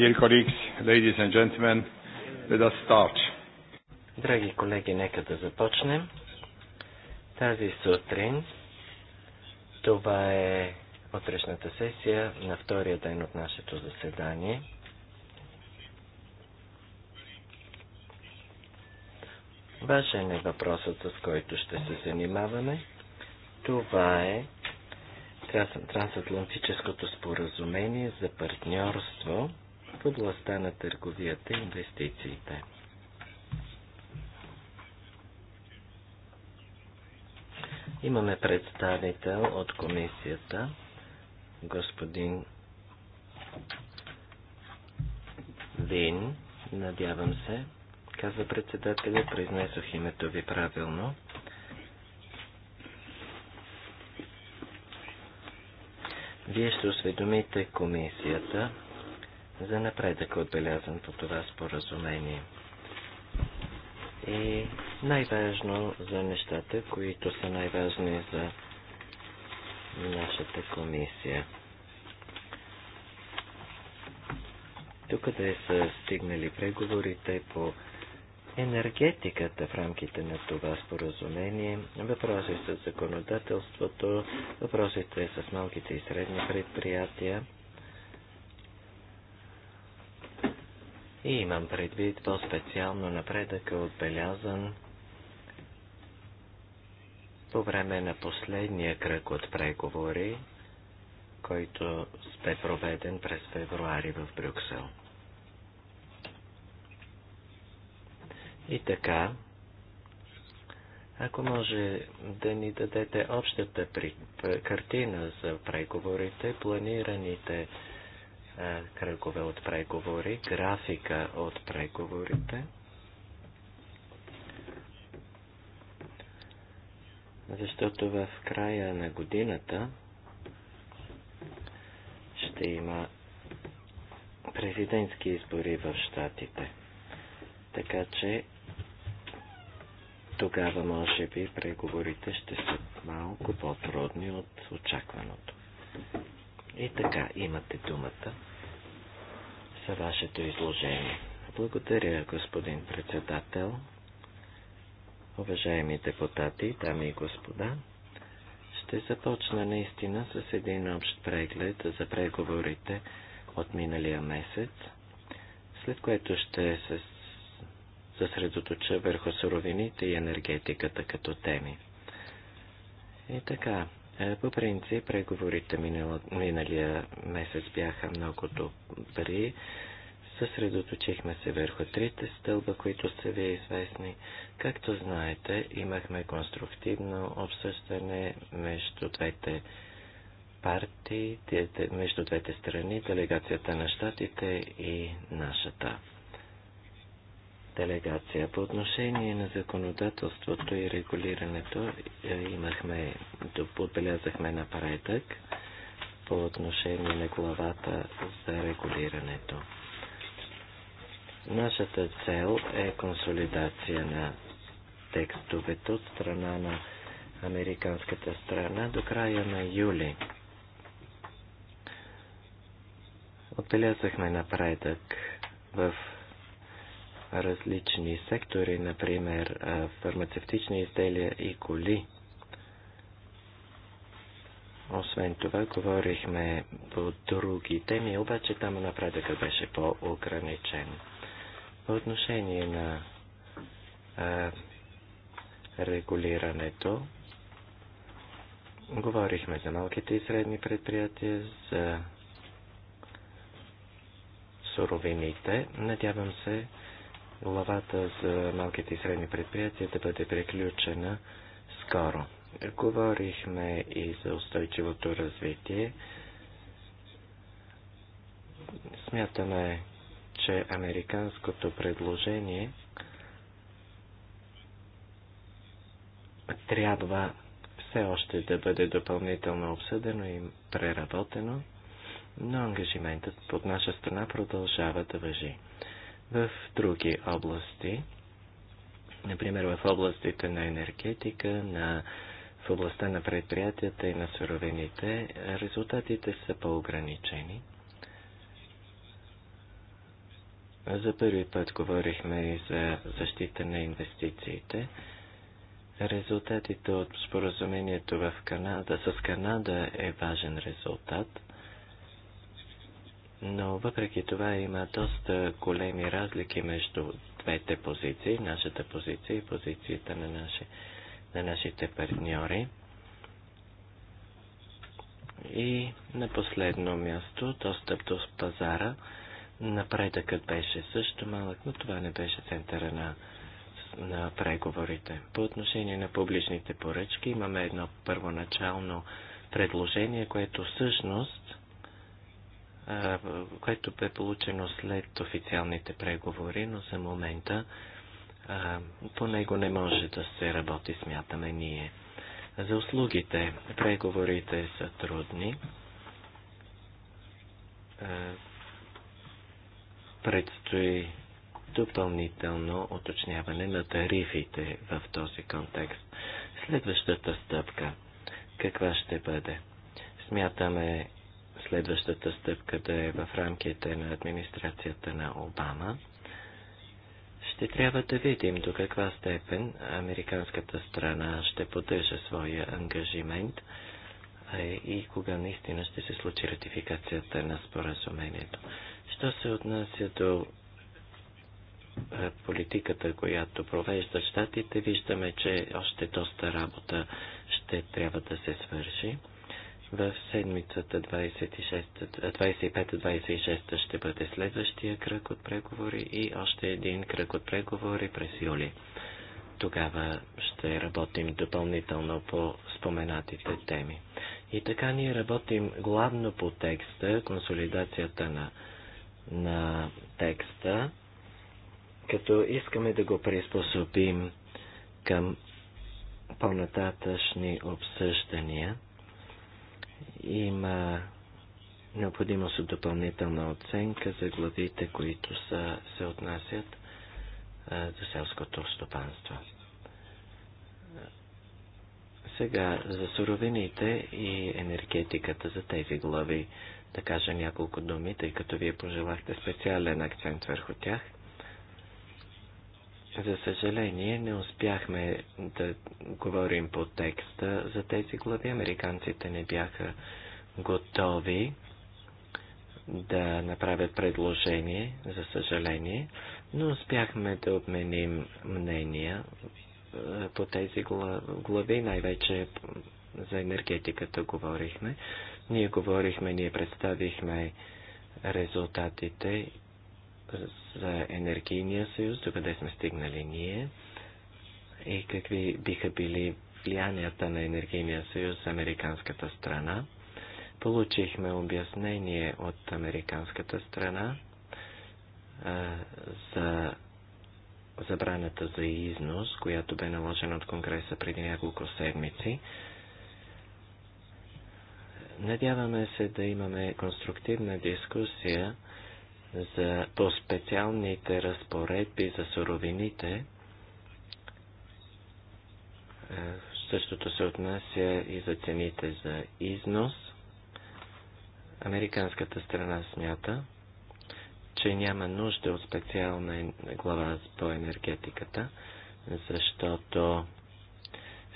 Dear colleagues, ladies and gentlemen, let us start. Драги колеги, нека да започнем. Тази сутрин това е утрешната сесия на втория ден от нашето заседание. Важен е въпросът, с който ще се занимаваме. Това е трансатлантическото споразумение за партньорство в областта на търговията и инвестициите. Имаме представител от комисията, господин Вин, надявам се, каза председателя, произнесох името ви правилно. Вие ще осведомите комисията за напредък отбелязан по това споразумение. И най-важно за нещата, които са най-важни за нашата комисия. Тук да са стигнали преговорите по енергетиката в рамките на това споразумение, въпросите с законодателството, въпросите с малките и средни предприятия, И имам предвид по-специално напредък е отбелязан по време на последния кръг от преговори, който бе проведен през февруари в Брюксел. И така, ако може да ни дадете общата при... картина за преговорите, планираните е, кръгове от преговори, графика от преговорите. Защото в края на годината ще има президентски избори в Штатите. Така че тогава може би преговорите ще са малко по-трудни от очакваното. И така, имате думата за вашето изложение. Благодаря, господин председател, уважаеми депутати, дами и господа. Ще започна наистина с един общ преглед за преговорите от миналия месец, след което ще се съсредоточа върху суровините и енергетиката като теми. И така, е, по принцип, преговорите миналия месец бяха много добри. Съсредоточихме се върху трите стълба, които са ви известни. Както знаете, имахме конструктивно обсъждане между двете партии, между двете страни, делегацията на щатите и нашата делегация. По отношение на законодателството и регулирането е, имахме, отбелязахме напредък по отношение на главата за регулирането. Нашата цел е консолидация на текстовете от страна на американската страна до края на юли. Отбелязахме напредък в различни сектори, например фармацевтични изделия и коли. Освен това, говорихме по други теми, обаче там напредъкът беше по-ограничен. По отношение на а, регулирането, говорихме за малките и средни предприятия, за суровините. Надявам се, главата за малките и средни предприятия да бъде приключена скоро. Говорихме и за устойчивото развитие. Смятаме, че американското предложение трябва все още да бъде допълнително обсъдено и преработено, но ангажиментът от наша страна продължава да въжи в други области, например в областите на енергетика, на, в областта на предприятията и на суровините, резултатите са по-ограничени. За първи път говорихме и за защита на инвестициите. Резултатите от споразумението в Канада, с Канада е важен резултат но въпреки това има доста големи разлики между двете позиции, нашата позиция и позицията на, наши, на нашите партньори. И на последно място, достъп до пазара. Напредъкът беше също малък, но това не беше центъра на, на преговорите. По отношение на публичните поръчки имаме едно първоначално предложение, което всъщност което бе получено след официалните преговори, но за момента по него не може да се работи, смятаме ние. За услугите преговорите са трудни. Предстои допълнително уточняване на тарифите в този контекст. Следващата стъпка каква ще бъде? Смятаме следващата стъпка да е в рамките на администрацията на Обама, ще трябва да видим до каква степен американската страна ще поддържа своя ангажимент и кога наистина ще се случи ратификацията на споразумението. Що се отнася до е, политиката, която провежда щатите, виждаме, че още доста работа ще трябва да се свърши. В седмицата 25-26 ще бъде следващия кръг от преговори и още един кръг от преговори през юли. Тогава ще работим допълнително по споменатите теми. И така ние работим главно по текста, консолидацията на, на текста, като искаме да го приспособим към по-нататъчни обсъждания – има необходимост от допълнителна оценка за главите, които са, се отнасят а, до селското стопанство. Сега за суровините и енергетиката за тези глави да кажа няколко думи, тъй като вие пожелахте специален акцент върху тях – за съжаление, не успяхме да говорим по текста за тези глави. Американците не бяха готови да направят предложение, за съжаление, но успяхме да обменим мнения по тези глави, най-вече за енергетиката говорихме. Ние говорихме, ние представихме резултатите за енергийния съюз, докъде сме стигнали ние и какви биха били влиянията на енергийния съюз за американската страна. Получихме обяснение от американската страна а, за забраната за износ, която бе наложена от Конгреса преди няколко седмици. Надяваме се да имаме конструктивна дискусия за, по специалните разпоредби за суровините. Е, същото се отнася и за цените за износ. Американската страна смята, че няма нужда от специална глава по енергетиката, защото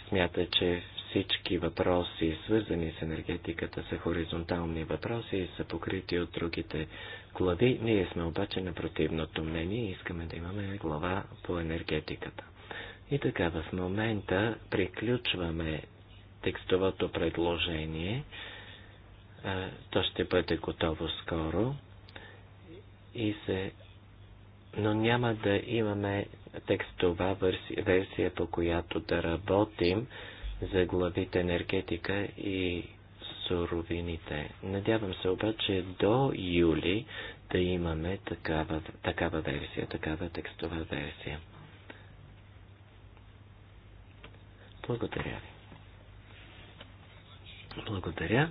смята, че всички въпроси, свързани с енергетиката, са хоризонтални въпроси и са покрити от другите глави. Ние сме обаче на противното мнение и искаме да имаме глава по енергетиката. И така, в момента приключваме текстовото предложение. То ще бъде готово скоро. И се... Но няма да имаме текстова версия, по която да работим за главите енергетика и суровините. Надявам се обаче до юли да имаме такава, такава версия, такава текстова версия. Благодаря ви. Благодаря.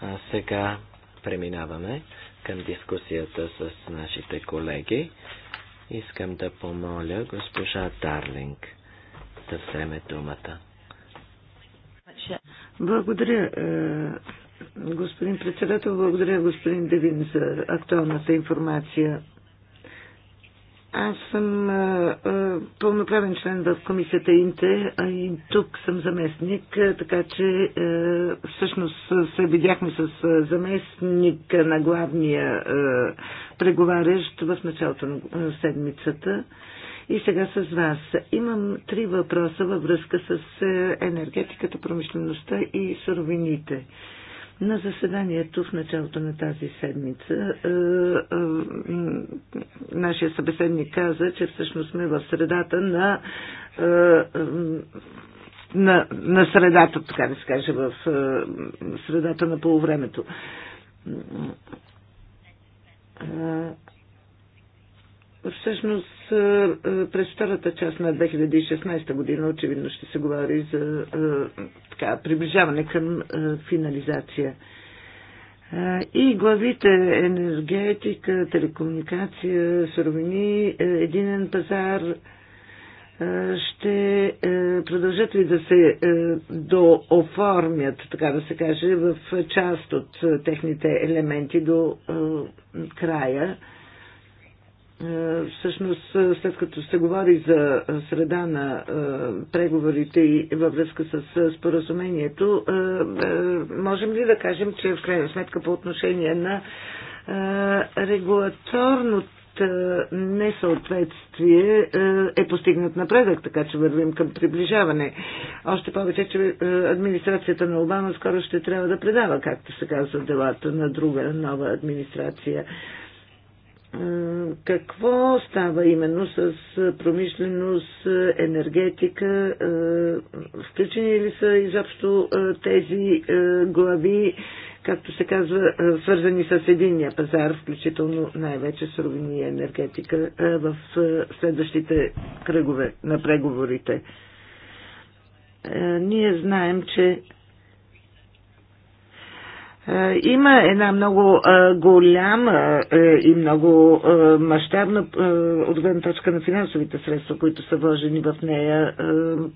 А сега преминаваме към дискусията с нашите колеги. Искам да помоля госпожа Дарлинг да вземе думата. Благодаря, е, господин председател. Благодаря, господин Девин, за актуалната информация. Аз съм а, е, е, пълноправен член в комисията Инте, а и тук съм заместник, така че а, всъщност се видяхме с заместник на главния а, преговарящ в началото на седмицата. И сега с вас. Имам три въпроса във връзка с е, енергетиката, промишлеността и суровините. На заседанието в началото на тази седмица е, е, нашия събеседник каза, че всъщност сме в средата на, на, на средата, така да се каже, в средата на полувремето Всъщност е, е, през втората част на 2016 година очевидно ще се говори за е, така, приближаване към финализация. И главите енергетика, телекомуникация, суровини, единен пазар ще продължат ли да се дооформят, така да се каже, в част от техните елементи до края е, всъщност е, след като се говори за среда на е, преговорите и във връзка с споразумението, можем ли да кажем, че в крайна сметка по отношение на регулаторното несъответствие е постигнат напредък, така че вървим към приближаване. Още повече, че администрацията на Обама скоро ще трябва да предава, както се казва, делата на друга нова администрация какво става именно с промишленост, енергетика? Включени ли са изобщо тези глави, както се казва, свързани с единния пазар, включително най-вече с ровини и енергетика в следващите кръгове на преговорите? Ние знаем, че е, има една много е, голяма е, и много мащабна от гледна точка на финансовите средства, които са вложени в нея,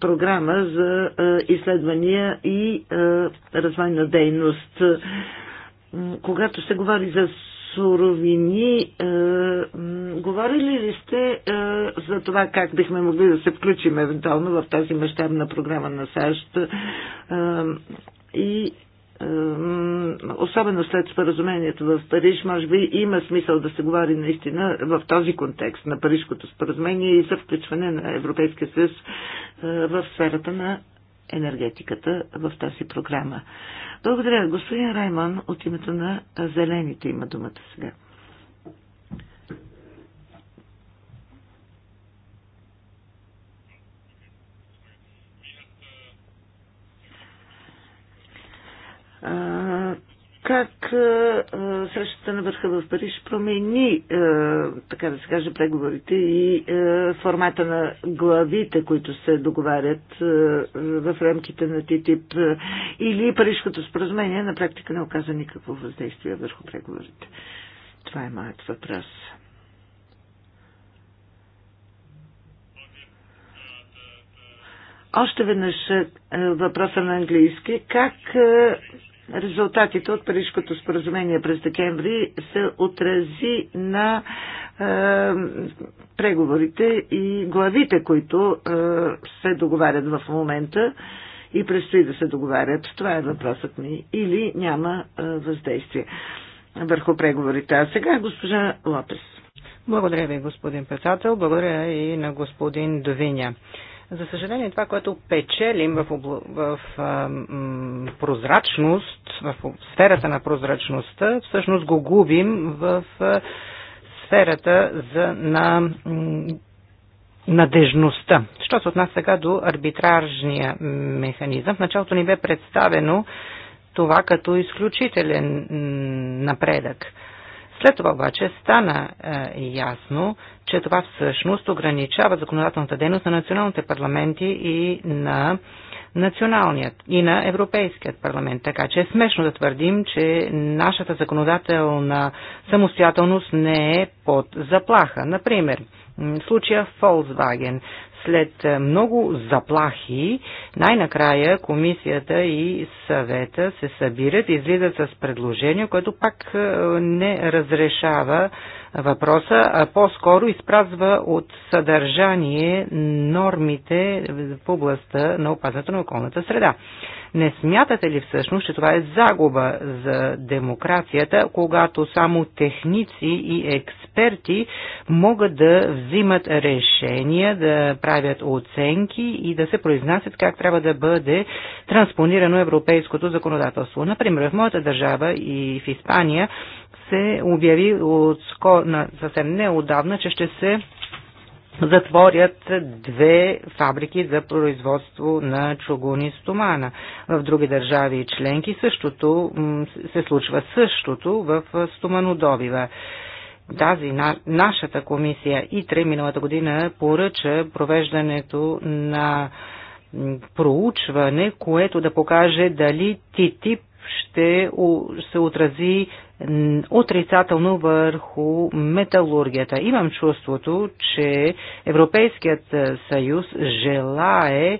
програма за изследвания и развойна дейност. Когато се говори за суровини, говорили ли сте за това как бихме могли да се включим евентуално в тази мащабна програма на САЩ и особено след споразумението в Париж, може би има смисъл да се говори наистина в този контекст на Парижското споразумение и за включване на Европейския съюз е, в сферата на енергетиката в тази програма. Благодаря. Господин Раймон от името на Зелените има думата сега. как срещата на върха в Париж промени, така да се каже, преговорите и формата на главите, които се договарят в рамките на ТТИП или Парижското споразумение на практика не оказа никакво въздействие върху преговорите. Това е моят въпрос. Още веднъж въпроса на английски. Как резултатите от Парижското споразумение през декември се отрази на е, преговорите и главите, които е, се договарят в момента и предстои да се договарят. Това е въпросът ми. Или няма е, въздействие върху преговорите. А сега госпожа Лопес. Благодаря ви, господин председател. Благодаря и на господин Довиня. За съжаление, това, което печелим в, обл... в а, м, прозрачност, в сферата на прозрачността, всъщност го губим в а, сферата за, на м, надежността. Що се отнася сега до арбитражния механизъм? В началото ни бе представено това като изключителен напредък. След това обаче стана е, ясно, че това всъщност ограничава законодателната дейност на националните парламенти и на националният и на Европейският парламент. Така че е смешно да твърдим, че нашата законодателна самостоятелност не е под заплаха. Например, случая Volkswagen. След е, много заплахи, най-накрая комисията и съвета се събират и излизат с предложение, което пак е, не разрешава въпроса, а по-скоро изпразва от съдържание нормите в областта на опазването на околната среда. Не смятате ли всъщност, че това е загуба за демокрацията, когато само техници и експерти могат да взимат решения, да правят оценки и да се произнасят как трябва да бъде транспонирано европейското законодателство? Например, в моята държава и в Испания се обяви от, съвсем неодавна, че ще се затворят две фабрики за производство на чугуни и стомана. В други държави и членки същото се случва същото в стоманодобива. Тази на, нашата комисия и три миналата година поръча провеждането на проучване, което да покаже дали ТИТИП ще се отрази отрицателно върху металургията. Имам чувството, че Европейският е, съюз желае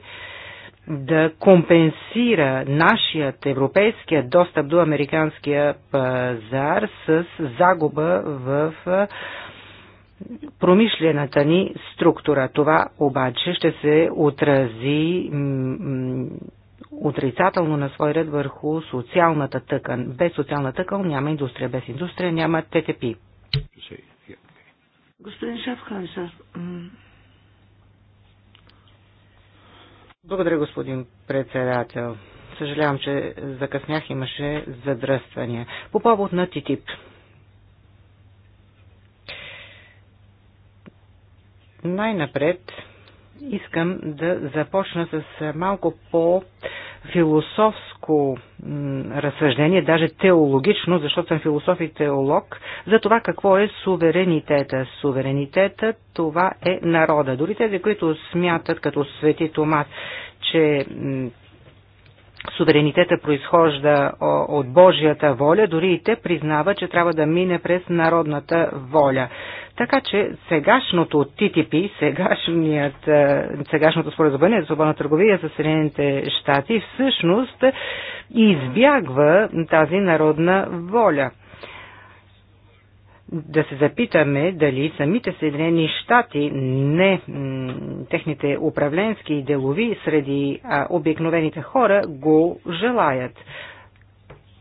да компенсира нашият европейският достъп до американския пазар с загуба в е, промишлената ни структура. Това обаче ще се отрази отрицателно на свой ред върху социалната тъкан. Без социална тъкан няма индустрия, без индустрия няма ТТП. Господин Шафхансер, благодаря, господин председател. Съжалявам, че закъснях, имаше задръствания. По повод на ТИТИП. Най-напред искам да започна с малко по- философско разсъждение, даже теологично, защото съм философ и теолог, за това какво е суверенитета. Суверенитета това е народа. Дори тези, които смятат като свети Томас, че суверенитета произхожда от Божията воля, дори и те признава, че трябва да мине през народната воля. Така че сегашното ТТП, е, сегашното споразумение за свободна търговия за Съединените щати всъщност избягва тази народна воля да се запитаме дали самите Съединени щати, не техните управленски и делови среди а, обикновените хора, го желаят.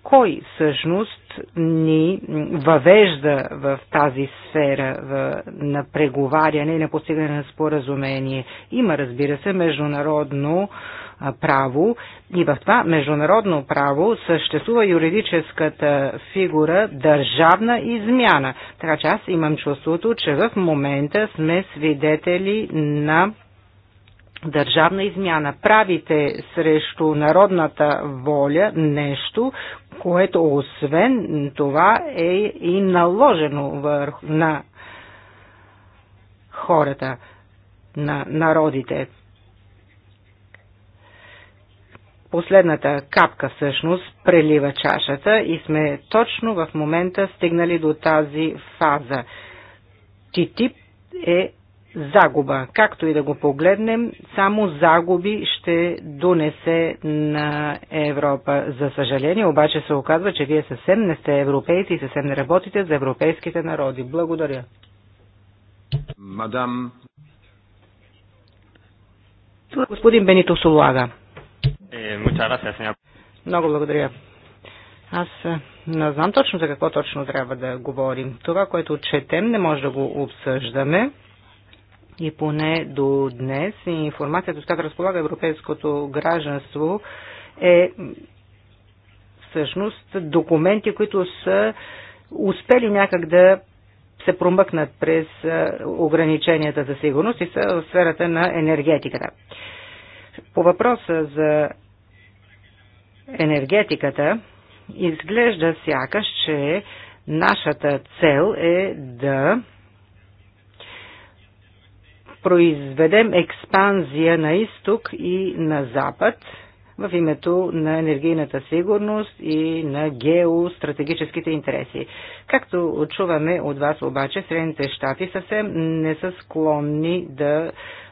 Кой всъщност ни въвежда в тази сфера на преговаряне и на постигане на споразумение. Има, разбира се, международно право и в това международно право съществува юридическата фигура държавна измяна. Така че аз имам чувството, че в момента сме свидетели на държавна измяна. Правите срещу народната воля нещо, което освен това е и наложено върху, на хората, на народите. Последната капка всъщност прелива чашата и сме точно в момента стигнали до тази фаза. Титип е загуба. Както и да го погледнем, само загуби ще донесе на Европа. За съжаление, обаче се оказва, че вие съвсем не сте европейци и съвсем не работите за европейските народи. Благодаря. Мадам. Господин Бенито Сулага. Е, Много благодаря. Аз е, не знам точно за какво точно трябва да говорим. Това, което четем, не може да го обсъждаме. И поне до днес информацията, с която разполага европейското гражданство, е всъщност документи, които са успели някак да се промъкнат през ограниченията за сигурност и са в сферата на енергетиката. По въпроса за енергетиката, изглежда сякаш, че нашата цел е да произведем експанзия на изток и на запад в името на енергийната сигурност и на геостратегическите интереси. Както чуваме от вас обаче, Средните щати съвсем не са склонни да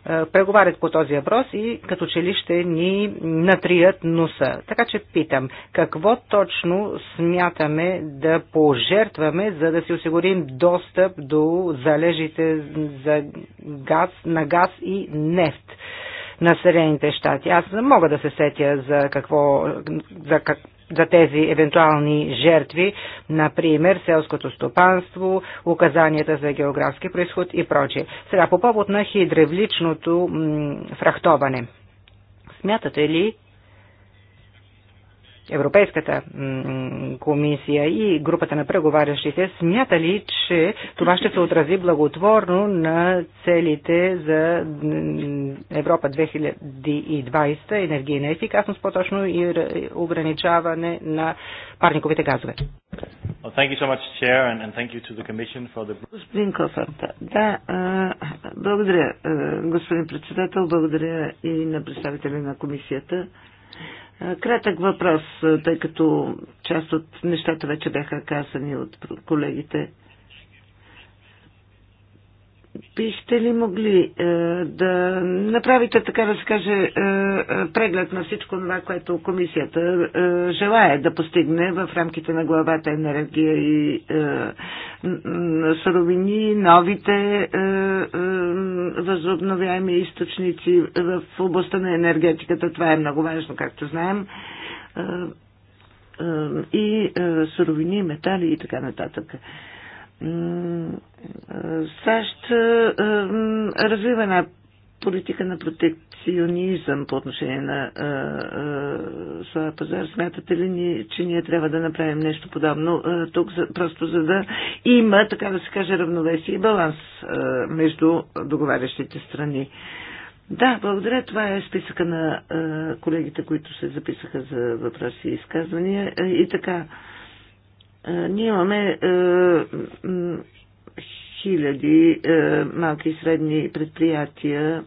е, преговарят по този въпрос и като че ли ще ни натрият носа. Така че питам, какво точно смятаме да пожертваме, за да си осигурим достъп до залежите за газ, на газ и нефт? на Съединените щати. Аз не мога да се сетя за какво, за как, за тези евентуални жертви, например селското стопанство, указанията за географски происход и прочее. Сега по повод на хидравличното фрахтоване. Смятате ли, Европейската комисия и групата на преговарящите смята ли, че това ще се отрази благотворно на целите за Европа 2020, енергийна ефикасност по-точно и ограничаване на парниковите газове? Господин да, благодаря, господин председател, благодаря и на представителя на комисията. Кратък въпрос, тъй като част от нещата вече бяха казани от колегите. Бихте ли могли е, да направите, така да се каже, е, е преглед на всичко това, което комисията е, желая да постигне в рамките на главата енергия и е, суровини, новите е, е, възобновяеми източници в областта на енергетиката? Това е много важно, както знаем. Е, е, и е, суровини, метали и така нататък. Е, САЩ развива една политика на протекционизъм по отношение на своя пазар. Смятате ли, ни, че ние трябва да направим нещо подобно тук, просто за да има, така да се каже, равновесие и баланс между договарящите страни? Да, благодаря. Това е списъка на колегите, които се записаха за въпроси и изказвания. и така. Ние имаме е, хиляди е, малки и средни предприятия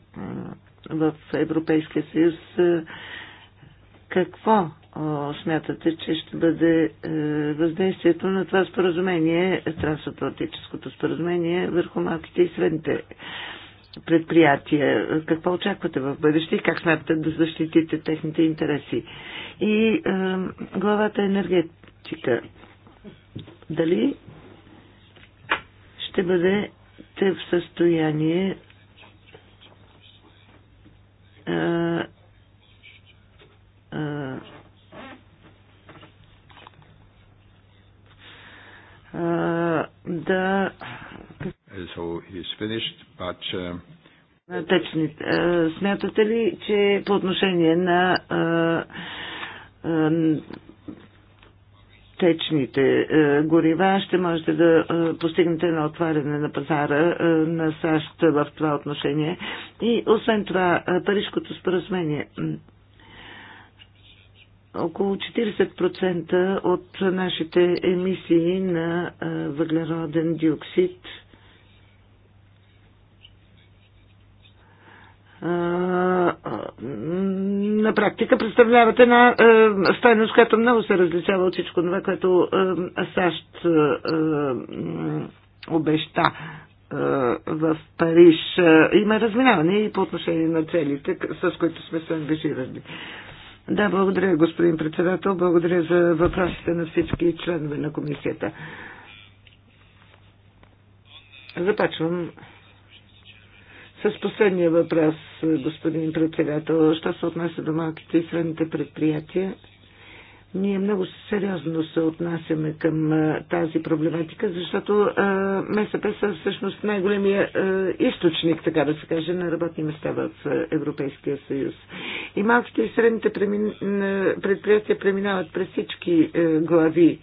в Европейския съюз. Е, какво смятате, че ще бъде въздействието на това споразумение, трансатлантическото споразумение върху малките и средните предприятия? Какво очаквате в бъдеще и как смятате да защитите техните интереси? И е, главата енергетика дали ще бъдете в състояние да so uh, Смятате ли, че по отношение на течните е, горива ще можете да е, постигнете на отваряне на пазара е, на САЩ в това отношение. И освен това, Парижкото споразумение. Около 40% от нашите емисии на въглероден диоксид на практика представляват една стойност, която много се различава от всичко това, което САЩ обеща в Париж. Има разминаване и по отношение на целите, с които сме се ангажирали. Да, благодаря, господин председател. Благодаря за въпросите на всички членове на комисията. Започвам с последния въпрос, господин председател, що се отнася до малките и средните предприятия, ние много сериозно се отнасяме към тази проблематика, защото МСП са всъщност най-големия източник, така да се каже, на работни места в Европейския съюз. И малките и средните предприятия преминават през всички глави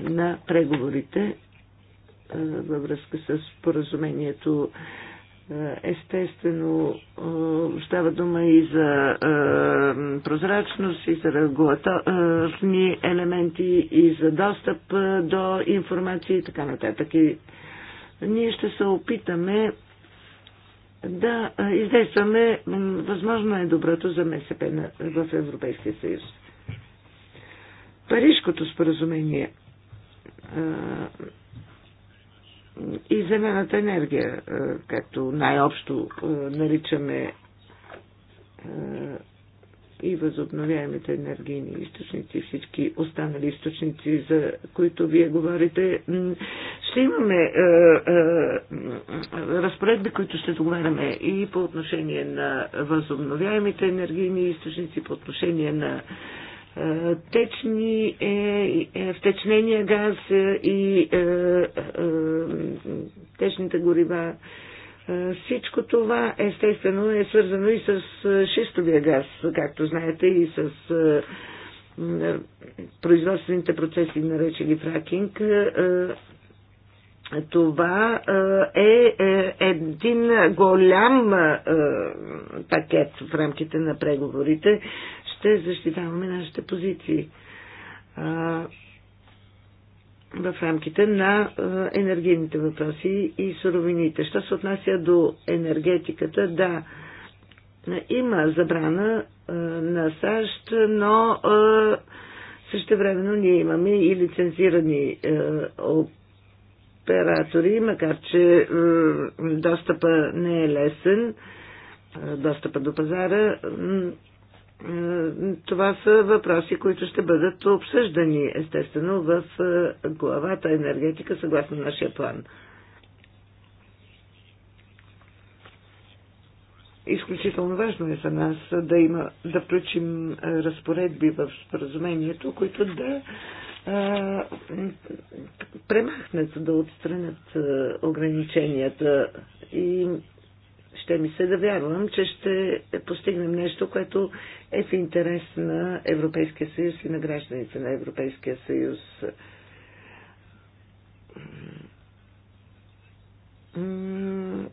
на преговорите във връзка с поразумението Естествено, става дума и за прозрачност, и за регулаторни елементи, и за достъп до информация и така нататък. И ние ще се опитаме да издействаме възможно е доброто за МСП в Европейския съюз. Парижкото споразумение и зелената енергия, е, както най-общо е, наричаме е, и възобновяемите енергийни източници, всички останали източници, за които вие говорите, ще имаме разпоредби, които ще договаряме и по отношение на възобновяемите енергийни източници, по отношение на е, течни, е, е, втечнения газ е, и е, е, течните горива. Всичко това естествено е свързано и с шистовия газ, както знаете, и с производствените процеси, наречени фракинг. Това е един голям пакет в рамките на преговорите ще защитаваме нашите позиции в рамките на енергийните въпроси и суровините. Що се отнася до енергетиката, да, има забрана на САЩ, но времено ние имаме и лицензирани оператори, макар че достъпа не е лесен, достъпа до пазара е, това са въпроси, които ще бъдат обсъждани, естествено, в е, главата енергетика, съгласно нашия план. Изключително важно е за нас да, има, да включим е, разпоредби в споразумението, които да а, премахнат, да отстранят ограниченията и ще ми се да вярвам, че ще постигнем нещо, което е в интерес на Европейския съюз и на гражданите на Европейския съюз.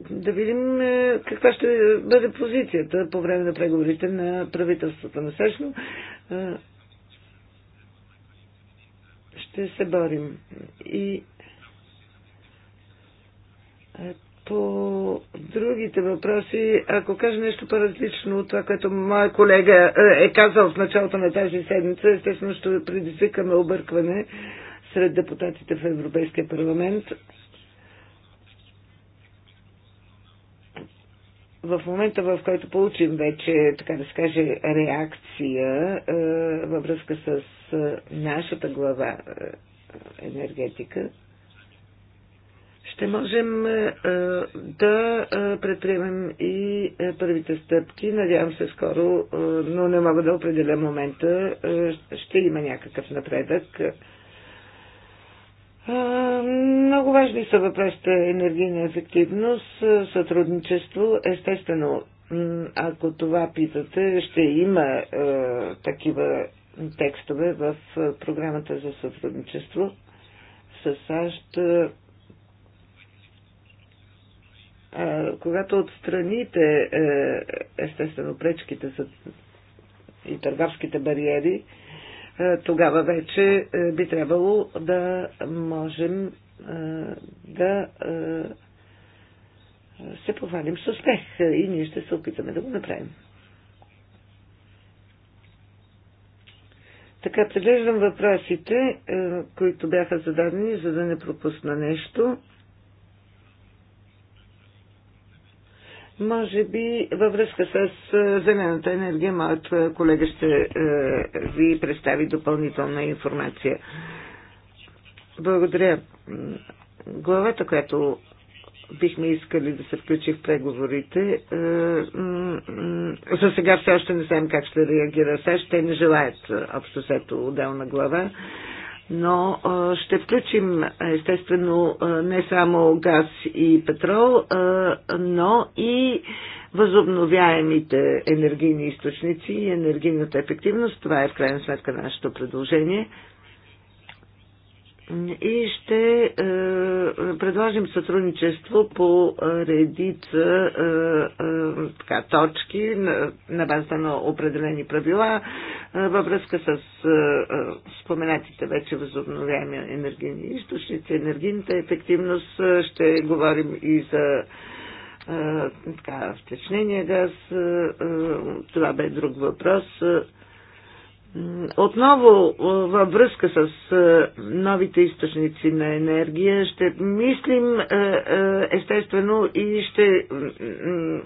Да видим е, каква ще бъде позицията по време на преговорите на правителството на САЩ. Е, ще се борим. И е, по другите въпроси, ако кажа нещо по-различно от това, което моя колега е, е казал в началото на тази седмица, естествено ще предизвикаме объркване сред депутатите в Европейския парламент. в момента, в който получим вече, така да се каже, реакция е, във връзка с е, нашата глава е, енергетика, ще можем е, е, да е, предприемем и първите стъпки. Надявам се скоро, но не мога да определя момента. Ще има някакъв напредък. Много важни са въпросите енергийна ефективност, сътрудничество. Естествено, ако това питате, ще има такива текстове в програмата за сътрудничество с САЩ когато отстраните е, естествено пречките за и търговските бариери, е, тогава вече е, би трябвало да можем да се похвалим с успех и ние ще се опитаме да го направим. Така, преглеждам въпросите, които бяха зададени, за да не пропусна нещо. Може би във връзка с е, зелената енергия моят е, колега ще е, ви представи допълнителна информация. Благодаря. Главата, която бихме искали да се включи в преговорите, за сега все още не знаем как ще реагира САЩ. Те не желаят общо сето отделна глава но ще включим естествено не само газ и петрол, но и възобновяемите енергийни източници и енергийната ефективност. Това е в крайна сметка нашето предложение и ще е, предложим сътрудничество по редица е, е, така, точки на, на базата на определени правила е, във връзка с е, е споменатите вече възобновяеми енергийни източници, енергийната ефективност. Е, ще говорим и за е, така, втечнения газ. Това бе друг въпрос. Отново е, във връзка с е, новите източници на енергия ще мислим е, естествено и ще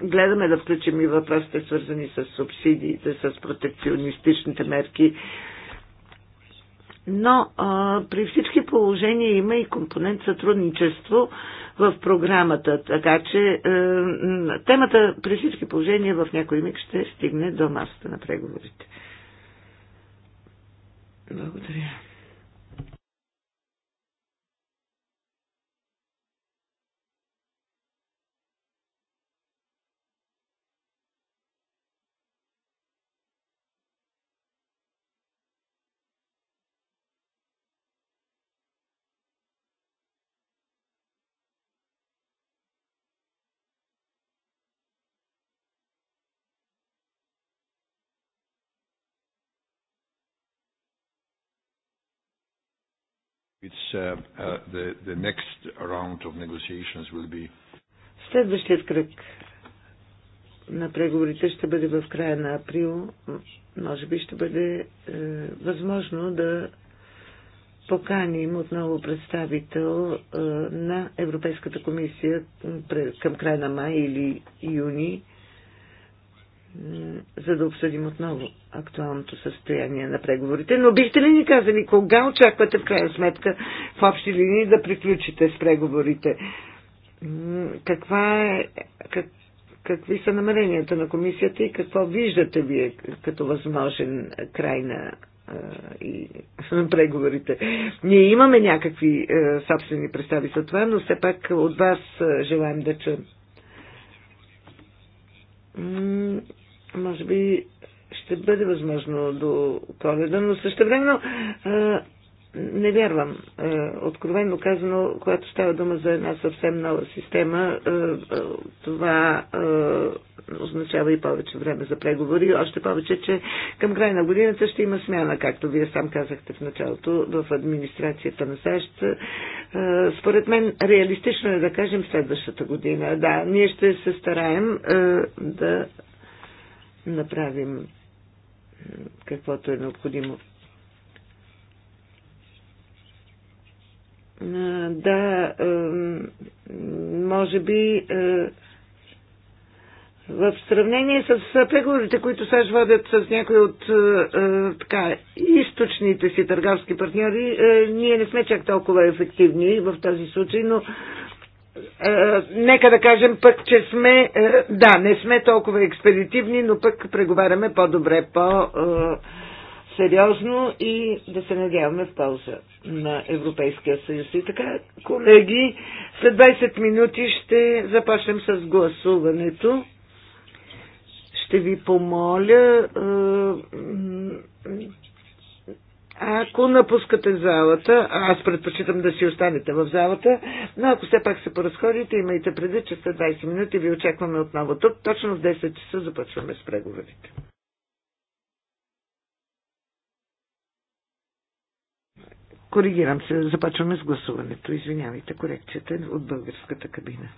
гледаме да включим и въпросите свързани с субсидиите, с протекционистичните мерки. Но а, при всички положения има и компонент сътрудничество в програмата, така че темата при всички положения в някой миг ще стигне до масата на преговорите. Благодаря. Uh, uh, Следващият кръг на преговорите ще бъде в края на април. Може би ще бъде е, възможно да поканим отново представител е, на Европейската комисия към края на май или юни за да обсъдим отново актуалното състояние на преговорите. Но бихте ли ни казали кога очаквате в крайна сметка в общи линии да приключите с преговорите? Каква е, как, какви са намеренията на комисията и какво виждате вие като възможен край на и на преговорите. Ние имаме някакви е, собствени представи за това, но все пак от вас е, желаем да чуем може би ще бъде възможно до коледа, но същевременно а, не вярвам. А, откровенно казано, когато става дума за една съвсем нова система, а, това а, означава и повече време за преговори, още повече, че към края на годината ще има смяна, както вие сам казахте в началото, в администрацията на САЩ. Според мен реалистично е да кажем следващата година. Да, ние ще се стараем да направим каквото е необходимо. Да, може би в сравнение с преговорите, които САЩ водят с някои от така, източните си търговски партньори, ние не сме чак толкова ефективни в този случай, но е, нека да кажем пък, че сме, е, да, не сме толкова експедитивни, но пък преговаряме по-добре, по-сериозно и да се надяваме в полза на Европейския съюз. И така, колеги, след 20 минути ще започнем с гласуването. Ще ви помоля е, ако напускате залата, аз предпочитам да си останете в залата, но ако все пак се поразходите, имайте преди, че след 20 минути ви очакваме отново тук. Точно в 10 часа започваме с преговорите. Коригирам се, започваме с гласуването. Извинявайте, корекцията е от българската кабина.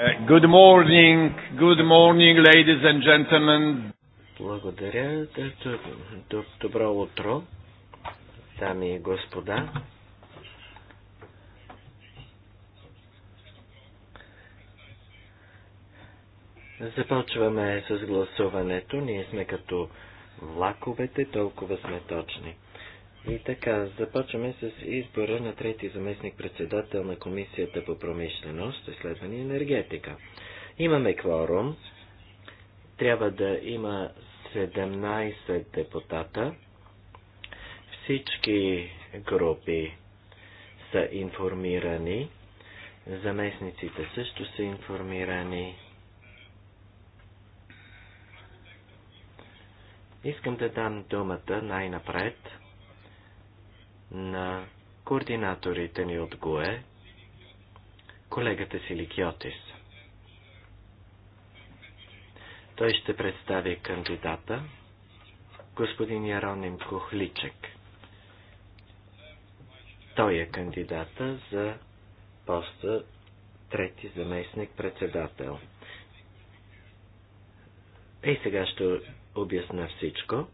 Uh, good morning, good morning, ladies and gentlemen. Благодаря. Добро утро, дами и господа. Започваме с гласуването. Ние сме като влаковете, толкова сме точни. И така, започваме с избора на трети заместник председател на Комисията по промишленост, изследване и енергетика. Имаме кворум. Трябва да има 17 депутата. Всички групи са информирани. Заместниците също са информирани. Искам да дам думата най-напред на координаторите ни от ГУЕ, колегата Силикиотис. Той ще представи кандидата, господин Яроним Кохличек. Той е кандидата за поста трети заместник председател. Ей сега ще обясна всичко.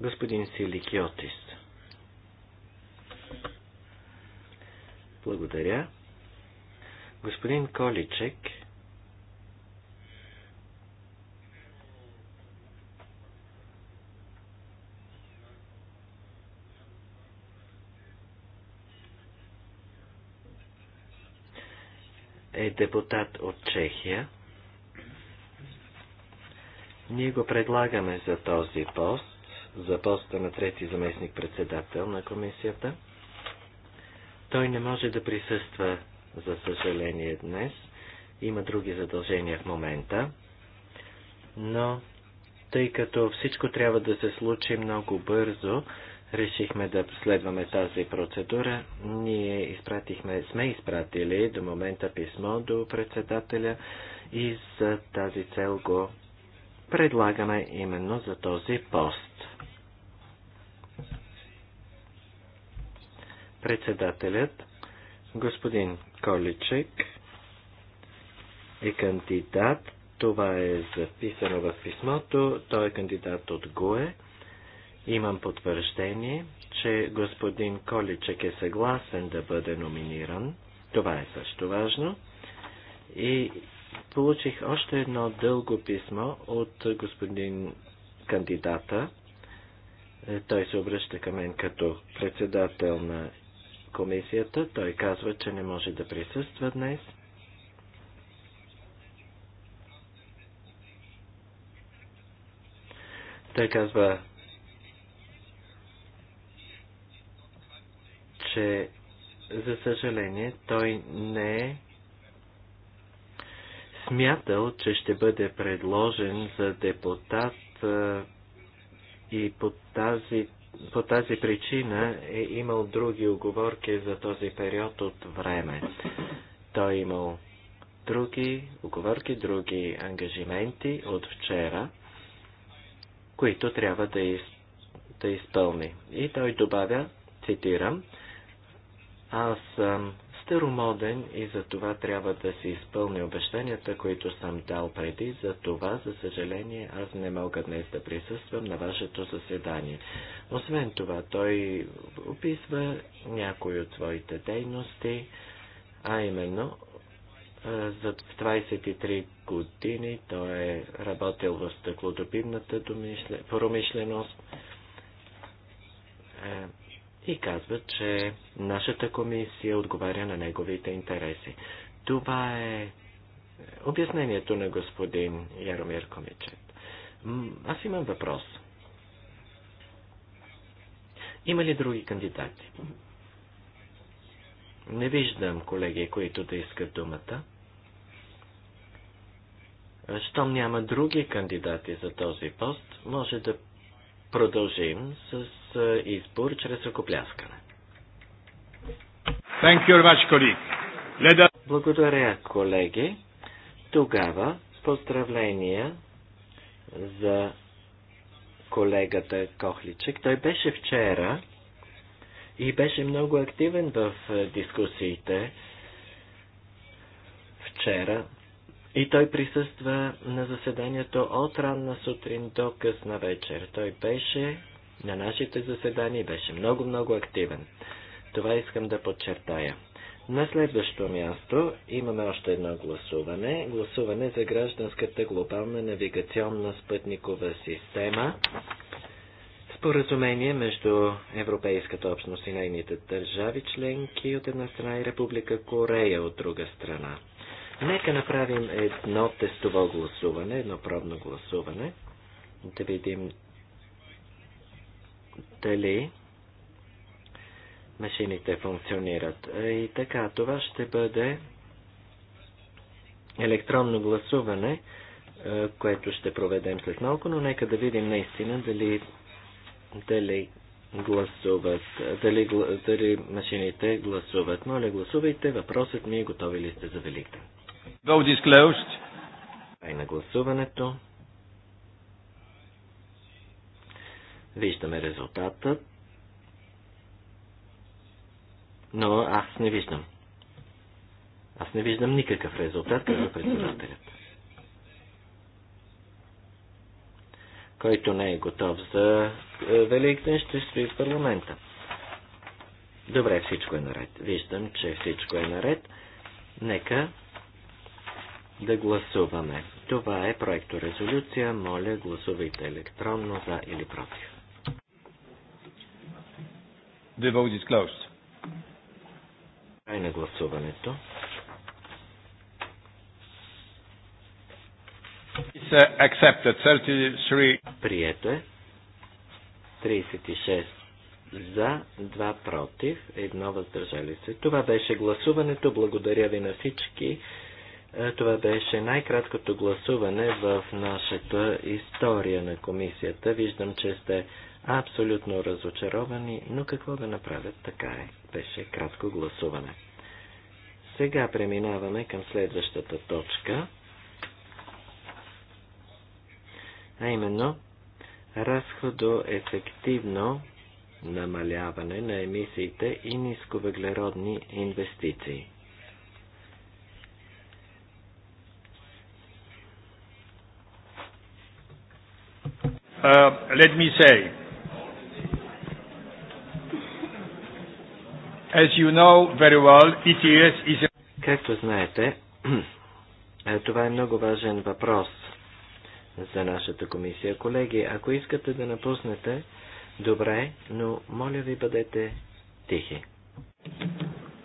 Господин Силикиотис Благодаря. Господин Количек. е депутат от Чехия. Ние го предлагаме за този пост, за поста на трети заместник председател на комисията. Той не може да присъства, за съжаление, днес. Има други задължения в момента. Но, тъй като всичко трябва да се случи много бързо, решихме да следваме тази процедура. Ние изпратихме, сме изпратили до момента писмо до председателя и за тази цел го предлагаме именно за този пост. Председателят, господин Количек, е кандидат. Това е записано в писмото. Той е кандидат от ГУЕ. Имам потвърждение, че господин Количек е съгласен да бъде номиниран. Това е също важно. И получих още едно дълго писмо от господин кандидата. Е, той се обръща към мен като председател на комисията. Той казва, че не може да присъства днес. Той казва, че за съжаление той не е смятал, че ще бъде предложен за депутат и по тази по тази причина е имал други оговорки за този период от време. Той е имал други оговорки, други ангажименти от вчера, които трябва да, из, да изпълни. И той добавя, цитирам, аз съм старомоден и за това трябва да се изпълни обещанията, които съм дал преди. За това, за съжаление, аз не мога днес да присъствам на вашето заседание. Освен това, той описва някои от своите дейности, а именно за 23 години той е работил в стъклодобивната промишленост е, и казва, че нашата комисия отговаря на неговите интереси. Това е обяснението на господин Яромир Комичет. Аз имам въпрос. Има ли други кандидати? Не виждам колеги, които да искат думата. Щом няма други кандидати за този пост, може да продължим с избор чрез ръкопляскане. Thank you very much, colleague. Благодаря, колеги. Тогава поздравления за колегата Кохличек. Той беше вчера и беше много активен в дискусиите вчера и той присъства на заседанието от ранна сутрин до късна вечер. Той беше на нашите заседания и беше много-много активен. Това искам да подчертая. На следващо място имаме още едно гласуване. Гласуване за гражданската глобална навигационна спътникова система. Споразумение между Европейската общност и нейните държави членки от една страна и Република Корея от друга страна. Нека направим едно тестово гласуване, едно пробно гласуване, да видим дали машините функционират. И така, това ще бъде електронно гласуване, е, което ще проведем след малко, но нека да видим наистина дали, дали гласуват, дали, дали машините гласуват. Моля, гласувайте. Въпросът ми е готови ли сте за Великден? Vote is closed. Край на гласуването. Виждаме резултата. Но аз не виждам. Аз не виждам никакъв резултат, казва председателят. Който не е готов за е, Великден, ще стои в парламента. Добре, всичко е наред. Виждам, че всичко е наред. Нека да гласуваме. Това е проекто резолюция. Моля, гласувайте електронно за или против. The Край на гласуването. Uh, accepted. 33. Прието е. 36 за, 2 против, 1 въздържали се. Това беше гласуването. Благодаря ви на всички. Е, това беше най-краткото гласуване в нашата история на комисията. Виждам, че сте абсолютно разочаровани, но какво да направят, така е. Беше кратко гласуване. Сега преминаваме към следващата точка, а именно разходоефективно намаляване на емисиите и нисковъглеродни инвестиции. uh, let me say, as you know very well, ETS is a... Както знаете, това е много важен въпрос за нашата комисия. Колеги, ако искате да напуснете, добре, но моля ви бъдете тихи.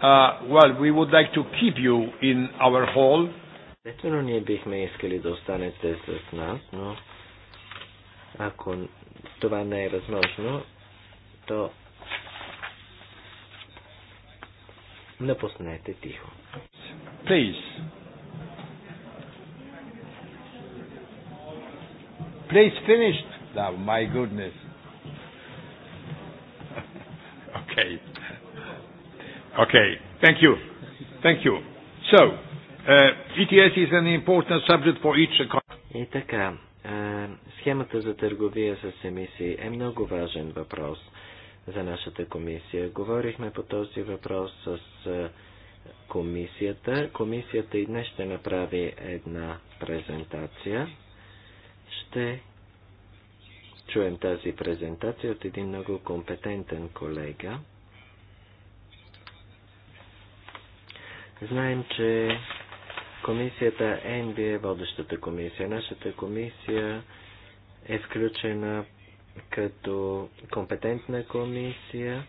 Uh, well, we like Естествено, ние бихме искали да останете с нас, но ако това не е възможно, то напуснете тихо. Please. Please finished. Now, my goodness. okay. Okay. Thank you. Thank you. So, uh, ETS is an important subject for each economy. И така, Схемата за търговия с емисии е много важен въпрос за нашата комисия. Говорихме по този въпрос с комисията. Комисията и днес ще направи една презентация. Ще чуем тази презентация от един много компетентен колега. Знаем, че комисията ЕНВИ е водещата комисия. Нашата комисия е включена като компетентна комисия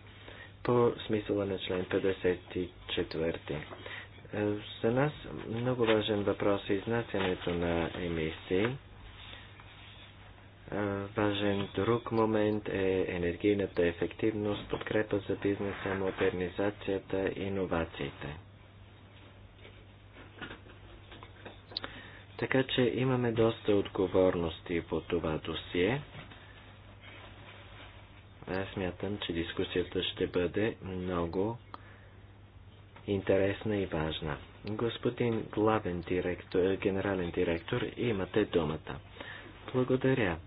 по смисъла на член 54. Е, за нас много важен въпрос е изнасянето на емисии. Е, важен друг момент е енергийната ефективност, подкрепа за бизнеса, модернизацията и иновациите. Така че имаме доста отговорности по това досие. Аз смятам, че дискусията ще бъде много интересна и важна. Господин главен директор, генерален директор, имате думата. Благодаря.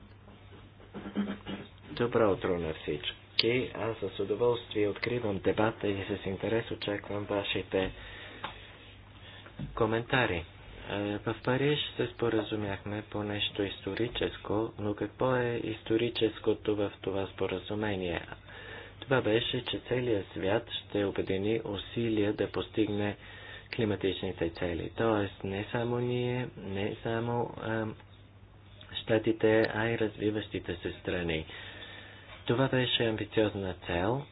Добро утро на всички. Аз с удоволствие откривам дебата и с интерес очаквам вашите коментари. В Париж се споразумяхме по нещо историческо, но какво е историческото в това споразумение? Това беше, че целият свят ще обедини усилия да постигне климатичните цели. Тоест, не само ние, не само а, щатите, а и развиващите се страни. Това беше амбициозна цел,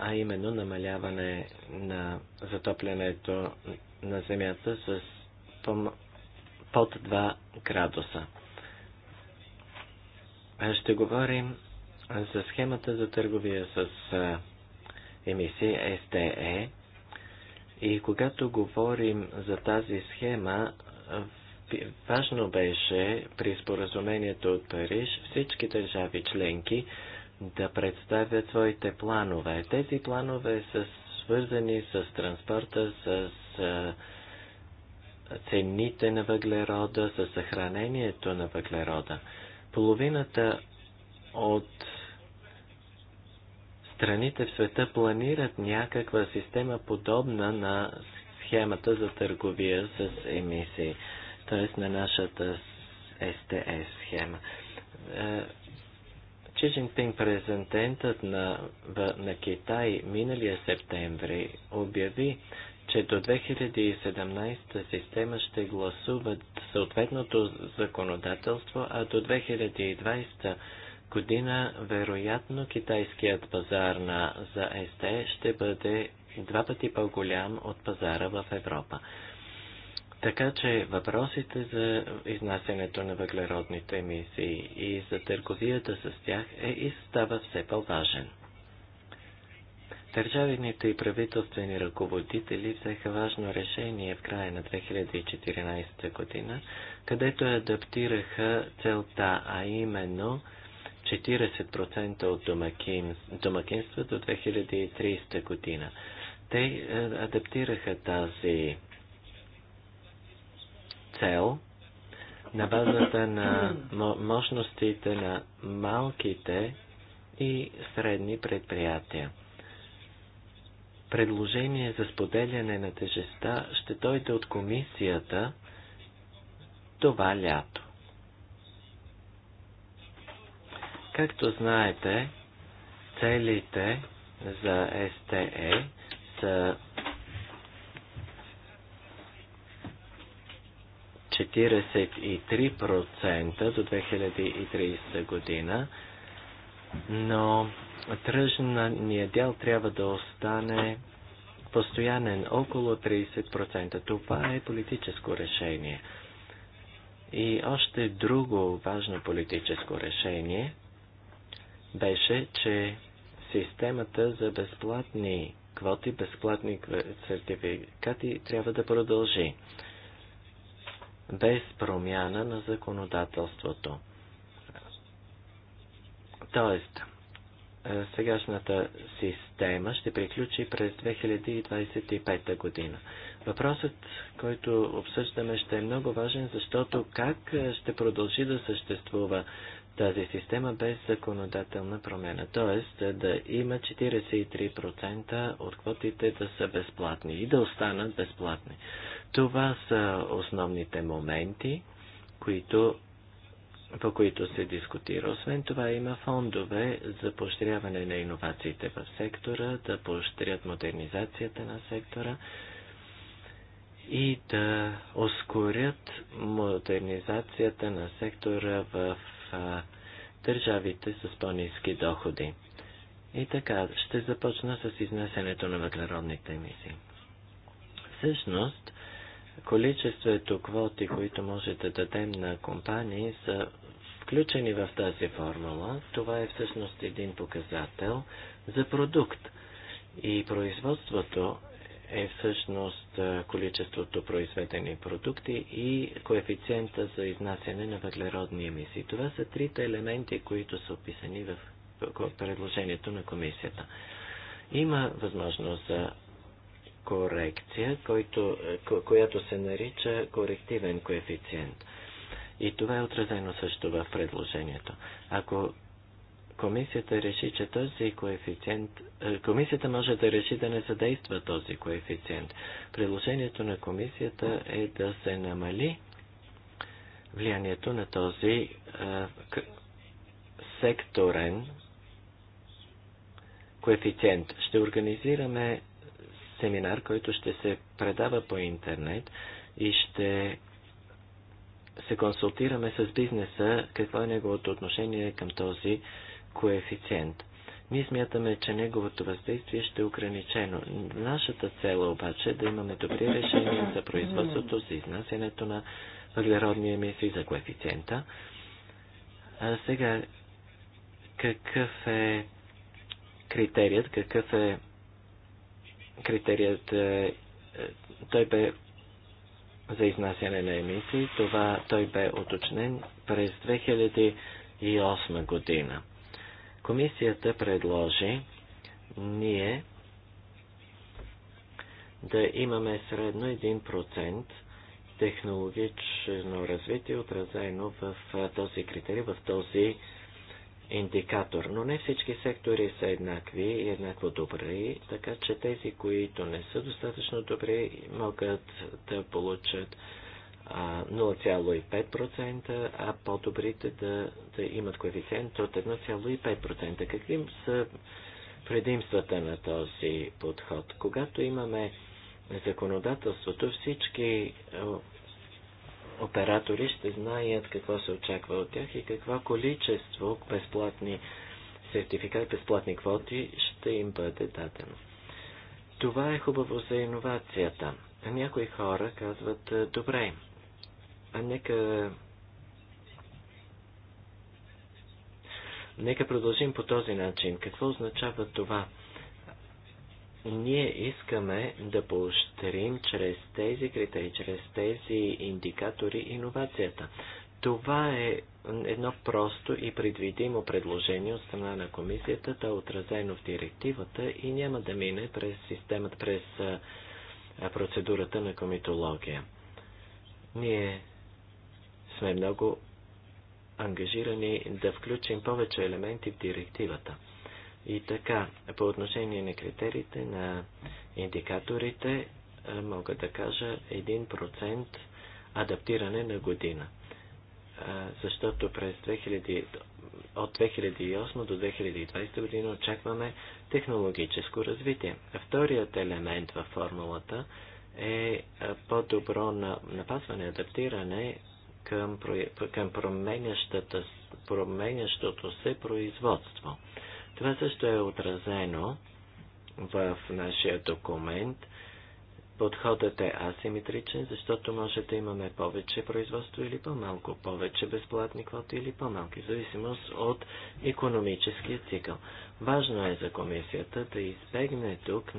а именно намаляване на затоплянето на Земята с под 2 градуса. Ще говорим за схемата за търговия с емисии СТЕ. И когато говорим за тази схема, важно беше при споразумението от Париж всички държави членки да представят своите планове. Тези планове са свързани с транспорта, с цените на въглерода, за съхранението на въглерода. Половината от страните в света планират някаква система подобна на схемата за търговия с емисии, т.е. на нашата СТС схема. Е, Чи Жинпин, президентът на, на Китай, миналия септември обяви, че до 2017 система ще гласуват съответното законодателство, а до 2020 година вероятно китайският пазар на за СТ ще бъде два пъти по-голям от пазара в Европа. Така че въпросите за изнасянето на въглеродните емисии и за търговията с тях е и става все по-важен. Държавените и правителствени ръководители взеха важно решение в края на 2014 година, където адаптираха целта, а именно 40% от домакин, домакинства до 2030 година. Те е, адаптираха тази цел на базата на мощностите на малките и средни предприятия предложение за споделяне на тежеста ще дойде от комисията това лято. Както знаете, целите за СТЕ са 43% до 2030 година, но тръжният дял трябва да остане постоянен, около 30%. Това е политическо решение. И още друго важно политическо решение беше, че системата за безплатни квоти, безплатни сертификати трябва да продължи без промяна на законодателството. Тоест, е, сегашната система ще приключи през 2025 година. Въпросът, който обсъждаме, ще е много важен, защото как е, ще продължи да съществува тази система без законодателна промена, т.е. да има 43% от квотите да са безплатни и да останат безплатни. Това са основните моменти, които по които се дискутира. Освен това има фондове за поощряване на иновациите в сектора, да поощрят модернизацията на сектора и да ускорят модернизацията на сектора в а, държавите с по-низки доходи. И така, ще започна с изнесенето на въглеродните емисии. Всъщност, количеството квоти, които може да дадем на компании, са включени в тази формула. Това е всъщност един показател за продукт. И производството е всъщност количеството произведени продукти и коефициента за изнасяне на въглеродни емисии. Това са трите елементи, които са описани в предложението на комисията. Има възможност за корекция, който, е, която се нарича корективен коефициент. И това е отразено също в предложението. Ако комисията реши, че този коефициент, е, комисията може да реши да не задейства този коефициент. Предложението на комисията е да се намали влиянието на този а, е, секторен коефициент. Ще организираме семинар, който ще се предава по интернет и ще се консултираме с бизнеса какво е неговото отношение към този коефициент. Ние смятаме, че неговото въздействие ще е ограничено. Нашата цел е обаче да имаме добри решения за производството, за изнасянето на въглеродни емисии, за коефициента. А сега, какъв е критерият, какъв е критерият е, е, той бе за изнасяне на емисии. Това той бе уточнен през 2008 година. Комисията предложи ние да имаме средно 1% технологично развитие, отразено в този критерий, в този индикатор, но не всички сектори са еднакви и еднакво добри, така че тези, които не са достатъчно добри, могат да получат 0,5%, а по-добрите да, да имат коефициент от 1,5%. Какви са предимствата на този подход? Когато имаме законодателството, всички оператори ще знаят какво се очаква от тях и какво количество безплатни сертификати, безплатни квоти ще им бъде дадено. Това е хубаво за иновацията. Някои хора казват, «Е, добре, а нека Нека продължим по този начин. Какво означава това? Ние искаме да поощрим чрез тези критерии, чрез тези индикатори иновацията. Това е едно просто и предвидимо предложение от страна на комисията, то е отразено в директивата и няма да мине през системата, през процедурата на комитология. Ние сме много ангажирани да включим повече елементи в директивата. И така, по отношение на критериите, на индикаторите, мога да кажа 1% адаптиране на година. Защото през 2000, от 2008 до 2020 година очакваме технологическо развитие. Вторият елемент във формулата е по-добро напасване, адаптиране към, към променящото се производство. Това също е отразено в нашия документ. Подходът е асиметричен, защото може да имаме повече производство или по-малко, повече безплатни квоти или по-малки, в зависимост от економическия цикъл. Важно е за комисията да избегне тук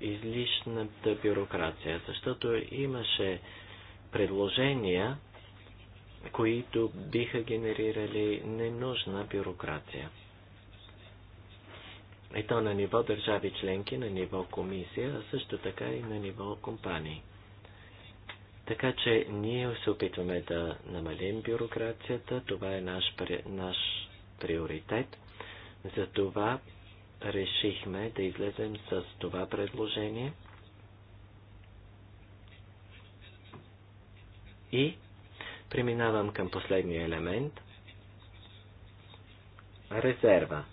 излишната бюрокрация, защото имаше предложения, които биха генерирали ненужна бюрокрация. И то на ниво държави членки, на ниво комисия, а също така и на ниво компании. Така че ние се опитваме да намалим бюрокрацията, това е наш, наш приоритет. Затова решихме да излезем с това предложение и преминавам към последния елемент – резерва.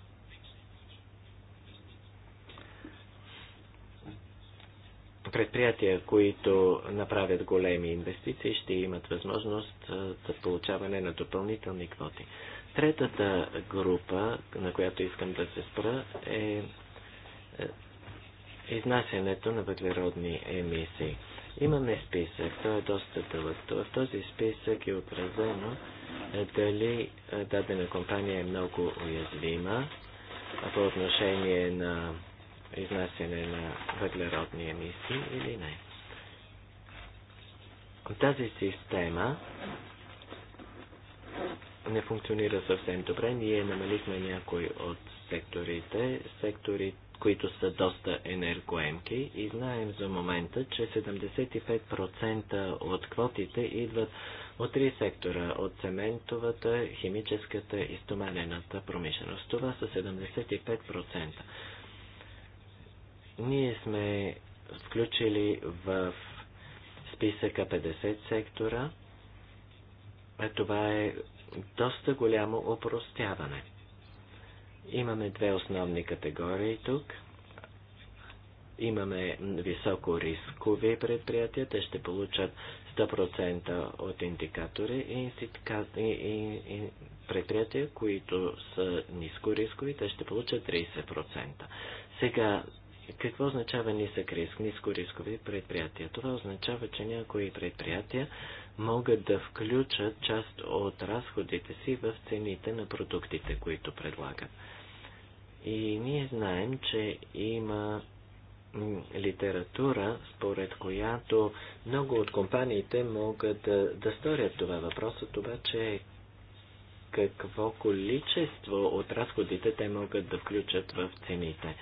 предприятия, които направят големи инвестиции, ще имат възможност за получаване на допълнителни квоти. Третата група, на която искам да се спра, е, е изнасянето на въглеродни емисии. Имаме списък, той е доста дълъг. В този списък е отразено е, дали е, дадена компания е много уязвима по отношение на изнасяне на въглеродни емисии или не. Тази система не функционира съвсем добре. Ние намалихме някои от секторите, сектори, които са доста енергоемки и знаем за момента, че 75% от квотите идват от три сектора – от цементовата, химическата и стоманената промишленост. Това са 75%. Ние сме включили в списъка 50 сектора. Това е доста голямо опростяване. Имаме две основни категории тук. Имаме високо рискови предприятия, те ще получат 100% от индикатори и предприятия, които са ниско рискови, те ще получат 30%. Сега какво означава нисък риск, ниско рискови предприятия? Това означава, че някои предприятия могат да включат част от разходите си в цените на продуктите, които предлагат. И ние знаем, че има литература, според която много от компаниите могат да, да сторят това. Въпросът обаче че какво количество от разходите те могат да включат в цените.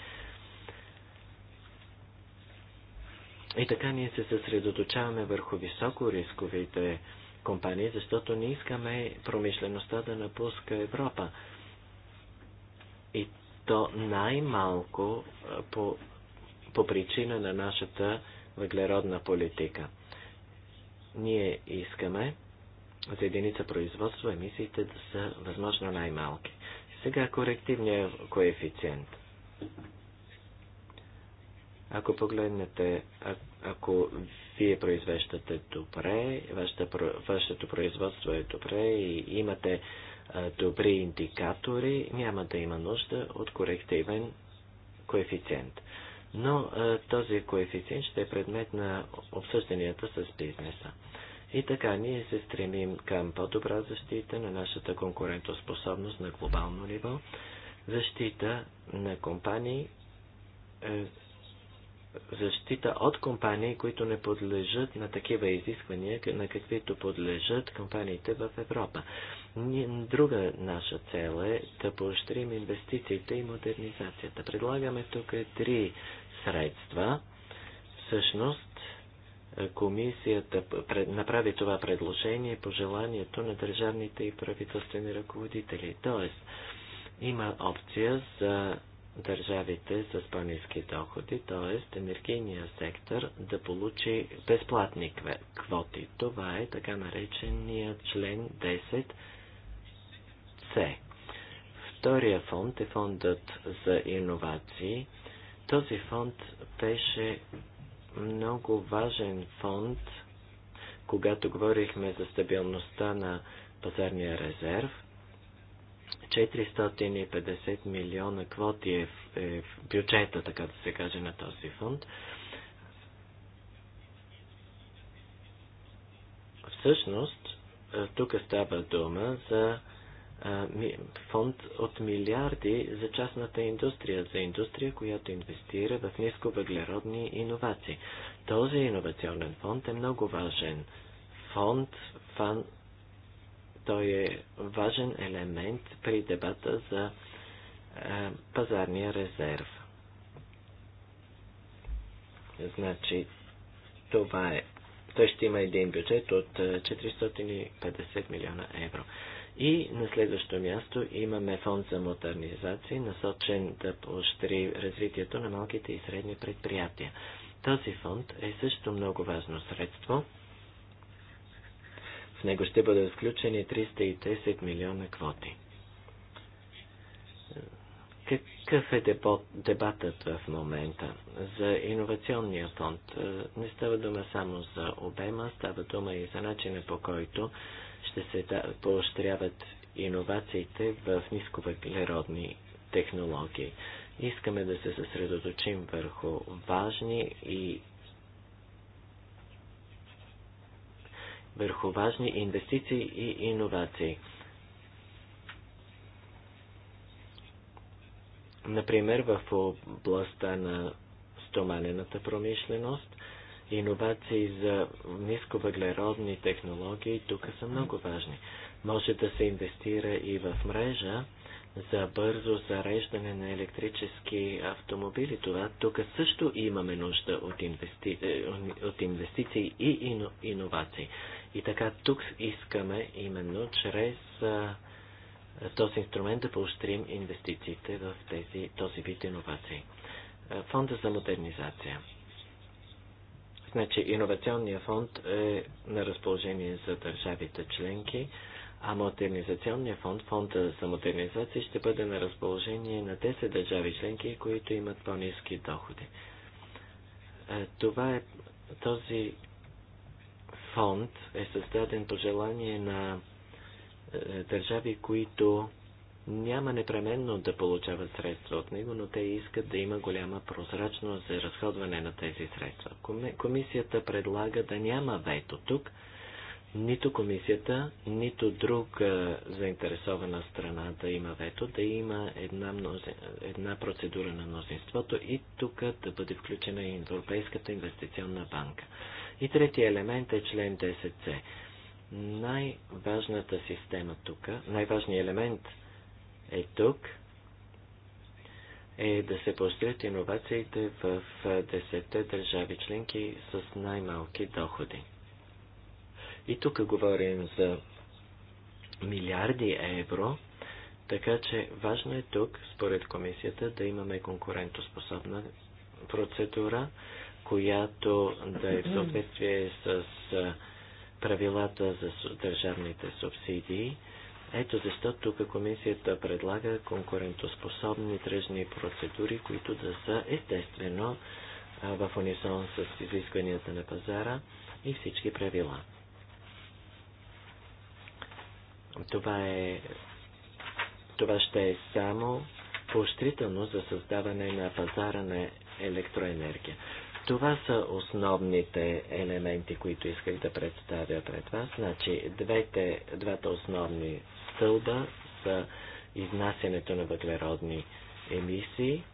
И така ние се съсредоточаваме върху високо рисковите компании, защото не искаме промишлеността да напуска Европа. И то най-малко по, по причина на нашата въглеродна политика. Ние искаме за единица производство емисиите да са възможно най-малки. Сега корективният коефициент. Ако погледнете, а, ако вие произвеждате добре, вашето, вашето производство е добре и имате а, добри индикатори, няма да има нужда от корективен коефициент. Но а, този коефициент ще е предмет на обсъжданията с бизнеса. И така ние се стремим към по-добра защита на нашата конкурентоспособност на глобално ниво, защита на компании, е, защита от компании, които не подлежат на такива изисквания, на каквито подлежат компаниите в Европа. Друга наша цел е да поощрим инвестициите и модернизацията. Предлагаме тук три средства. Всъщност, е, комисията направи това предложение по желанието на държавните и правителствени ръководители. Тоест, има опция за държавите с по-низки доходи, т.е. енергийния сектор да получи безплатни квоти. Това е така наречения член 10c. Втория фонд е фондът за иновации. Този фонд беше много важен фонд, когато говорихме за стабилността на пазарния резерв – 450 милиона квоти е в, е в бюджета, така да се каже, на този фонд. Всъщност, е, тук става дума за е, фонд от милиарди за частната индустрия, за индустрия, която инвестира в нисковъглеродни иновации. Този иновационен фонд е много важен фонд, фан, той е важен елемент при дебата за е, пазарния резерв. Значи, това е. Той ще има един бюджет от 450 е, милиона евро. И на следващо място имаме фонд за модернизация, насочен да поощри развитието на малките и средни предприятия. Този фонд е също много важно средство в него ще бъдат включени 330 милиона квоти. Какъв е дебатът в момента за иновационния фонд? Е, не става дума само за обема, става дума и за начина по който ще се поощряват иновациите в нисковъглеродни технологии. Искаме да се съсредоточим върху важни и върху важни инвестиции и иновации. Например, в областта на стоманената промишленост, иновации за нисковъглеродни технологии тук са много важни. Може да се инвестира и в мрежа за бързо зареждане на електрически автомобили. Това тук също имаме нужда от, инвести... Е, от инвестиции и ино... иновации. И така тук искаме именно чрез а, този инструмент да поощрим инвестициите в тези, този вид иновации. Фонда за модернизация. Значи, иновационния фонд е на разположение за държавите членки, а модернизационния фонд, фонда за модернизация, ще бъде на разположение на 10 държави членки, които имат по-низки доходи. Това е, този фонд е създаден по желание на е, държави, които няма непременно да получават средства от него, но те искат да има голяма прозрачност за разходване на тези средства. Комисията предлага да няма вето тук, нито комисията, нито друга е, заинтересована страна да има вето, да има една, мнози... една процедура на мнозинството и тук да бъде включена и Европейската инвестиционна банка. И третия елемент е член 10c. Най-важната система тук, най-важният елемент е тук, е да се поощрят иновациите в 10-те държави членки с най-малки доходи. И тук говорим за милиарди евро, така че важно е тук, според комисията, да имаме конкурентоспособна процедура, която да е в съответствие с правилата за държавните субсидии. Ето защо тук комисията предлага конкурентоспособни тръжни процедури, които да са естествено в унисон с изискванията на пазара и всички правила. Това, е, това ще е само поощрително за създаване на пазара на електроенергия. Това са основните елементи, които исках да представя пред вас. Значи, двете, двата основни стълба са изнасянето на въглеродни емисии,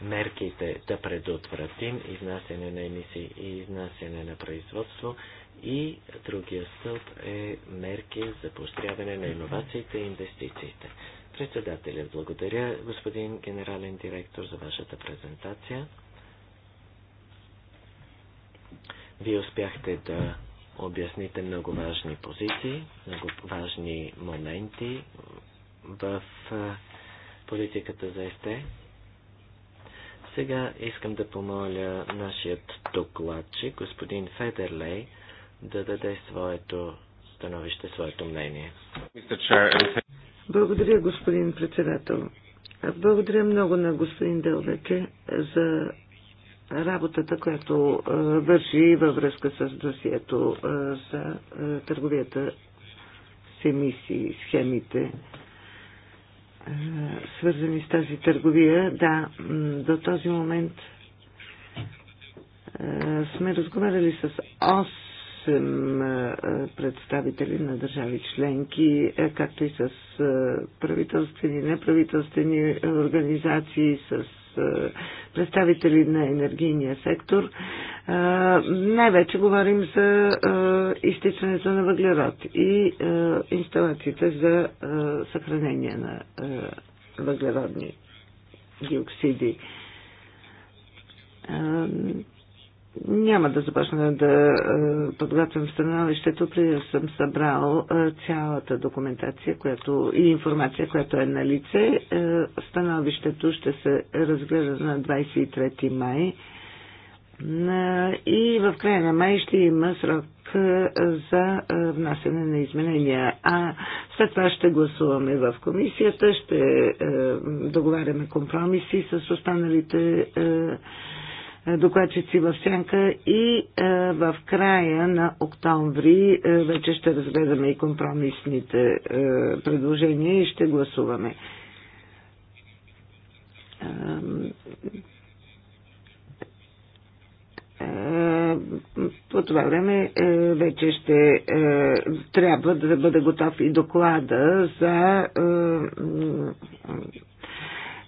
мерките да предотвратим изнасяне на емисии и изнасяне на производство и другия стълб е мерки за поощряване на иновациите и инвестициите. Председателят, благодаря господин генерален директор за вашата презентация. Вие успяхте да обясните много важни позиции, много важни моменти в политиката за есте. Сега искам да помоля нашият докладчик, господин Федерлей, да даде своето становище, своето мнение. Благодаря, господин председател. Благодаря много на господин Делвеке за работата, която е, върши във връзка с досието е, за е, търговията с емисии, схемите, свързани с тази търговия. Да, до този момент сме разговаряли с 8 представители на държави членки, както и с правителствени, неправителствени организации, с е, представители на енергийния сектор. Е, най-вече говорим за е, изтичането на въглерод и инсталациите за съхранение на въглеродни диоксиди няма да започна да е, подготвям становището, преди да съм събрал е, цялата документация която, и информация, която е на лице. Е, становището ще се разглежда на 23 май и в края на май ще има срок за внасяне на изменения. А след това ще гласуваме в комисията, ще договаряме компромиси с останалите докладчици в сянка и е, в края на октомври е, вече ще разгледаме и компромисните е, предложения и ще гласуваме. По това време вече ще трябва да бъде готов и доклада за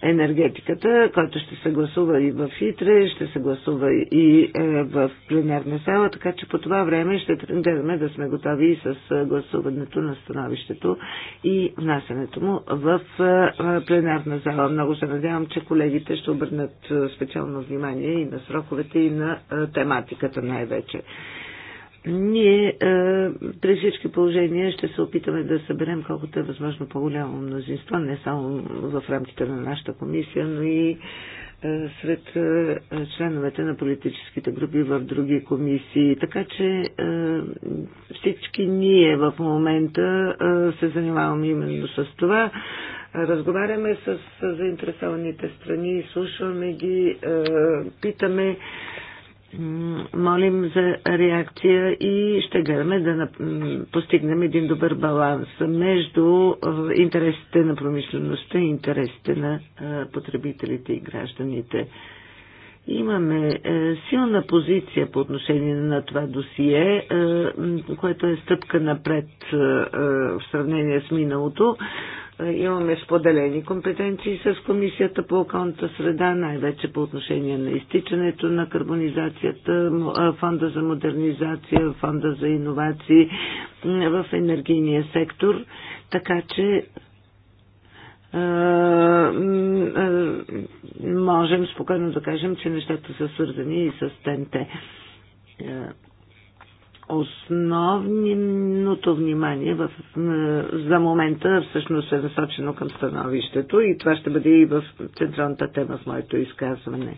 енергетиката, който ще се гласува и в ИТРЕ, ще се гласува и е, в пленарна сала, така че по това време ще трендираме да сме готови и с е, гласуването на становището и внасянето му в е, пленарна зала. Много се надявам, че колегите ще обърнат специално внимание и на сроковете, и на тематиката най-вече. Ние е, при всички положения ще се опитаме да съберем колкото е възможно по-голямо мнозинство, не само в рамките на нашата комисия, но и е, сред е, членовете на политическите групи в други комисии. Така че е, всички ние в момента е, се занимаваме именно с това. Разговаряме с заинтересованите страни, слушаме ги, е, питаме молим за реакция и ще гледаме да постигнем един добър баланс между интересите на промишлеността и интересите на потребителите и гражданите. Имаме е, силна позиция по отношение на това досие, е, което е стъпка напред е, е, в сравнение с миналото. Е, имаме споделени компетенции с Комисията по околната среда, най-вече по отношение на изтичането на карбонизацията, е, фонда за модернизация, фонда за иновации в енергийния сектор. Така че е, е, можем спокойно да кажем, че нещата са свързани и с ТНТ. Е, основното внимание в, за момента всъщност е насочено към становището и това ще бъде и в централната тема в моето изказване.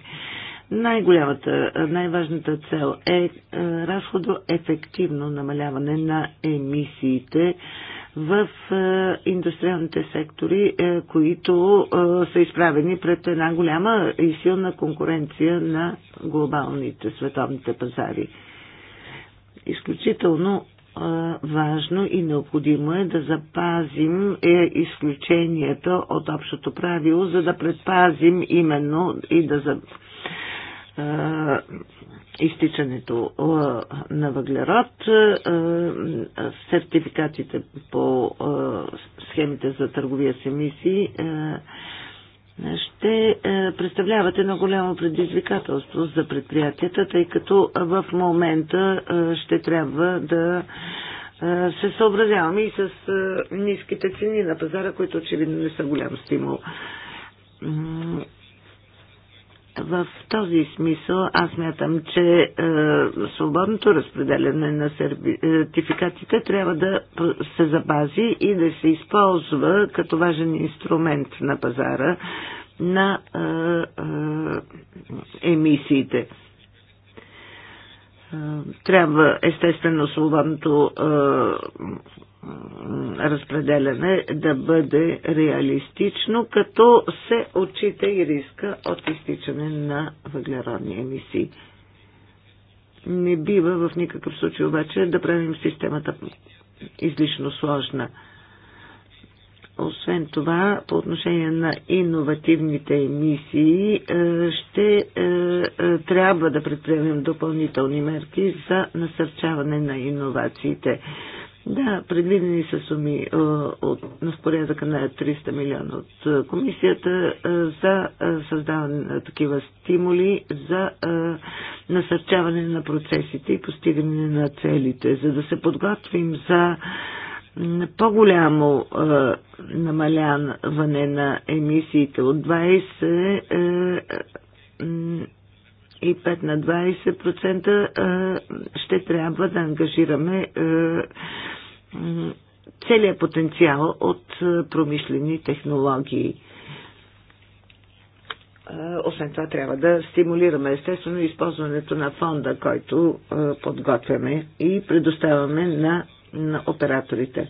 Най-голямата, най-важната цел е разходоефективно намаляване на емисиите в е, индустриалните сектори, е, които е, са изправени пред една голяма и силна конкуренция на глобалните световните пазари. Изключително важно и необходимо е да запазим изключенията от общото правило, за да предпазим именно и да изтичането на въглерод, сертификатите по схемите за търговия с емисии ще представляват едно голямо предизвикателство за предприятията, тъй като в момента ще трябва да се съобразяваме и с ниските цени на пазара, които очевидно не са голям стимул. В този смисъл аз мятам, че е, свободното разпределяне на сертификатите трябва да се запази и да се използва като важен инструмент на пазара на е, е, емисиите е, трябва естествено свободното е, разпределяне да бъде реалистично, като се отчита и риска от изтичане на въглеродни емисии. Не бива в никакъв случай обаче да правим системата излишно сложна. Освен това, по отношение на иновативните емисии, е, ще е, е, трябва да предприемем допълнителни мерки за насърчаване на иновациите. Да, предвидени са суми от, на порядъка на 300 милиона от комисията за създаване на такива стимули за насърчаване на процесите и постигане на целите, за да се подготвим за по-голямо намаляване на емисиите от 20 и 5 на 20% ще трябва да ангажираме целият потенциал от промишлени технологии. Освен това трябва да стимулираме естествено използването на фонда, който подготвяме и предоставяме на, на операторите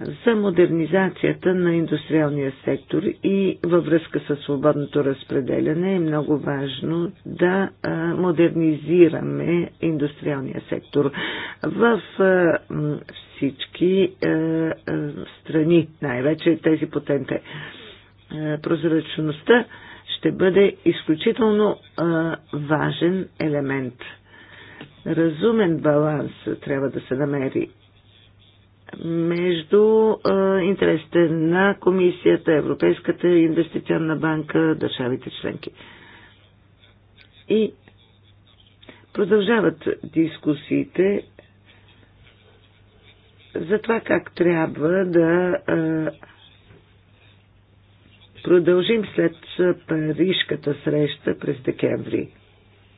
за модернизацията на индустриалния сектор и във връзка с свободното разпределяне е много важно да модернизираме индустриалния сектор в всички страни, най-вече тези потенте. Прозрачността ще бъде изключително важен елемент. Разумен баланс трябва да се намери между а, интересите на Комисията, Европейската инвестиционна банка, държавите членки. И продължават дискусиите за това как трябва да а, продължим след Парижката среща през декември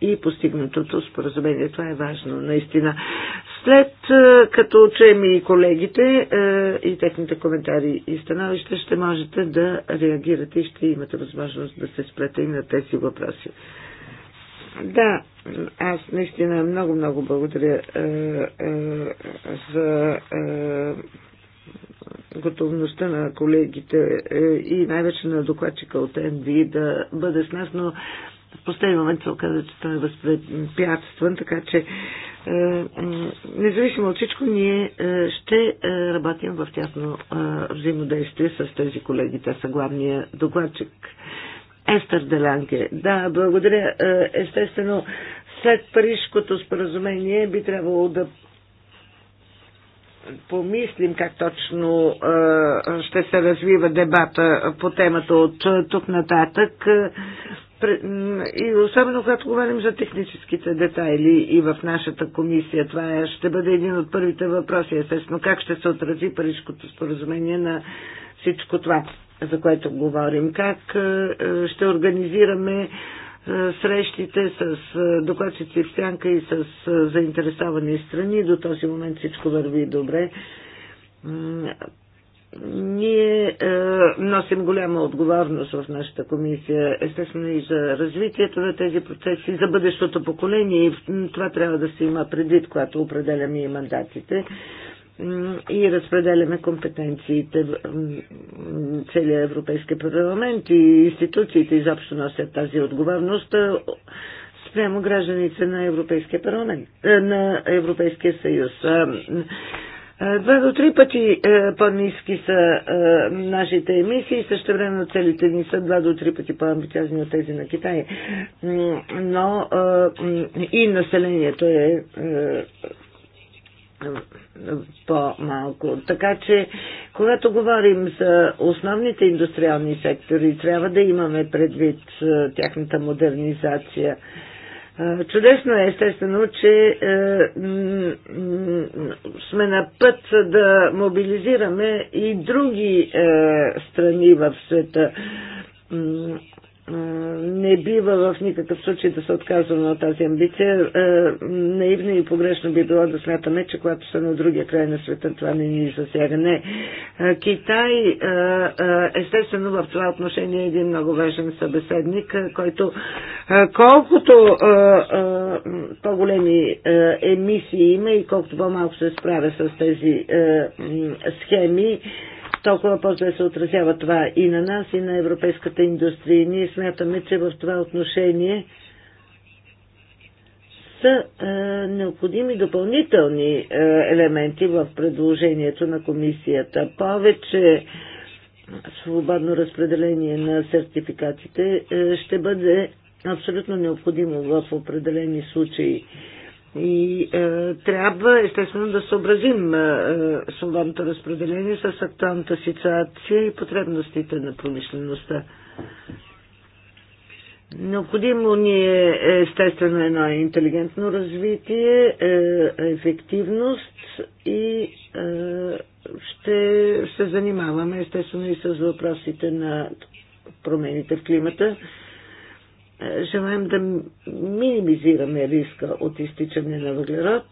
и постигнатото споразумение. Това е важно, наистина. След е, като чуем и колегите е, и техните коментари и становища, ще можете да реагирате и ще имате възможност да се сплете и на тези въпроси. Да, аз наистина много-много благодаря е, за готовността на колегите и най-вече на докладчика от НВИ да бъде с нас, но в последния момент се оказа, че той е възпрепятстван, така че е, е, независимо от всичко, ние е, ще работим в тясно взаимодействие с тези колеги. Те са главния докладчик. Естер Делянке. Да, благодаря. Естествено, след Парижското споразумение би трябвало да помислим как точно ще се развива дебата по темата от тук нататък. И особено когато говорим за техническите детайли и в нашата комисия, това е- ще бъде един от първите въпроси, естествено, как ще се отрази Парижското споразумение на всичко това, за което говорим, как е, е, ще организираме срещите с докладчици в сянка и с заинтересовани страни. До този момент всичко върви добре. Ние е, носим голяма отговорност в нашата комисия, естествено и за развитието на тези процеси, за бъдещото поколение и това трябва да се има предвид, когато определяме и мандатите и разпределяме компетенциите. Целият Европейски парламент и институциите изобщо носят тази отговорност е, спрямо гражданите на Европейския парламент, е, на Европейския съюз. Е, е, два до три пъти е, по-низки са е, нашите емисии, също време целите ни са два до три пъти по-амбициозни от тези на Китай. Но и населението е по-малко. Така че, когато говорим за основните индустриални сектори, трябва да имаме предвид тяхната модернизация. Чудесно е естествено, че е, сме на път да мобилизираме и други е, страни в света не бива в никакъв случай да се отказваме от тази амбиция. Е, наивно и погрешно би било да смятаме, че когато са на другия край на света, това не ни засяга. Не. Е, Китай, е, естествено, в това отношение е един много важен събеседник, който колкото по-големи емисии има и колкото по-малко се справя с тези схеми, толкова после се отразява това и на нас, и на европейската индустрия. ние смятаме, че в това отношение са е, необходими допълнителни е, елементи в предложението на комисията. Повече свободно разпределение на сертификатите е, ще бъде абсолютно необходимо в определени случаи. Е, и е, трябва, естествено, да съобразим е, е, свободното разпределение с актуалната ситуация и потребностите на промишлеността. Необходимо ни е естествено едно интелигентно развитие, е, ефективност и е, ще се занимаваме естествено и с въпросите на промените в климата желаем да минимизираме риска от изтичане на въглерод.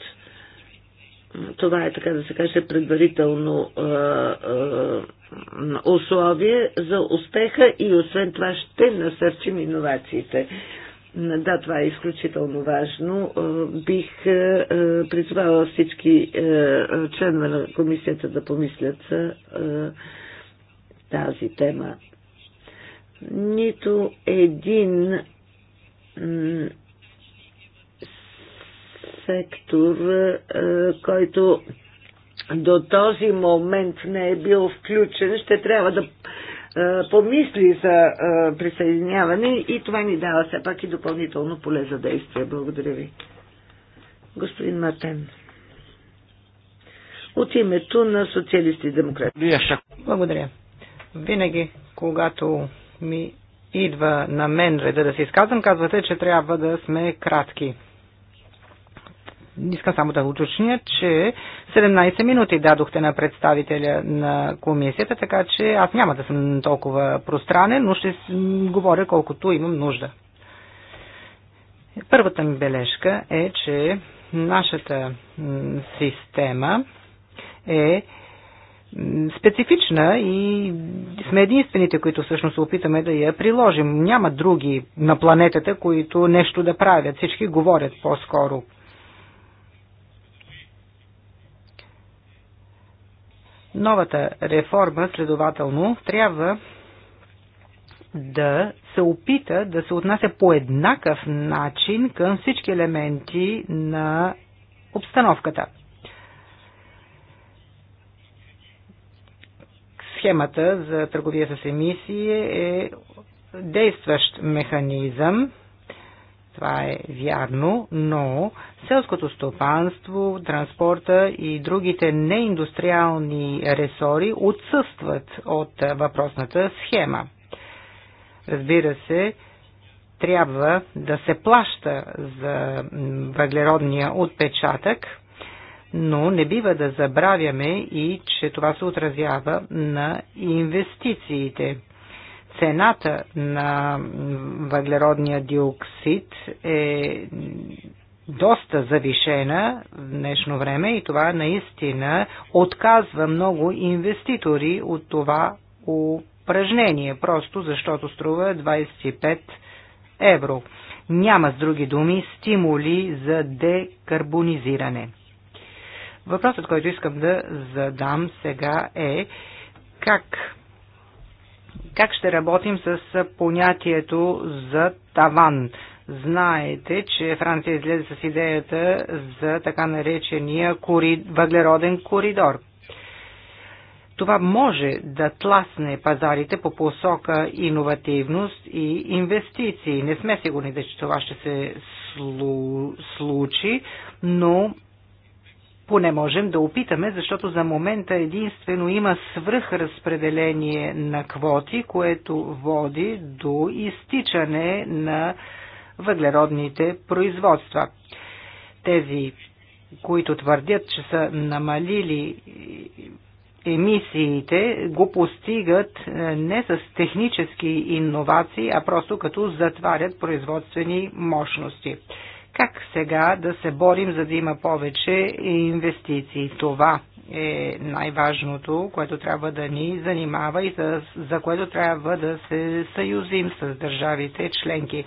Това е, така да се каже, предварително е, е, условие за успеха и освен това ще насърчим иновациите. Да, това е изключително важно. Бих призвала всички членове на комисията да помислят за тази тема. Нито един сектор, е, който до този момент не е бил включен, ще трябва да е, помисли за е, присъединяване и това ни дава все пак и допълнително поле за действие. Благодаря ви. Господин Матен. От името на социалисти и демократи. Благодаря. Винаги, когато ми идва на мен реда да се изказвам, казвате, че трябва да сме кратки. Искам само да уточня, че 17 минути дадохте на представителя на комисията, така че аз няма да съм толкова пространен, но ще говоря колкото имам нужда. Първата ми бележка е, че нашата система е специфична и сме единствените, които всъщност се опитаме да я приложим. Няма други на планетата, които нещо да правят. Всички говорят по-скоро. Новата реформа, следователно, трябва да се опита да се отнася по еднакъв начин към всички елементи на обстановката. Схемата за търговия с емисии е действащ механизъм, това е вярно, но селското стопанство, транспорта и другите неиндустриални ресори отсъстват от въпросната схема. Разбира се, трябва да се плаща за въглеродния отпечатък, но не бива да забравяме и, че това се отразява на инвестициите. Цената на въглеродния диоксид е доста завишена в днешно време и това наистина отказва много инвеститори от това упражнение, просто защото струва 25 евро. Няма с други думи стимули за декарбонизиране. Въпросът, който искам да задам сега е как как ще работим с понятието за таван. Знаете, че Франция излезе с идеята за така наречения кори... въглероден коридор. Това може да тласне пазарите по посока иновативност и инвестиции. Не сме сигурни, че това ще се случи, но поне можем да опитаме, защото за момента единствено има свръхразпределение на квоти, което води до изтичане на въглеродните производства. Тези, които твърдят, че са намалили емисиите го постигат е, не с технически иновации, а просто като затварят производствени мощности. Как сега да се борим, за да има повече инвестиции? Това е най-важното, което трябва да ни занимава и за, за което трябва да се съюзим с държавите членки.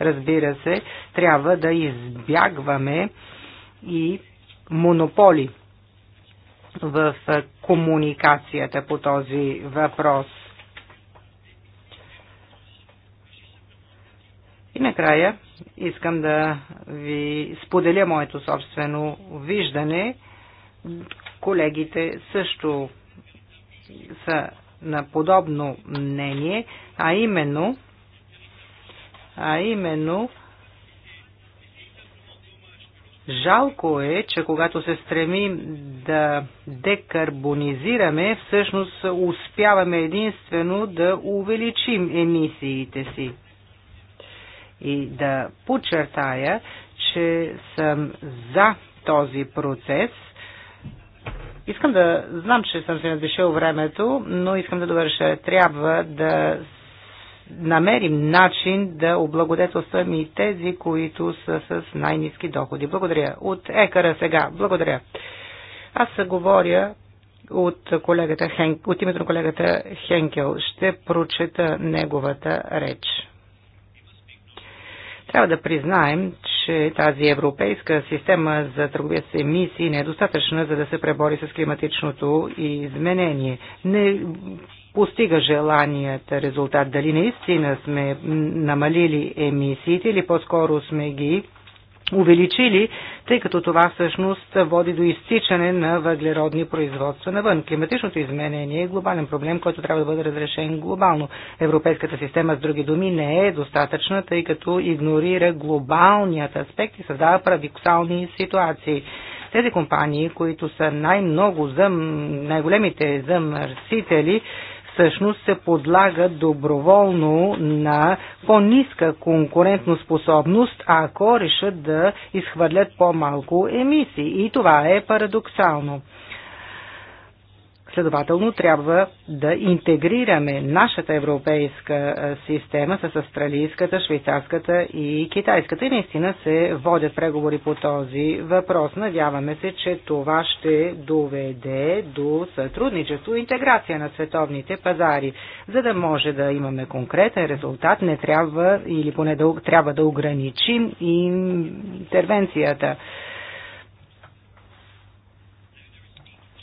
Разбира се, трябва да избягваме и монополи в комуникацията по този въпрос. И накрая искам да ви споделя моето собствено виждане. Колегите също са на подобно мнение, а именно, а именно Жалко е, че когато се стремим да декарбонизираме, всъщност успяваме единствено да увеличим емисиите си и да подчертая, че съм за този процес. Искам да знам, че съм се надвишил времето, но искам да довърша. Трябва да намерим начин да облагодетелствам и тези, които са с най-низки доходи. Благодаря. От екара сега. Благодаря. Аз се говоря от, колегата Хен... от името на колегата Хенкел. Ще прочета неговата реч. Трябва да признаем, че тази европейска система за търговия с емисии не е достатъчна, за да се пребори с климатичното изменение. Не постига желаният резултат. Дали наистина сме намалили емисиите или по-скоро сме ги увеличили, тъй като това всъщност води до изтичане на въглеродни производства навън. Климатичното изменение е глобален проблем, който трябва да бъде разрешен глобално. Европейската система, с други думи, не е достатъчна, тъй като игнорира глобалният аспект и създава парадоксални ситуации. Тези компании, които са най-много зъм, най-големите замърсители, всъщност се подлага доброволно на по-ниска способност, ако решат да изхвърлят по-малко емисии. И това е парадоксално. Следователно трябва да интегрираме нашата европейска система с австралийската, швейцарската и китайската. И наистина се водят преговори по този въпрос. Надяваме се, че това ще доведе до сътрудничество и интеграция на световните пазари. За да може да имаме конкретен резултат, не трябва или поне да, трябва да ограничим интервенцията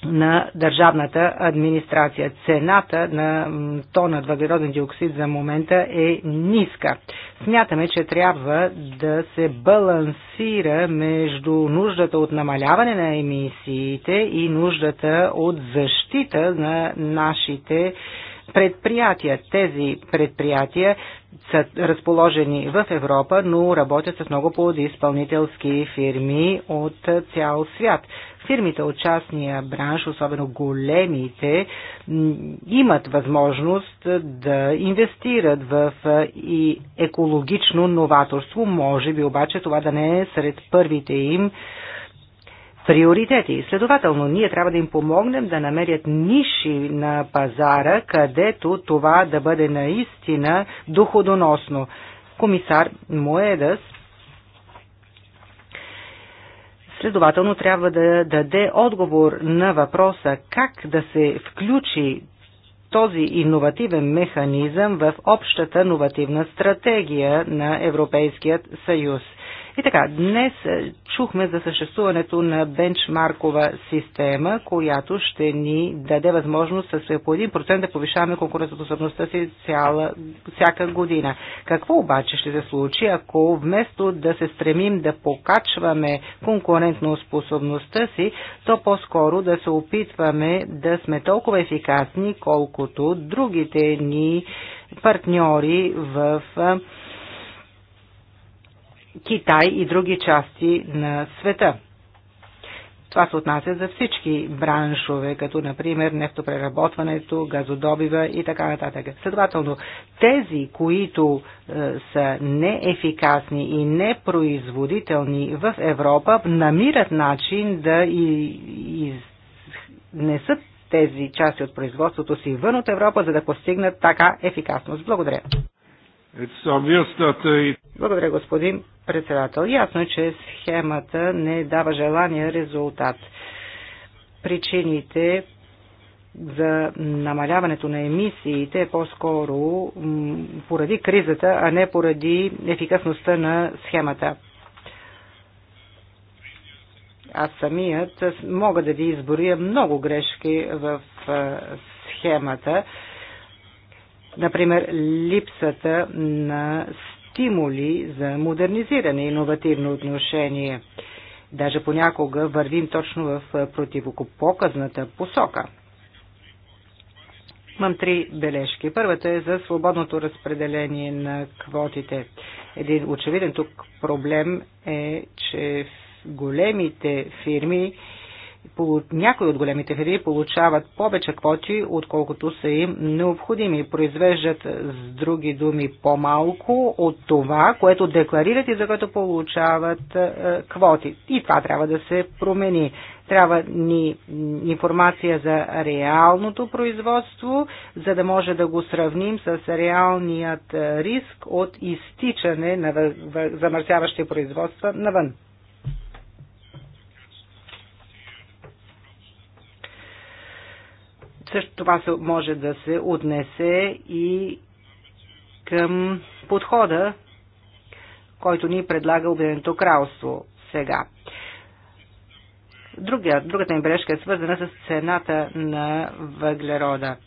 на държавната администрация. Цената на тона въглероден диоксид за момента е ниска. Смятаме, че трябва да се балансира между нуждата от намаляване на емисиите и нуждата от защита на нашите предприятия. Тези предприятия са разположени в Европа, но работят с много подизпълнителски фирми от цял свят. Фирмите от частния бранш, особено големите, имат възможност да инвестират в и екологично новаторство. Може би обаче това да не е сред първите им приоритети. Следователно, ние трябва да им помогнем да намерят ниши на пазара, където това да бъде наистина доходоносно. Комисар Моедас Следователно трябва да даде отговор на въпроса как да се включи този иновативен механизъм в общата новативна стратегия на Европейският съюз – и така, днес е, чухме за съществуването на бенчмаркова система, която ще ни даде възможност с по 1% да повишаваме конкурентоспособността си цяла, всяка година. Какво обаче ще се случи, ако вместо да се стремим да покачваме конкурентоспособността си, то по-скоро да се опитваме да сме толкова ефикасни, колкото другите ни партньори в Китай и други части на света. Това се отнася за всички браншове, като например нефтопреработването, газодобива и така нататък. Следователно, тези, които е, са неефикасни и непроизводителни в Европа, намират начин да и, и, не са тези части от производството си вън от Европа, за да постигнат така ефикасност. Благодаря. Uh, Благодаря, господин председател. Ясно е, че схемата не дава желания резултат. Причините за намаляването на емисиите е по-скоро поради кризата, а не поради ефикасността на схемата. Аз самият мога да ви изборя много грешки в схемата Например, липсата на стимули за модернизиране и иновативно отношение. Даже понякога вървим точно в противопоказната посока. Имам три бележки. Първата е за свободното разпределение на квотите. Един очевиден тук проблем е, че големите фирми някои от големите фери получават повече квоти, отколкото са им необходими. Произвеждат с други думи по-малко от това, което декларират и за което получават е, квоти. И това трябва да се промени. Трябва ни информация за реалното производство, за да може да го сравним с реалният е, риск от изтичане на замърсяващи производства навън. Също това може да се отнесе и към подхода, който ни предлага Обединеното кралство сега. Другия, другата им бележка е свързана с цената на въглерода.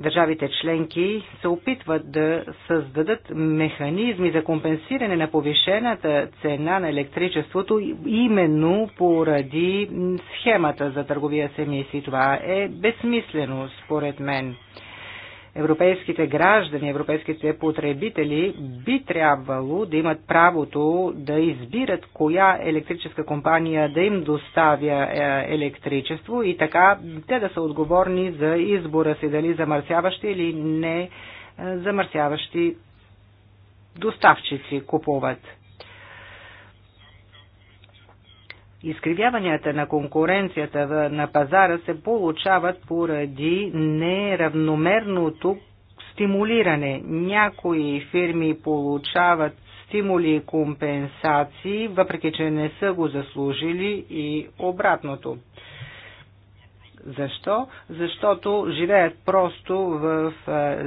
Държавите членки се опитват да създадат механизми за компенсиране на повишената цена на електричеството именно поради схемата за търговия с емисии. Това е безсмислено, според мен европейските граждани, европейските потребители би трябвало да имат правото да избират коя електрическа компания да им доставя е, електричество и така те да са отговорни за избора си, дали замърсяващи или не е, замърсяващи доставчици купуват. изкривяванията на конкуренцията на пазара се получават поради неравномерното стимулиране. Някои фирми получават стимули и компенсации, въпреки че не са го заслужили и обратното. Защо? Защото живеят просто в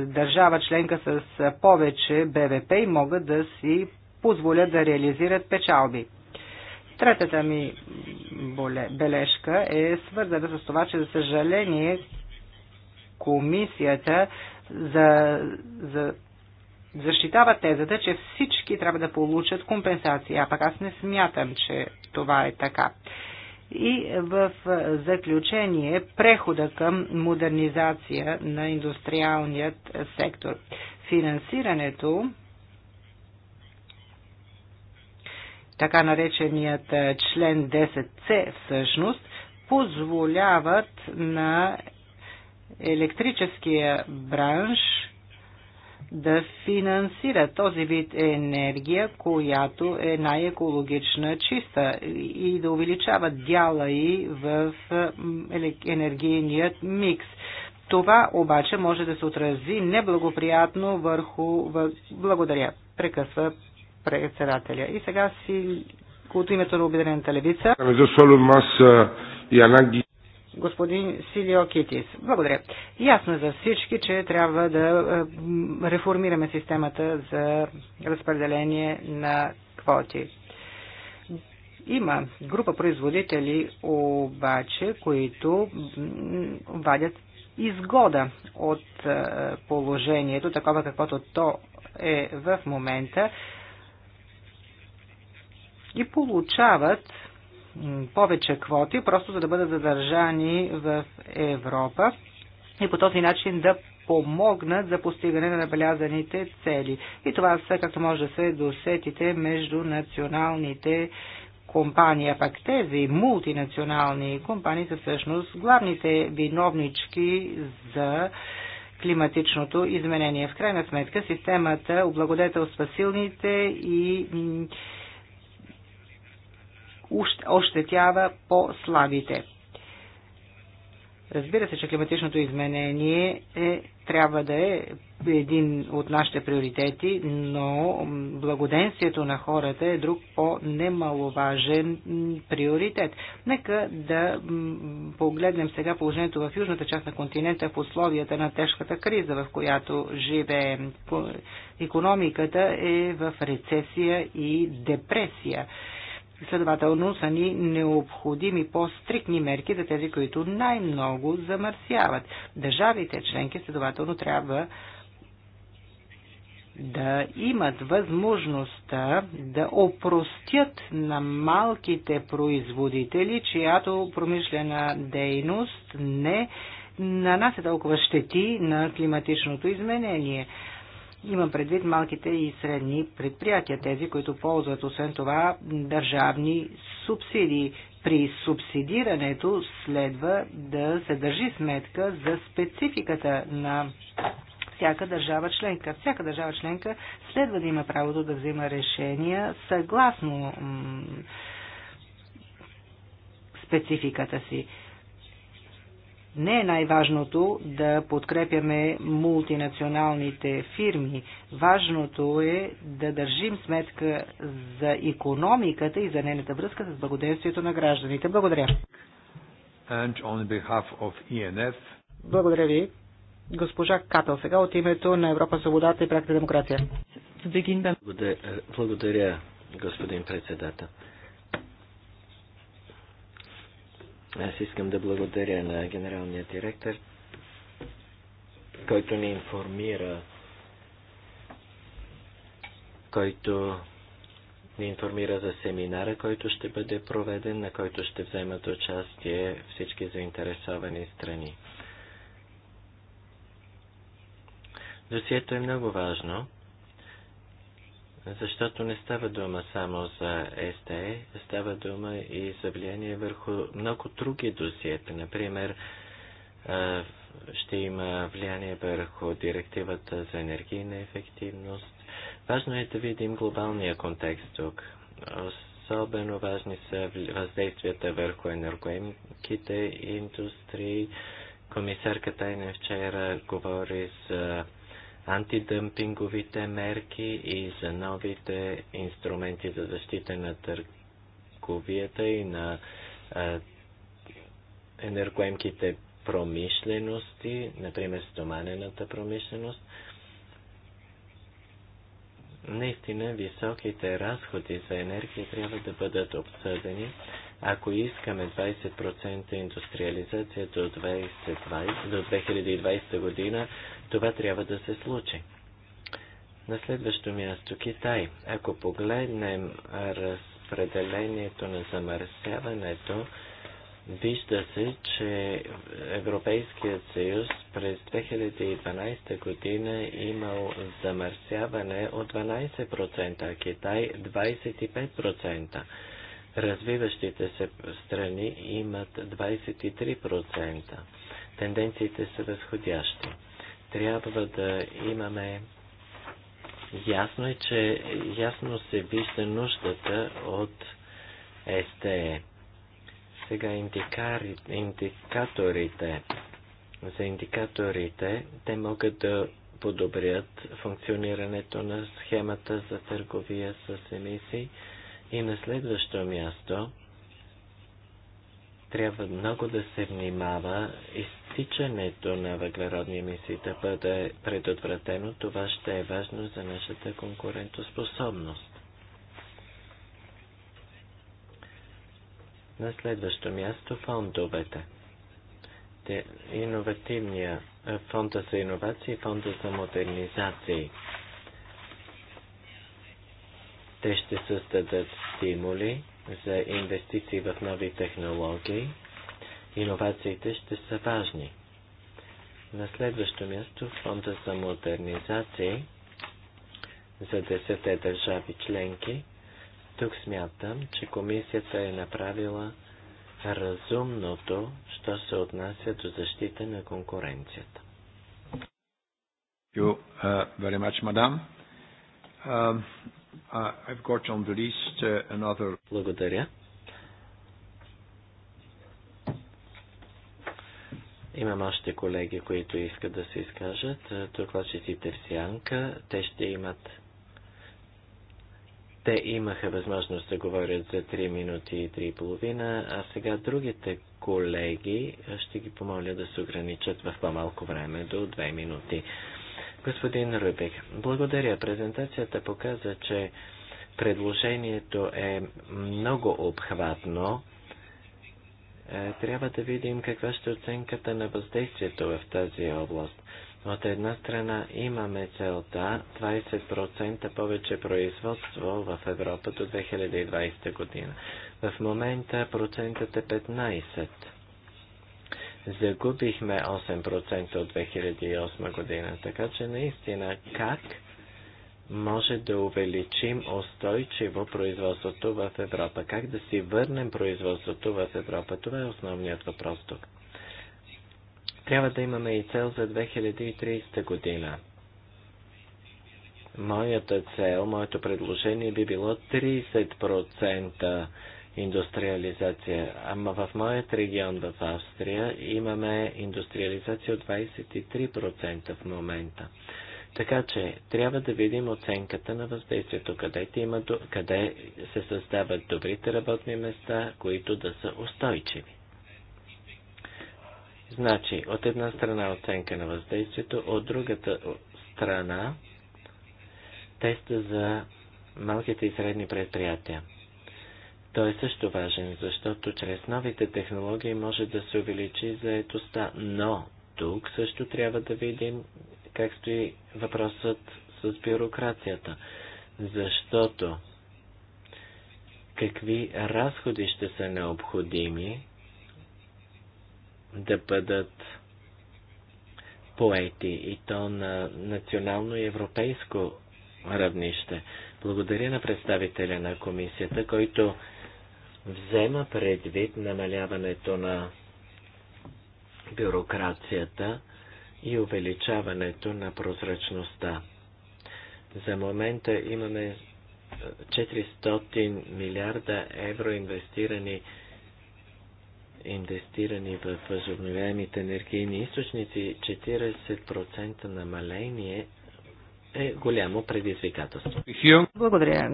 държава членка с повече БВП и могат да си позволят да реализират печалби. Третата ми бележка е свързана с това, че за съжаление комисията за, за защитава тезата, че всички трябва да получат компенсация, а пък аз не смятам, че това е така. И в заключение прехода към модернизация на индустриалният сектор. Финансирането така нареченият е, член 10c всъщност, позволяват на електрическия бранш да финансира този вид енергия, която е най-екологична, чиста и да увеличава дяла и в е, енергийният микс. Това обаче може да се отрази неблагоприятно върху... Благодаря. Прекъсва председателя. И сега си от името на Обединената левица. Ами Господин Силио Китис. Благодаря. Ясно е за всички, че трябва да реформираме системата за разпределение на квоти. Има група производители обаче, които вадят изгода от положението, такова каквото то е в момента, и получават повече квоти, просто за да бъдат задържани в Европа и по този начин да помогнат за постигане на набелязаните цели. И това са, както може да се досетите, между националните компании, а пак тези мултинационални компании са всъщност главните виновнички за климатичното изменение. В крайна сметка системата облагодетелства силните и ощетява по-слабите. Разбира се, че климатичното изменение е, трябва да е един от нашите приоритети, но благоденствието на хората е друг по-немаловажен приоритет. Нека да погледнем сега положението в южната част на континента в условията на тежката криза, в която живеем. Економиката е в рецесия и депресия. Следователно са ни необходими по-стрикни мерки за тези, които най-много замърсяват. Държавите членки следователно трябва да имат възможността да опростят на малките производители, чиято промишлена дейност не нанася толкова щети на климатичното изменение. Имам предвид малките и средни предприятия, тези, които ползват освен това държавни субсидии. При субсидирането следва да се държи сметка за спецификата на всяка държава членка. Всяка държава членка следва да има правото да взима решения съгласно спецификата си. Не е най-важното да подкрепяме мултинационалните фирми. Важното е да държим сметка за економиката и за нейната връзка с благоденствието на гражданите. Благодаря. ENF... E благодаря ви. Госпожа Катъл, сега от името на Европа свободата и пряката демокрация. Благодаря, господин председател. Аз искам да благодаря на генералния директор, който ни информира, който ни информира за семинара, който ще бъде проведен, на който ще вземат участие всички заинтересовани страни. Досието е много важно. Защото не става дума само за СТЕ, става дума и за влияние върху много други досиета. Например, ще има влияние върху директивата за енергийна ефективност. Важно е да видим глобалния контекст тук. Особено важни са въздействията върху енергоемките индустрии. Комисарка Тайна вчера говори за антидъмпинговите мерки и за новите инструменти за защита на търговията и на а, енергоемките промишлености, например стоманената промишленост. Наистина високите разходи за енергия трябва да бъдат обсъдени ако искаме 20% индустриализация до, 2020, до 2020 година, това трябва да се случи. На следващо място Китай. Ако погледнем разпределението на замърсяването, вижда се, че Европейският съюз през 2012 година имал замърсяване от 12%, а Китай 25%. Развиващите се страни имат 23%. Тенденциите са възходящи. Трябва да имаме Ясно е, че ясно се вижда нуждата от СТЕ. Сега индикари, индикаторите. За индикаторите те могат да подобрят функционирането на схемата за търговия с емисии. И на следващо място трябва много да се внимава изтичането на въглеродни емисии да бъде предотвратено. Това ще е важно за нашата конкурентоспособност. На следващо място фондовете. Те, иновативния, фонда за иновации и фонда за модернизации. Те ще създадат стимули за инвестиции в нови технологии. Иновациите ще са важни. На следващо място фонда за модернизации за 10 държави членки. Тук смятам, че комисията е направила разумното, що се отнася до защита на конкуренцията. Благодаря, мадам. Uh, I've got on the list uh, another... Благодаря. Имам още колеги, които искат да се изкажат. Докладчиците в Сянка, те ще имат... Те имаха възможност да говорят за 3 минути и 3 половина, а сега другите колеги ще ги помоля да се ограничат в по-малко време до 2 минути. Господин Рубик, благодаря. Презентацията показа, че предложението е много обхватно. Е, трябва да видим каква ще е оценката на въздействието в тази област. От една страна имаме целта 20% повече производство в Европа до 2020 година. В момента процентът е 15% загубихме 8% от 2008 година. Така че наистина как може да увеличим устойчиво производството в Европа? Как да си върнем производството в Европа? Това е основният въпрос тук. Трябва да имаме и цел за 2030 година. Моята цел, моето предложение би било 30% индустриализация. Ама в моят регион в Австрия имаме индустриализация от 23% в момента. Така че трябва да видим оценката на въздействието, къде, има, къде се създават добрите работни места, които да са устойчиви. Значи, от една страна оценка на въздействието, от другата страна теста за малките и средни предприятия. Той е също важен, защото чрез новите технологии може да се увеличи заетостта, но тук също трябва да видим как стои въпросът с бюрокрацията, защото какви разходи ще са необходими да бъдат поети и то на национално и европейско равнище. Благодаря на представителя на комисията, който взема предвид намаляването на бюрокрацията и увеличаването на прозрачността. За момента имаме 400 е, милиарда евро инвестирани, инвестирани в възобновяемите енергийни източници, 40% намаление е голямо предизвикателство. Благодаря.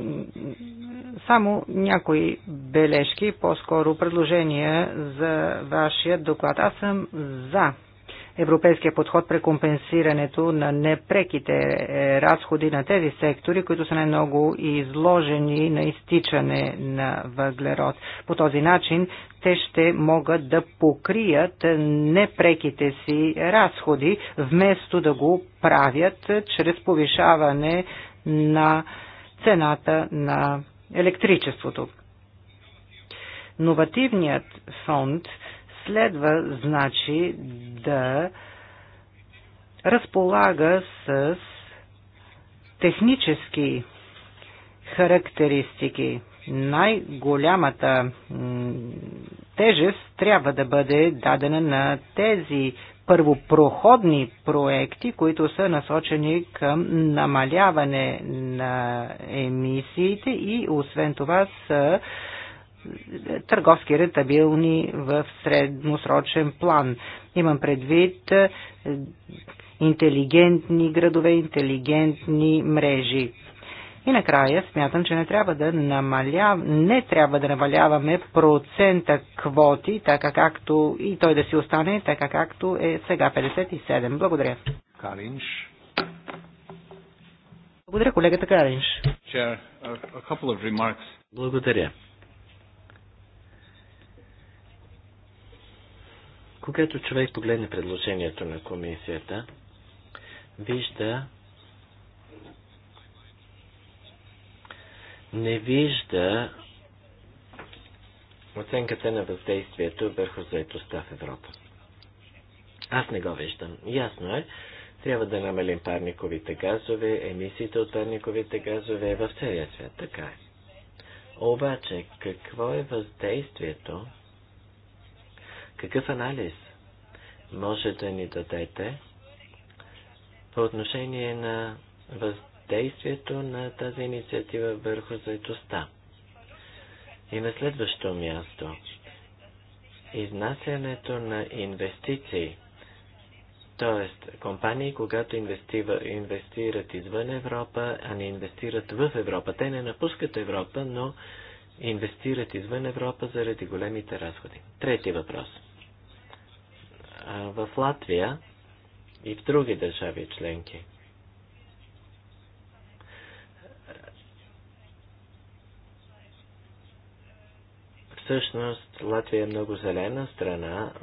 Само някои бележки, по-скоро предложения за вашия доклад. Аз съм за европейския подход при компенсирането на непреките е, разходи на тези сектори, които са най-много изложени на изтичане на въглерод. По този начин те ще могат да покрият непреките си разходи, вместо да го правят чрез повишаване на цената на електричеството. Новативният фонд – следва, значи, да разполага с технически характеристики. Най-голямата тежест трябва да бъде дадена на тези първопроходни проекти, които са насочени към намаляване на емисиите и освен това са търговски ретабилни в средносрочен план. Имам предвид е, интелигентни градове, интелигентни мрежи. И накрая смятам, че не трябва да, намаляв... не трябва да намаляваме процента квоти, така както и той да си остане, така както е сега 57. Благодаря. Каринш. Благодаря, колегата Каринш. Благодаря. Когато човек погледне предложението на комисията, вижда, не вижда оценката на въздействието върху заедостта в Европа. Аз не го виждам. Ясно е, трябва да намалим парниковите газове, емисиите от парниковите газове в целия свят. Така е. Обаче, какво е въздействието какъв анализ може да ни дадете по отношение на въздействието на тази инициатива върху заедостта? И на следващо място, изнасянето на инвестиции. Т.е. компании, когато инвестива, инвестират извън Европа, а не инвестират в Европа, те не напускат Европа, но инвестират извън Европа заради големите разходи. Трети въпрос – в Латвия и в други държави членки. Всъщност Латвия е много зелена страна.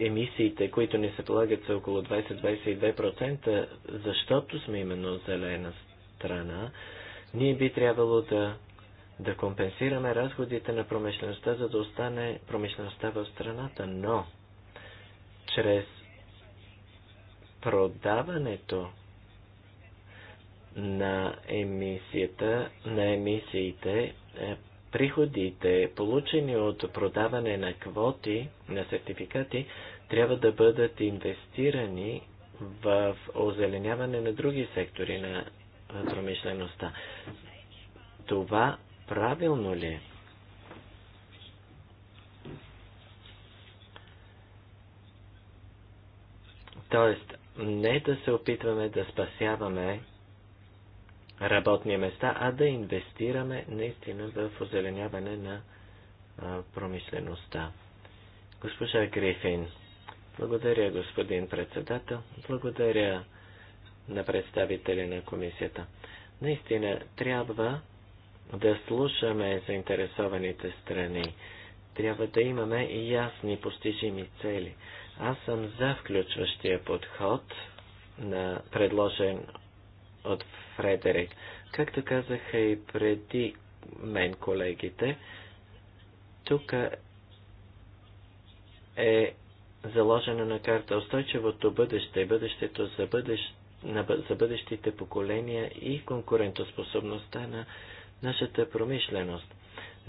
Емисиите, които ни се полагат, са около 20-22%, защото сме именно зелена страна. Ние би трябвало да да компенсираме разходите на промишлеността, за да остане промишлеността в страната, но чрез продаването на емисията, на емисиите, е, приходите, получени от продаване на квоти, на сертификати, трябва да бъдат инвестирани в озеленяване на други сектори на промишлеността. Това Правилно ли е? Тоест, не да се опитваме да спасяваме работни места, а да инвестираме наистина в озеленяване на промишлеността. Госпожа Грифин, благодаря, господин председател, благодаря на представители на комисията. Наистина трябва да слушаме заинтересованите страни. Трябва да имаме и ясни постижими цели. Аз съм за включващия подход, на предложен от Фредерик. Както казаха и преди мен колегите, тук е заложено на карта устойчивото бъдеще, бъдещето за, бъдещ, на, за бъдещите поколения и конкурентоспособността на нашата промишленост.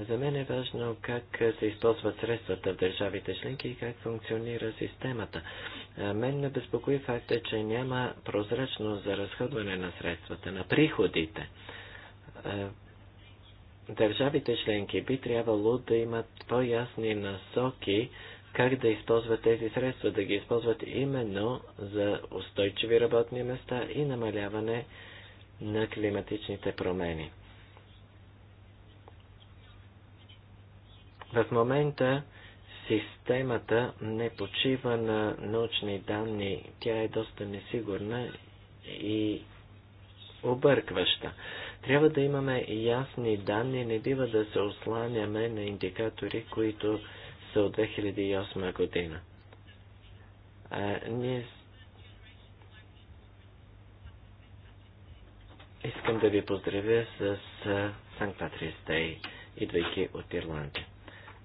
За мен е важно как се използват средствата в държавите членки и как функционира системата. Мен ме безпокои факта, че няма прозрачност за разходване на средствата, на приходите. Държавите членки би трябвало да имат по-ясни насоки как да използват тези средства, да ги използват именно за устойчиви работни места и намаляване на климатичните промени. В момента системата не почива на научни данни. Тя е доста несигурна и объркваща. Трябва да имаме ясни данни, не бива да се осланяме на индикатори, които са от 2008 година. А, ние искам да ви поздравя с Санкт Патрис Дей, идвайки от Ирландия.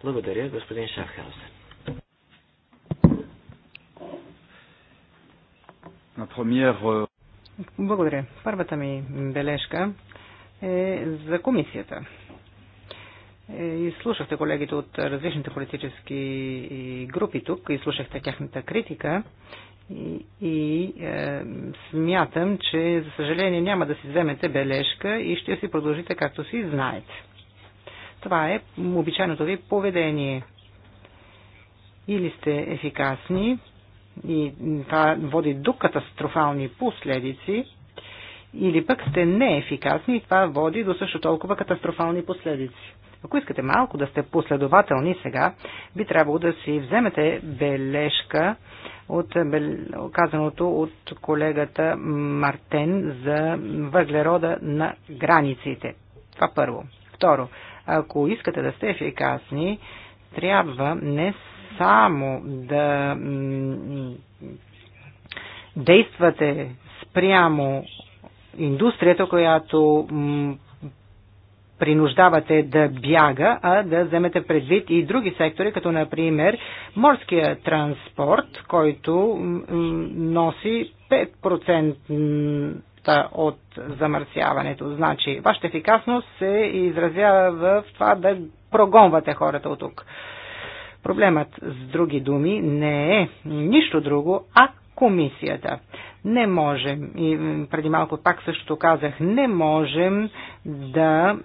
Благодаря, господин Шафхаузен. Е, Благодаря. Първата ми бележка е за комисията. Е, и слушахте колегите от различните политически групи тук, и слушахте тяхната критика и, и е, смятам, че за съжаление няма да си вземете бележка и ще си продължите както си знаете. Това е обичайното ви поведение. Или сте ефикасни и това води до катастрофални последици, или пък сте неефикасни и това води до също толкова катастрофални последици. Ако искате малко да сте последователни сега, би трябвало да си вземете бележка от казаното от колегата Мартен за въглерода на границите. Това първо. Второ, ако искате да сте ефикасни, трябва не само да действате спрямо индустрията, която принуждавате да бяга, а да вземете предвид и други сектори, като например морския транспорт, който носи 5% от замърсяването. Значи, вашата ефикасност се изразява в това да прогонвате хората от тук. Проблемът, с други думи, не е нищо друго, а комисията. Не можем, и преди малко пак също казах, не можем да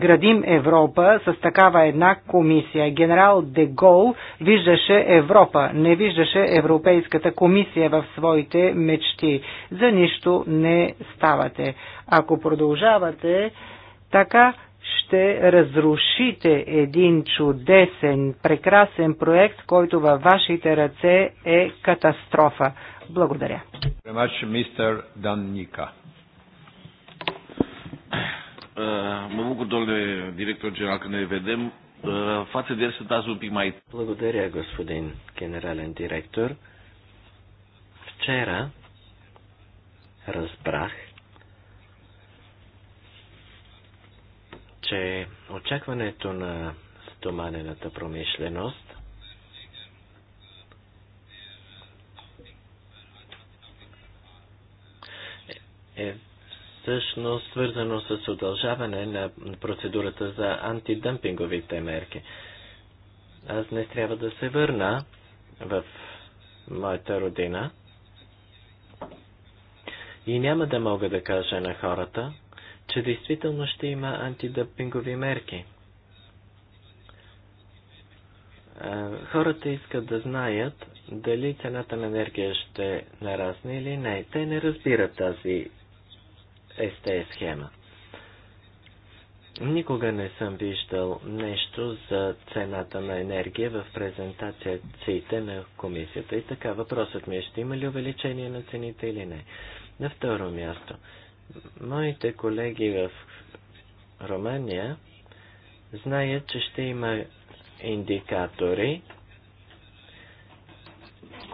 градим Европа с такава една комисия. Генерал Дегол виждаше Европа, не виждаше Европейската комисия в своите мечти. За нищо не ставате. Ако продължавате така, ще разрушите един чудесен, прекрасен проект, който във вашите ръце е катастрофа. Благодаря. Mă bucur, domnule director general, că ne vedem. Față de el sunt azi un pic mai... Благодаря, господин генерален директор. Вчера разбрах, че очакването на стоманената промишленост е всъщност свързано с удължаване на процедурата за антидъмпинговите мерки. Аз не трябва да се върна в моята родина и няма да мога да кажа на хората, че действително ще има антидъмпингови мерки. Хората искат да знаят дали цената на енергия ще нарасне или не. Те не разбират тази СТС схема. Никога не съм виждал нещо за цената на енергия в презентацията на комисията. И така, въпросът ми е, ще има ли увеличение на цените или не? На второ място, моите колеги в Румъния знаят, че ще има индикатори,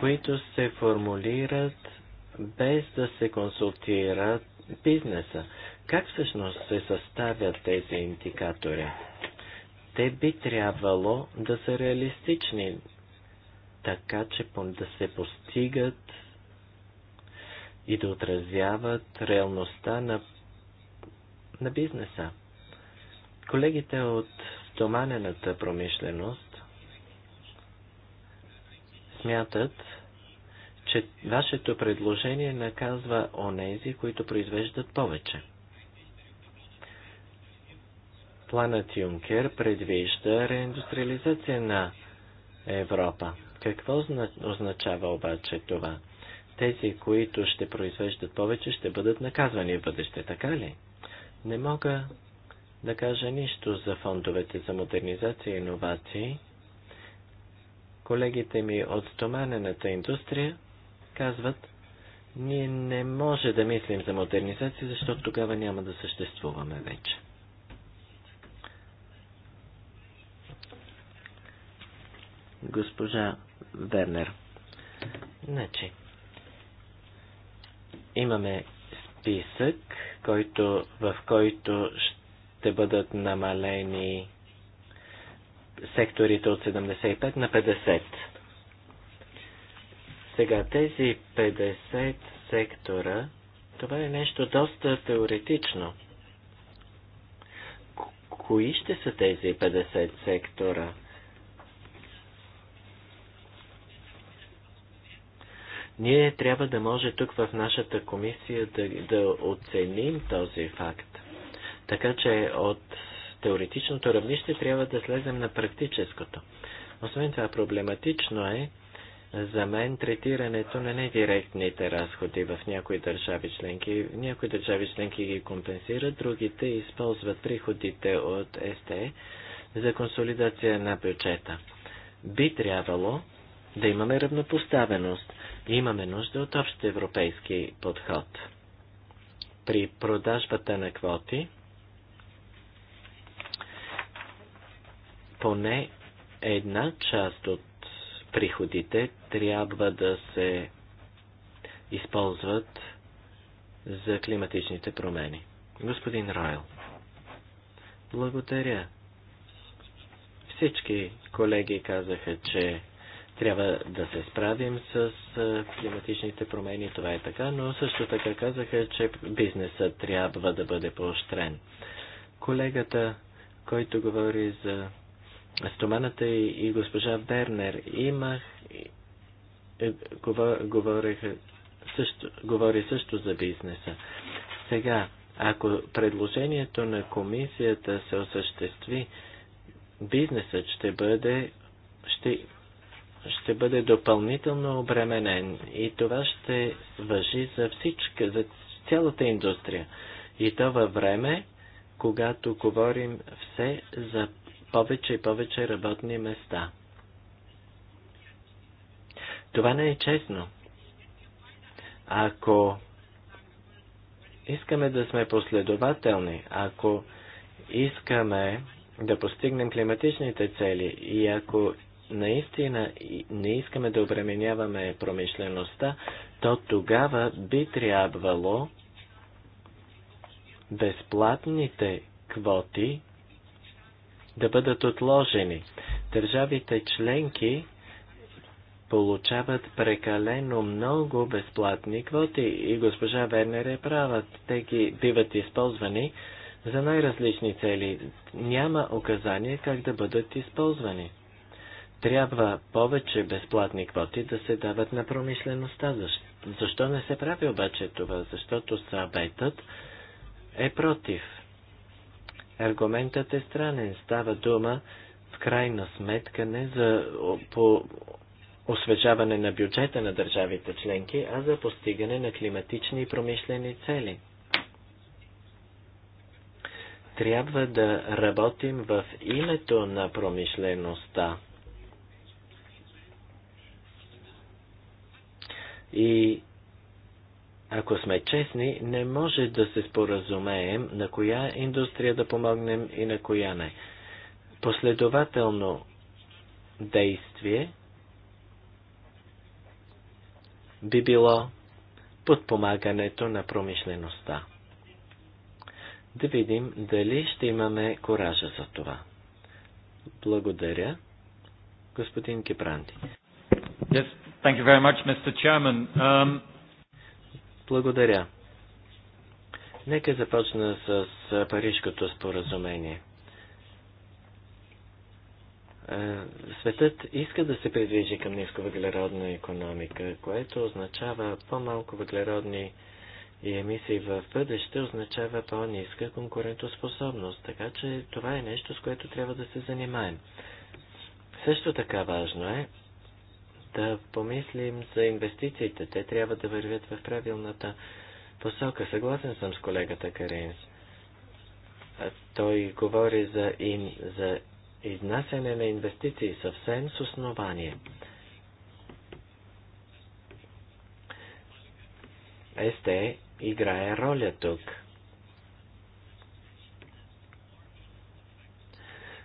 които се формулират без да се консултират бизнеса. Как всъщност се съставят тези индикатори? Те би трябвало да са реалистични, така че да се постигат и да отразяват реалността на, на бизнеса. Колегите от стоманената промишленост смятат, че вашето предложение наказва онези, които произвеждат повече. Планът Юнкер предвижда реиндустриализация на Европа. Какво означава обаче това? Тези, които ще произвеждат повече, ще бъдат наказвани в бъдеще, така ли? Не мога да кажа нищо за фондовете за модернизация и иновации. Колегите ми от стоманената индустрия казват, ние не може да мислим за модернизация, защото тогава няма да съществуваме вече. Госпожа Вернер. Значи, имаме списък, който, в който ще бъдат намалени секторите от 75 на 50. Сега тези 50 сектора, това е нещо доста теоретично. Кои ще са тези 50 сектора? Ние трябва да може тук в нашата комисия да, да оценим този факт. Така че от теоретичното равнище трябва да слезем на практическото. Освен това, проблематично е, за мен третирането на недиректните е разходи в някои държави членки, някои държави членки ги компенсират, другите използват приходите от СТЕ за консолидация на бюджета. Би трябвало да имаме равнопоставеност. Имаме нужда от общ европейски подход. При продажбата на квоти, поне една част от приходите трябва да се използват за климатичните промени. Господин Ройл, благодаря. Всички колеги казаха, че трябва да се справим с климатичните промени, това е така, но също така казаха, че бизнесът трябва да бъде поощрен. Колегата, който говори за стоманата е и, госпожа Вернер Имах, е, говорех също, говори също за бизнеса. Сега, ако предложението на комисията се осъществи, бизнесът ще бъде, ще, ще бъде допълнително обременен и това ще въжи за всичка, за цялата индустрия. И то във време, когато говорим все за повече и повече работни места. Това не е честно. Ако искаме да сме последователни, ако искаме да постигнем климатичните цели и ако наистина не искаме да обременяваме промишлеността, то тогава би трябвало безплатните квоти да бъдат отложени. Държавите членки получават прекалено много безплатни квоти и госпожа Вернер е права. Те ги биват използвани за най-различни цели. Няма указание как да бъдат използвани. Трябва повече безплатни квоти да се дават на промишлеността. Защо, Защо не се прави обаче това? Защото съветът е против. Аргументът е странен. Става дума в крайна сметка не за по освежаване на бюджета на държавите членки, а за постигане на климатични и промишлени цели. Трябва да работим в името на промишлеността. И ако сме честни, не може да се споразумеем на коя индустрия да помогнем и на коя не. Последователно действие би било подпомагането на промишлеността. Да видим дали ще имаме коража за това. Благодаря, господин Кипранти. Yes, thank you very much, Mr. Chairman. Um... Благодаря. Нека започна с Парижкото споразумение. Е, светът иска да се придвижи към нисковъглеродна економика, което означава по-малко въглеродни и емисии в бъдеще означава по-ниска конкурентоспособност, така че това е нещо, с което трябва да се занимаем. Също така важно е да помислим за инвестициите. Те трябва да вървят в правилната посока. Съгласен съм с колегата Каринс. Той говори за, ин, за изнасяне на инвестиции съвсем с основание. Есте играе роля тук –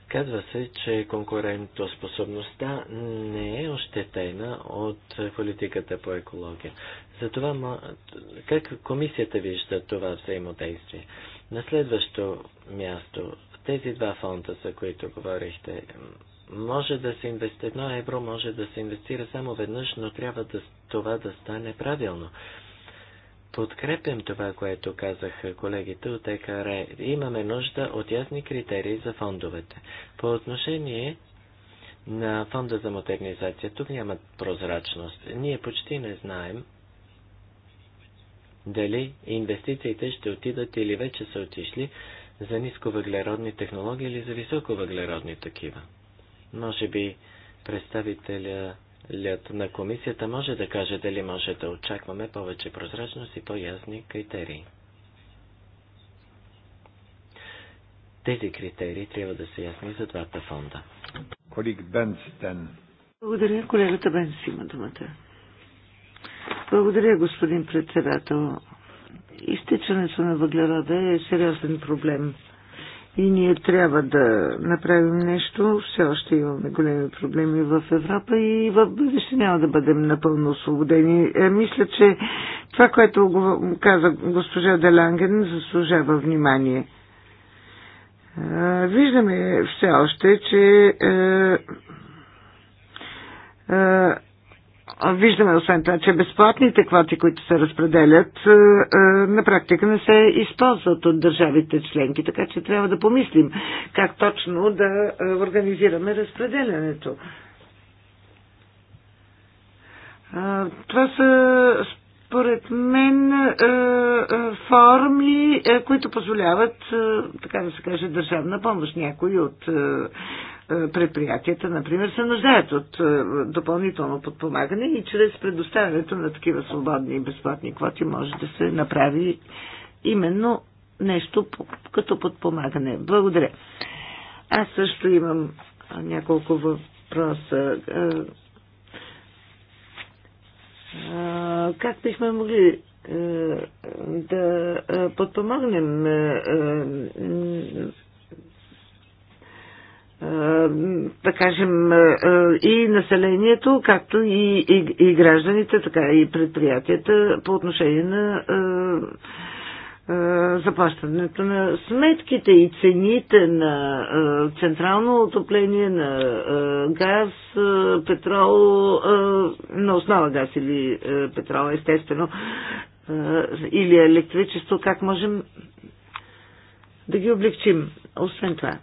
Казва се, че конкурентоспособността не е ощетена от политиката по екология. Затова как комисията вижда това взаимодействие? На следващо място, тези два фонда, за които говорихте, може да се инвести, едно евро може да се инвестира само веднъж, но трябва да, това да стане правилно. Подкрепям това, което казаха колегите от ЕКР. Имаме нужда от ясни критерии за фондовете. По отношение на фонда за модернизация, тук няма прозрачност. Ние почти не знаем дали инвестициите ще отидат или вече са отишли за нисковъглеродни технологии или за високовъглеродни такива. Може би представителя Лят на комисията може да каже дали може да очакваме повече прозрачност и по-ясни критерии. Тези критерии трябва да са ясни за двата фонда. Колик Бенстен. Благодаря. Колегата Бенс има думата. Благодаря, господин председател. Изтичането на въглерода е сериозен проблем и ние трябва да направим нещо. Все още имаме големи проблеми в Европа и в бъдеще няма да бъдем напълно освободени. Е, мисля, че това, което каза госпожа Деланген, заслужава внимание. Е, виждаме все още, че е, Виждаме освен това, че безплатните квоти, които се разпределят, е, е, на практика не се използват от държавите членки, така че трябва да помислим как точно да е, организираме разпределянето. Това са, според мен, форми, които позволяват, така да се каже, държавна помощ. Някои от е, предприятията, например, се нуждаят от е, допълнително подпомагане и чрез предоставянето на такива свободни и безплатни квоти може да се направи именно нещо като подпомагане. Благодаря. Аз също имам няколко въпроса. Е, как бихме могли да подпомогнем е, да кажем, е, е, и населението, както и, и, и гражданите, така и предприятията по отношение на заплащането на сметките и цените на централно отопление, на газ, петрол, на основа газ или петрол, естествено, или електричество, как можем да ги облегчим. Освен това,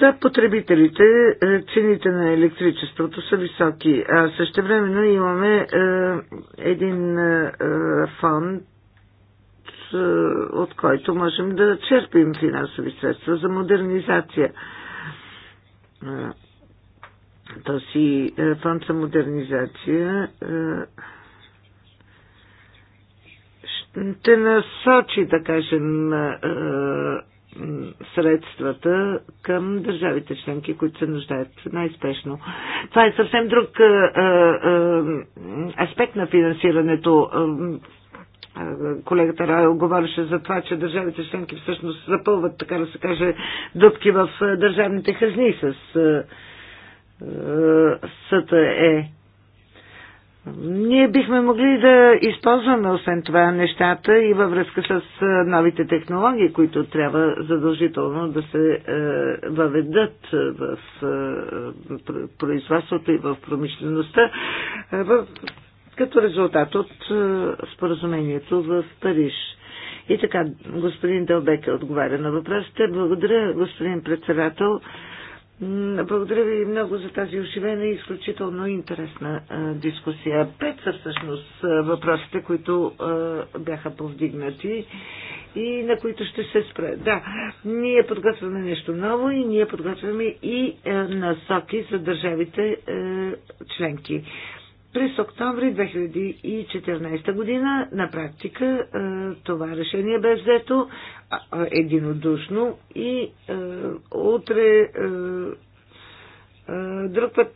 за потребителите е, цените на електричеството са високи, а времено имаме е, един е, фонд, от който можем да черпим финансови средства за модернизация. Този фонд за модернизация те насочи, да кажем, средствата към държавите членки, които се нуждаят най-спешно. Това е съвсем друг аспект на финансирането колегата Райо говореше за това, че държавите членки всъщност запълват, така да се каже, дупки в държавните хазни с СТЕ. Ние бихме могли да използваме освен това нещата и във връзка с новите технологии, които трябва задължително да се е, въведат е, е, в производството и в промишлеността, като резултат от споразумението в Париж. И така, господин Дълбек отговаря на въпросите. Благодаря, господин председател. Благодаря ви много за тази оживена и изключително интересна дискусия. Пет са всъщност въпросите, които бяха повдигнати и на които ще се спре. Да, ние подготвяме нещо ново и ние подготвяме и насоки за държавите членки. През октомври 2014 година на практика е, това решение бе взето единодушно и е, утре е, друг път,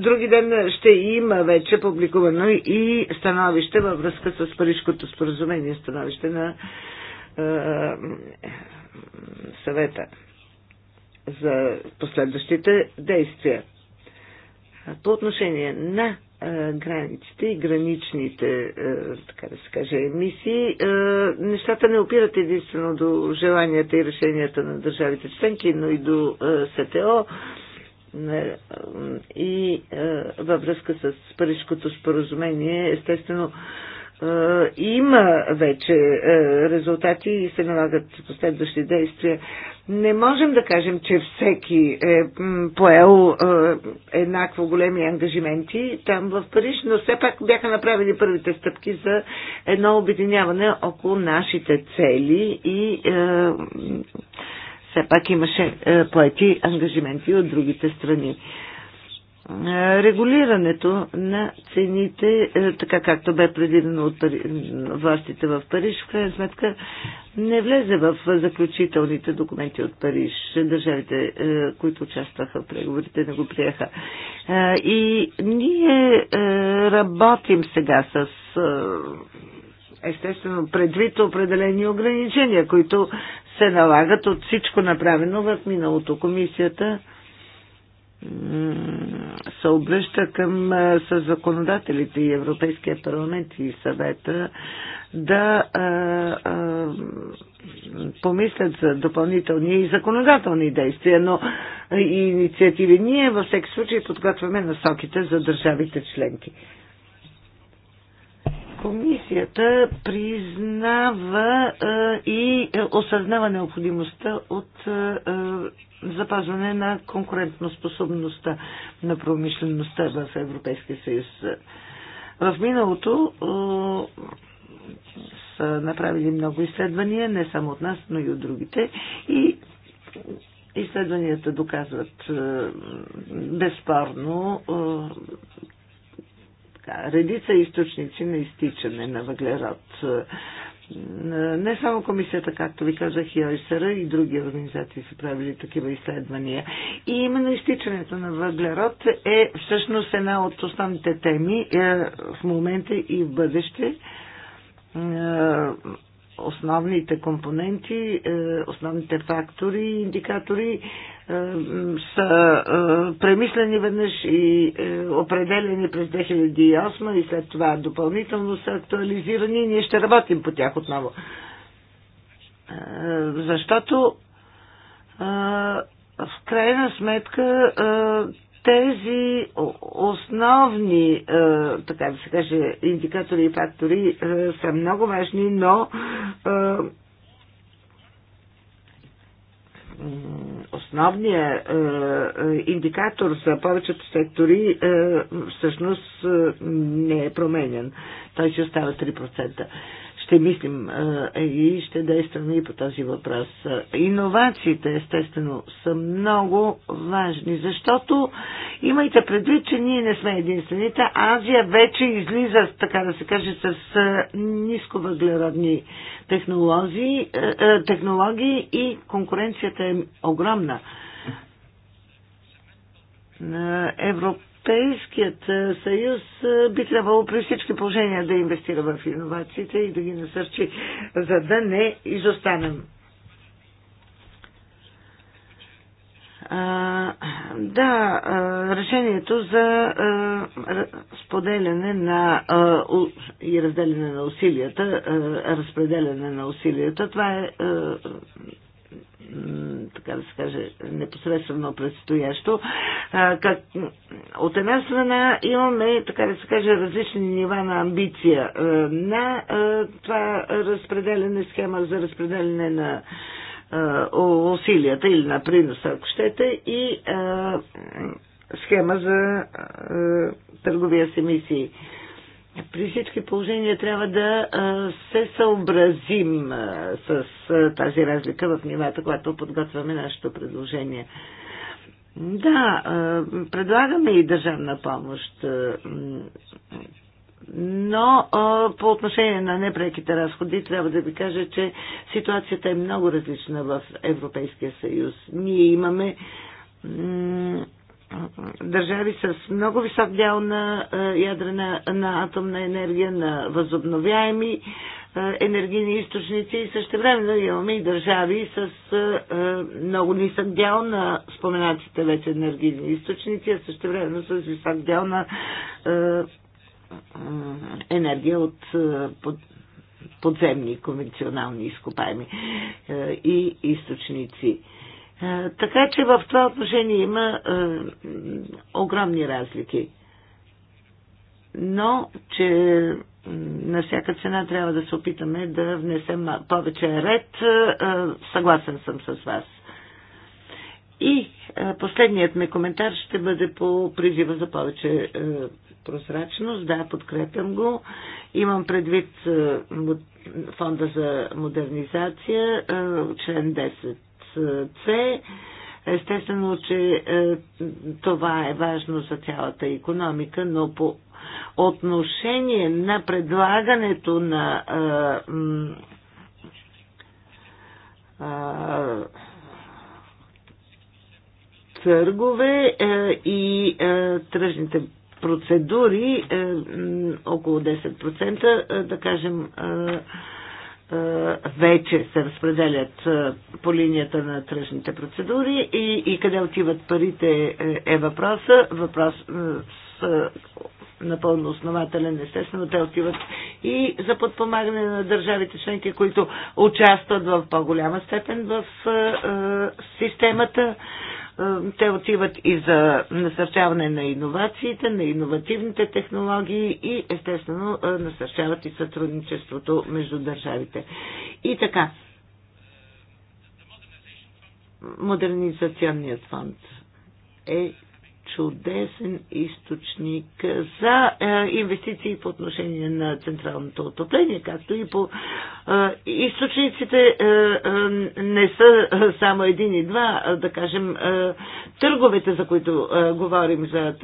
други ден ще има вече публикувано и становище във връзка с Парижското споразумение, становище на съвета за последващите действия. По отношение на е, границите и граничните, е, така да се каже, емисии, е, нещата не опират единствено до желанията и решенията на държавите членки, но и до СТО и във връзка с Парижското споразумение, естествено, има вече резултати и се налагат последващи действия не можем да кажем, че всеки е поел е, еднакво големи ангажименти там в Париж, но все пак бяха направени първите стъпки за едно обединяване около нашите цели и е, все пак имаше е, поети ангажименти от другите страни. Е, регулирането на цените, е, така както бе предвидено от властите в Париж, в крайна сметка не влезе в заключителните документи от Париж. Държавите, е, които участваха в преговорите, не го приеха. Е, и ние работим сега с естествено предвид определени ограничения, които се налагат от всичко направено в миналото. Комисията се обръща към със законодателите и Европейския парламент и съвета да а, а, помислят за допълнителни и законодателни действия, но и инициативи. Ние във всеки случай подготвяме насоките за държавите членки. Комисията признава а, и осъзнава необходимостта от а, запазване на конкурентноспособността на промишлеността в Европейския съюз. В миналото са направили много изследвания, не само от нас, но и от другите. И изследванията доказват е, безспорно редица източници на изтичане на въглерод не само комисията, както ви казах, и ОСР и други организации са правили такива изследвания. И именно изтичането на въглерод е всъщност една от основните теми е, в момента и в бъдеще. Е, основните компоненти, е, основните фактори и индикатори е, са е, премислени веднъж и е, определени през 2008 и след това допълнително са актуализирани. и Ние ще работим по тях отново. Защото в крайна сметка тези основни, така да се каже, индикатори и фактори са много важни, но основния е, е, индикатор за повечето сектори е, всъщност не е променен. Той си остава 3% ще мислим и ще действаме и по този въпрос. Иновациите, естествено, са много важни, защото имайте предвид, че ние не сме единствените. Азия вече излиза, така да се каже, с нисковъглеродни технологии, технологии и конкуренцията е огромна. Европа Европейският е, съюз е, би трябвало при всички положения да инвестира в иновациите и да ги насърчи, за да не изостанем. А, да, решението за а, споделяне на а, и разделяне на усилията, а, разпределяне на усилията, това е а, така да се каже, непосредствено предстоящо. Как, от една страна имаме, така да се каже, различни нива на амбиция на това разпределене, схема за разпределене на усилията или на приноса, ако щете, и схема за търговия с емисии при всички положения трябва да се съобразим с тази разлика в нивата, когато подготвяме нашето предложение. Да, предлагаме и държавна помощ, но по отношение на непреките разходи трябва да ви кажа, че ситуацията е много различна в Европейския съюз. Ние имаме държави с много висок дял на е, ядрена, на атомна енергия, на възобновяеми е, енергийни източници и също да имаме и държави с е, много нисък дял на споменатите вече енергийни източници, а също време с висок дял на енергия от подземни конвенционални изкопаеми и източници. Е, така че в това отношение има е, огромни разлики. Но, че на всяка цена трябва да се опитаме да внесем повече ред, е, е, съгласен съм с вас. И е, последният ми коментар ще бъде по призива за повече е, прозрачност. Да, подкрепям го. Имам предвид е, фонда за модернизация, е, член 10 с. Естествено, че е, това е важно за цялата економика, но по отношение на предлагането на е, е, търгове е, и е, тръжните процедури, е, около 10%, е, да кажем, е, е, вече се разпределят е, по линията на тръжните процедури и, и къде отиват парите е, е въпроса. Въпрос с, напълно основателен, естествено, те отиват и за подпомагане на държавите членки, които участват в по-голяма степен в системата. Е, те отиват и за насърчаване на иновациите, на иновативните технологии и естествено е, насърчават и сътрудничеството между държавите. И така, модернизационният фонд е чудесен източник за е, инвестиции по отношение на централното отопление, както и по е, източниците е, не са само един и два, да кажем, търговете, за които говорим за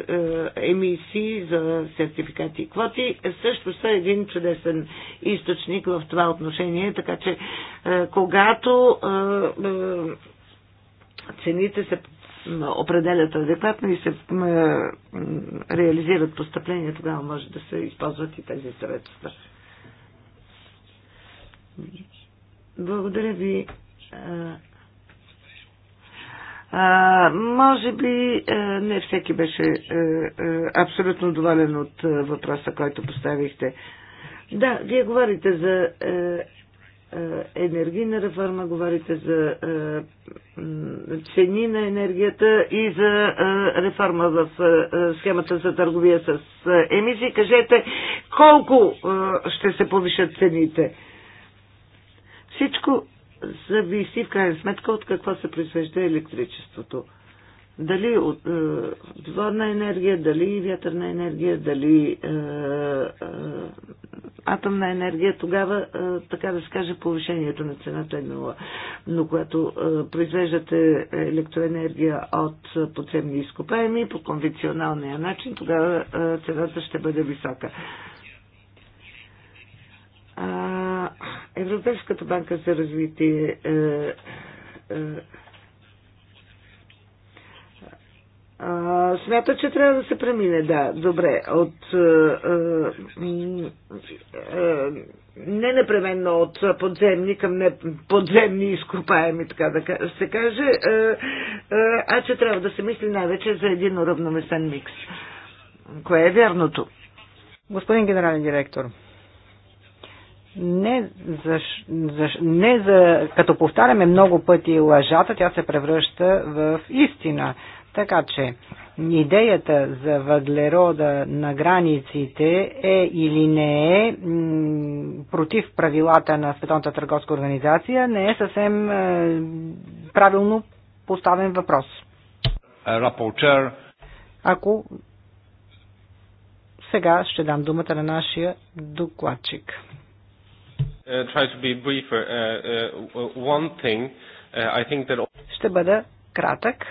емисии, за сертификати и квоти, също са един чудесен източник в това отношение, така че когато цените се определят адекватно и се реализират постъпления, тогава може да се използват и тези средства. Благодаря ви. А, може би а, не всеки беше а, а, абсолютно доволен от а, въпроса, който поставихте. Да, вие говорите за а, е, енергийна реформа, говорите за е, цени на енергията и за е, реформа в схемата за търговия с емисии. Кажете колко ще се повишат цените. Всичко зависи в крайна сметка от какво се произвежда електричеството дали от, е, водна енергия, дали вятърна енергия, дали е, е, атомна енергия, тогава, е, така да се каже, повишението на цената е нула. Но когато е, произвеждате електроенергия от подземни изкопаеми по конвенционалния начин, тогава е, цената ще бъде висока. А, Европейската банка за развитие е, е, смята, че трябва да се премине, да, добре, от а, а, не непременно от подземни към не, подземни изкопаеми, така да се каже, а, а че трябва да се мисли най-вече за един уравновесен микс. Кое е вярното? Господин генерален директор, не за, за, не за, като повтаряме много пъти лъжата, тя се превръща в истина. Така че идеята за въглерода на границите е или не е против правилата на Световната търговска организация, не е съвсем е, правилно поставен въпрос. Ако сега ще дам думата на нашия докладчик. Uh, uh, uh, ще бъда кратък.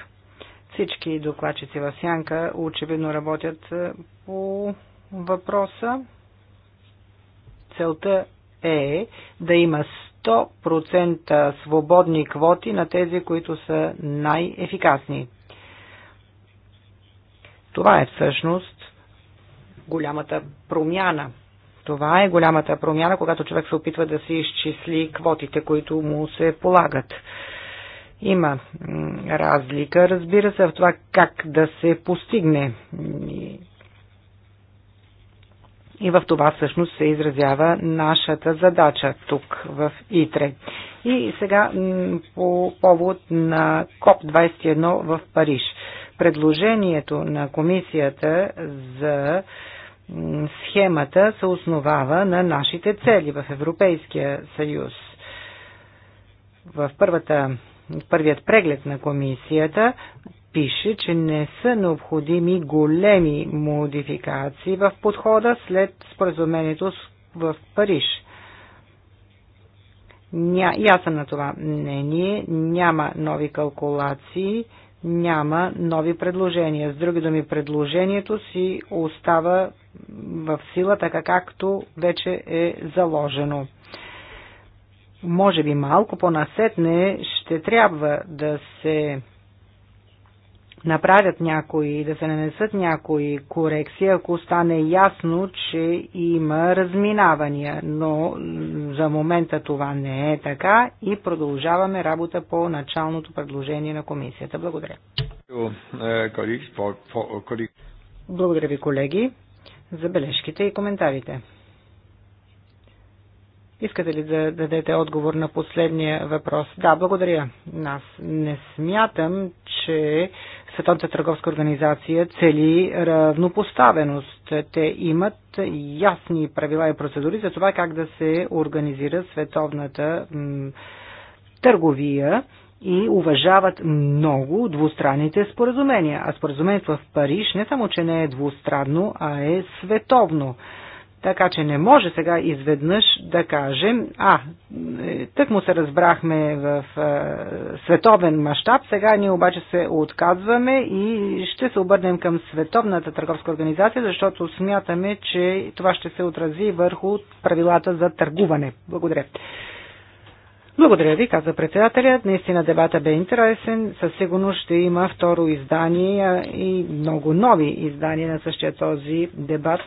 Всички докладчици в Сянка очевидно работят е, по въпроса. Целта е да има 100% свободни квоти на тези, които са най-ефикасни. Това е всъщност голямата промяна. Това е голямата промяна, когато човек се опитва да се изчисли квотите, които му се полагат. Има разлика, разбира се, в това как да се постигне. И в това всъщност се изразява нашата задача тук в ИТРЕ. И сега по повод на КОП-21 в Париж. Предложението на комисията за схемата се основава на нашите цели в Европейския съюз. В първата първият преглед на комисията пише, че не са необходими големи модификации в подхода след споразумението в Париж. Ня, и съм на това мнение. Няма нови калкулации, няма нови предложения. С други думи, предложението си остава в сила така, както вече е заложено може би малко по-насетне ще трябва да се направят някои, да се нанесат някои корекции, ако стане ясно, че има разминавания. Но за момента това не е така и продължаваме работа по началното предложение на комисията. Благодаря. Благодаря ви, колеги, за бележките и коментарите. Искате ли да дадете отговор на последния въпрос? Да, благодаря. Аз не смятам, че Световната търговска организация цели равнопоставеност. Те имат ясни правила и процедури за това как да се организира световната търговия и уважават много двустранните споразумения. А споразумението в Париж не само, че не е двустранно, а е световно. Така че не може сега изведнъж да кажем, а, е, тък му се разбрахме в а, е, световен мащаб, сега ние обаче се отказваме и ще се обърнем към Световната търговска организация, защото смятаме, че това ще се отрази върху правилата за търгуване. Благодаря. Благодаря ви, каза председателят. Наистина дебата бе интересен. Със сигурност ще има второ издание и много нови издания на същия този дебат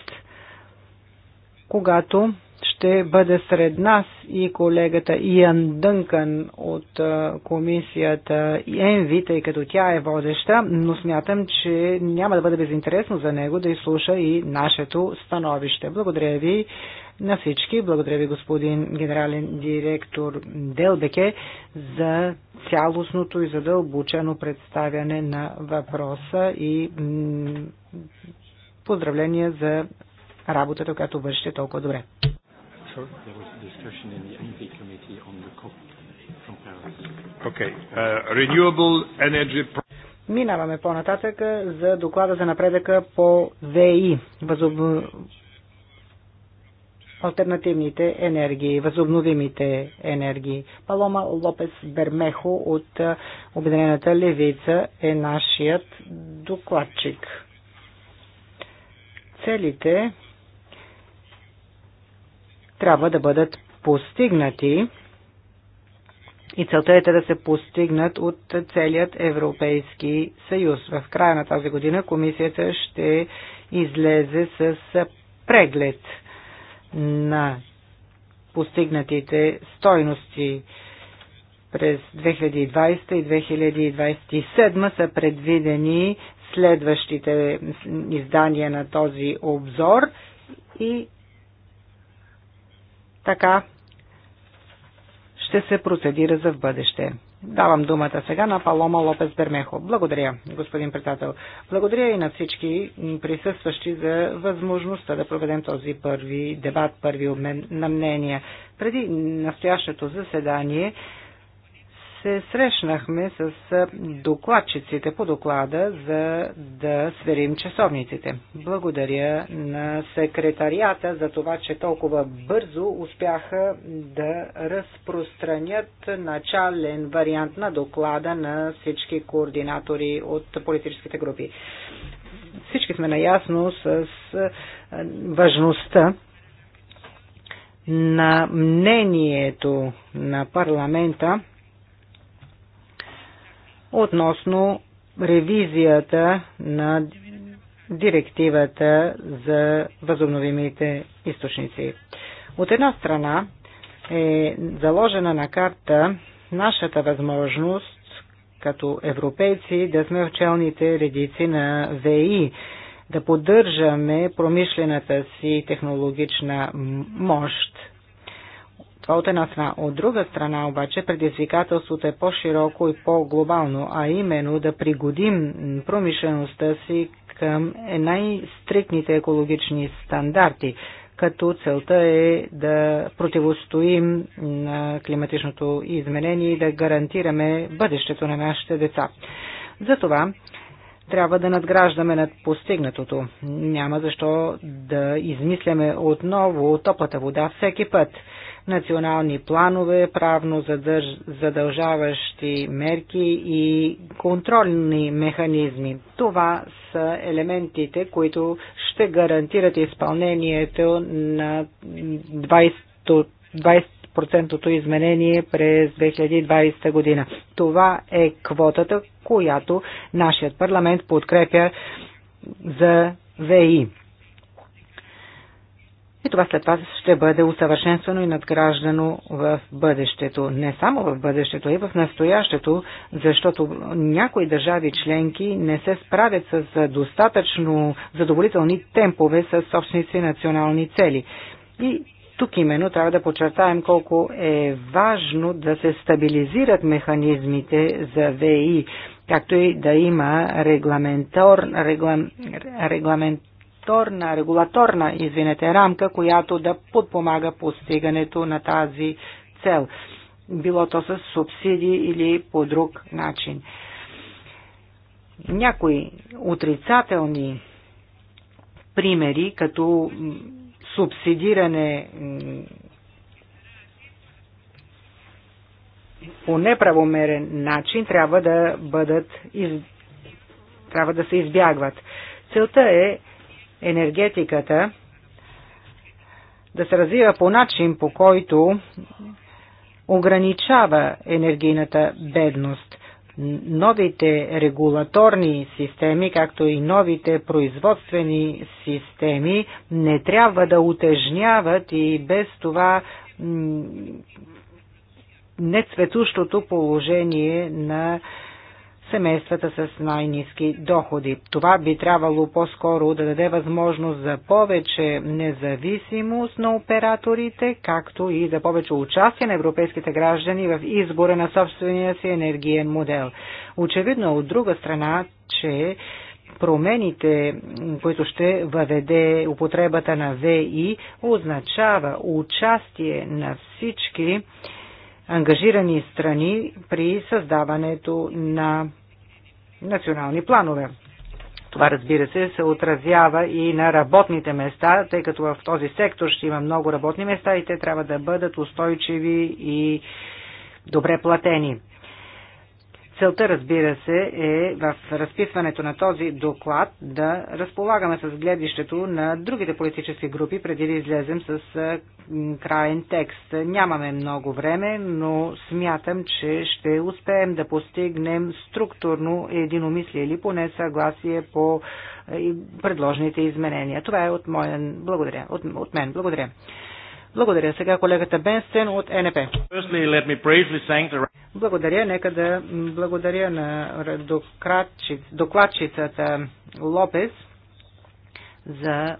когато ще бъде сред нас и колегата Иан Дънкън от комисията ЕНВИ, тъй като тя е водеща, но смятам, че няма да бъде безинтересно за него да изслуша и нашето становище. Благодаря ви на всички. Благодаря ви, господин генерален директор Делбеке, за цялостното и задълбочено представяне на въпроса и поздравления за работата, която вършите толкова добре. Uh, Минаваме по-нататък за доклада за напредъка по ВИ, възоб... альтернативните енергии, възобновимите енергии. Палома Лопес Бермехо от Обединената левица е нашият докладчик. Целите трябва да бъдат постигнати и целта е те да се постигнат от целият Европейски съюз. В края на тази година комисията ще излезе с преглед на постигнатите стойности през 2020 и 2027 са предвидени следващите издания на този обзор и така ще се процедира за в бъдеще. Давам думата сега на Палома Лопес Бермехо. Благодаря, господин председател. Благодаря и на всички присъстващи за възможността да проведем този първи дебат, първи обмен на мнения. Преди настоящето заседание се срещнахме с докладчиците по доклада, за да сверим часовниците. Благодаря на секретарията за това, че толкова бързо успяха да разпространят начален вариант на доклада на всички координатори от политическите групи. Всички сме наясно с важността на мнението на парламента относно ревизията на директивата за възобновимите източници. От една страна е заложена на карта нашата възможност като европейци да сме в челните редици на ВИ, да поддържаме промишлената си технологична мощ от една страна. От друга страна обаче предизвикателството е по-широко и по-глобално, а именно да пригодим промишлеността си към най-стрикните екологични стандарти, като целта е да противостоим на климатичното изменение и да гарантираме бъдещето на нашите деца. Затова трябва да надграждаме над постигнатото. Няма защо да измисляме отново топлата вода всеки път национални планове, правно задърж... задължаващи мерки и контролни механизми. Това са елементите, които ще гарантират изпълнението на 20 20% изменение през 2020 година. Това е квотата, която нашият парламент подкрепя за ВИ и това след това ще бъде усъвършенствано и надграждано в бъдещето. Не само в бъдещето, а и в настоящето, защото някои държави членки не се справят с достатъчно задоволителни темпове с собственици национални цели. И тук именно трябва да подчертаем колко е важно да се стабилизират механизмите за ВИ, както и да има регламентор, реглам, регламент регулаторна, регулаторна извинете, рамка, която да подпомага постигането на тази цел. Било то с субсидии или по друг начин. Някои отрицателни примери, като субсидиране по неправомерен начин трябва да бъдат из... трябва да се избягват. Целта е енергетиката да се развива по начин, по който ограничава енергийната бедност. Новите регулаторни системи, както и новите производствени системи, не трябва да утежняват и без това нецветущото положение на семействата с най-низки доходи. Това би трябвало по-скоро да даде възможност за повече независимост на операторите, както и за повече участие на европейските граждани в избора на собствения си енергиен модел. Очевидно, от друга страна, че промените, които ще въведе употребата на ВИ, означава участие на всички ангажирани страни при създаването на национални планове. Това разбира се се отразява и на работните места, тъй като в този сектор ще има много работни места и те трябва да бъдат устойчиви и добре платени. Целта, разбира се, е в разписването на този доклад да разполагаме с гледището на другите политически групи, преди да излезем с крайен текст. Нямаме много време, но смятам, че ще успеем да постигнем структурно единомислие или поне съгласие по предложените изменения. Това е от, моя, благодаря, от, от мен. Благодаря. Благодаря. Сега колегата Бенстен от НП. Благодаря. Нека да благодаря на докладчицата Лопес за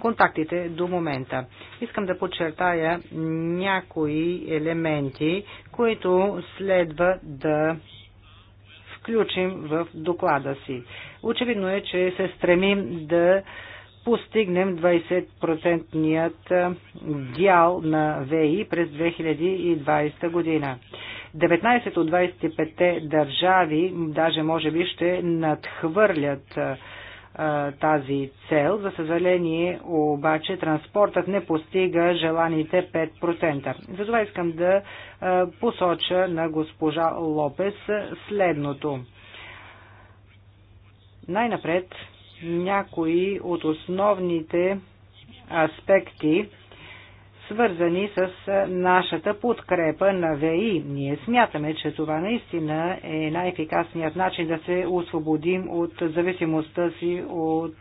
контактите до момента. Искам да подчертая някои елементи, които следва да включим в доклада си. Очевидно е, че се стремим да постигнем 20 дял на ВИ през 2020 година. 19 от 25 държави даже може би ще надхвърлят тази цел. За съжаление обаче транспортът не постига желаните 5%. Затова искам да посоча на госпожа Лопес следното. Най-напред някои от основните аспекти, свързани с нашата подкрепа на ВИ. Ние смятаме, че това наистина е най-ефикасният начин да се освободим от зависимостта си от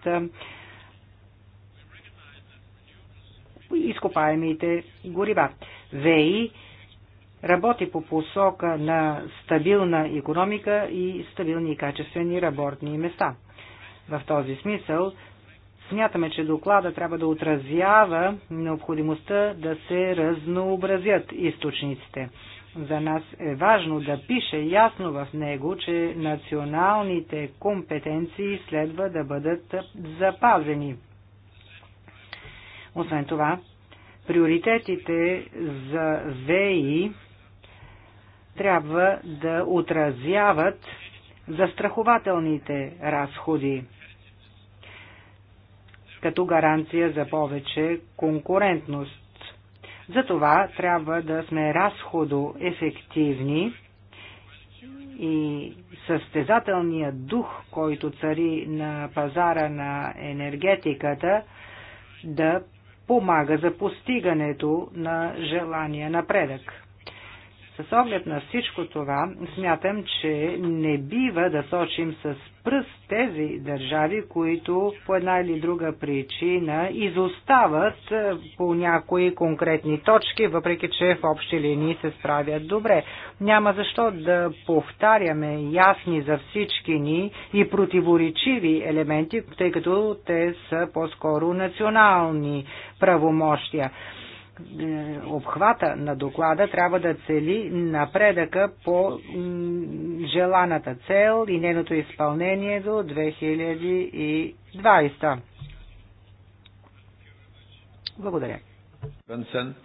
изкопаемите горива. ВИ работи по посока на стабилна економика и стабилни и качествени работни места. В този смисъл Смятаме, че доклада трябва да отразява необходимостта да се разнообразят източниците. За нас е важно да пише ясно в него, че националните компетенции следва да бъдат запазени. Освен това, приоритетите за ВИ трябва да отразяват застрахователните разходи като гаранция за повече конкурентност. Затова трябва да сме разходоефективни и състезателният дух, който цари на пазара на енергетиката, да помага за постигането на желания напредък. С оглед на всичко това, смятам, че не бива да сочим с пръст тези държави, които по една или друга причина изостават е, по някои конкретни точки, въпреки че в общи линии се справят добре. Няма защо да повтаряме ясни за всички ни и противоречиви елементи, тъй като те са по-скоро национални правомощия. Е, обхвата на доклада трябва да цели напредъка по желаната цел и нейното изпълнение до 2020. Благодаря. Бенсен.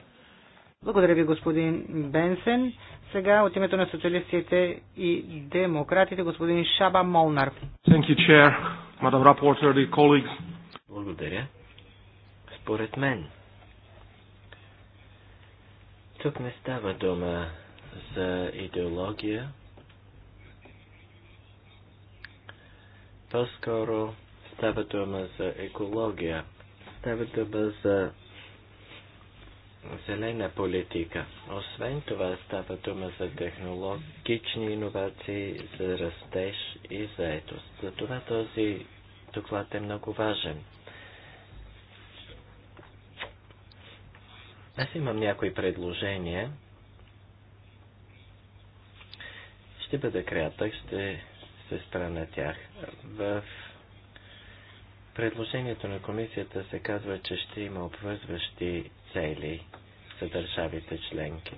Благодаря ви, господин Бенсен. Сега от името на социалистите и демократите, господин Шаба Молнар. Thank you, Chair, Madam Rapporteur, colleagues. Благодаря. Според мен, тук не става дума за идеология. По-скоро става дума за екология. Става дума за зелена политика. Освен това става дума за технологични иновации, за растеж и заетост. Затова този доклад е много важен. Аз имам някои предложения. Ще бъда кратък, ще се спра на тях. В предложението на комисията се казва, че ще има обвързващи цели за държавите членки.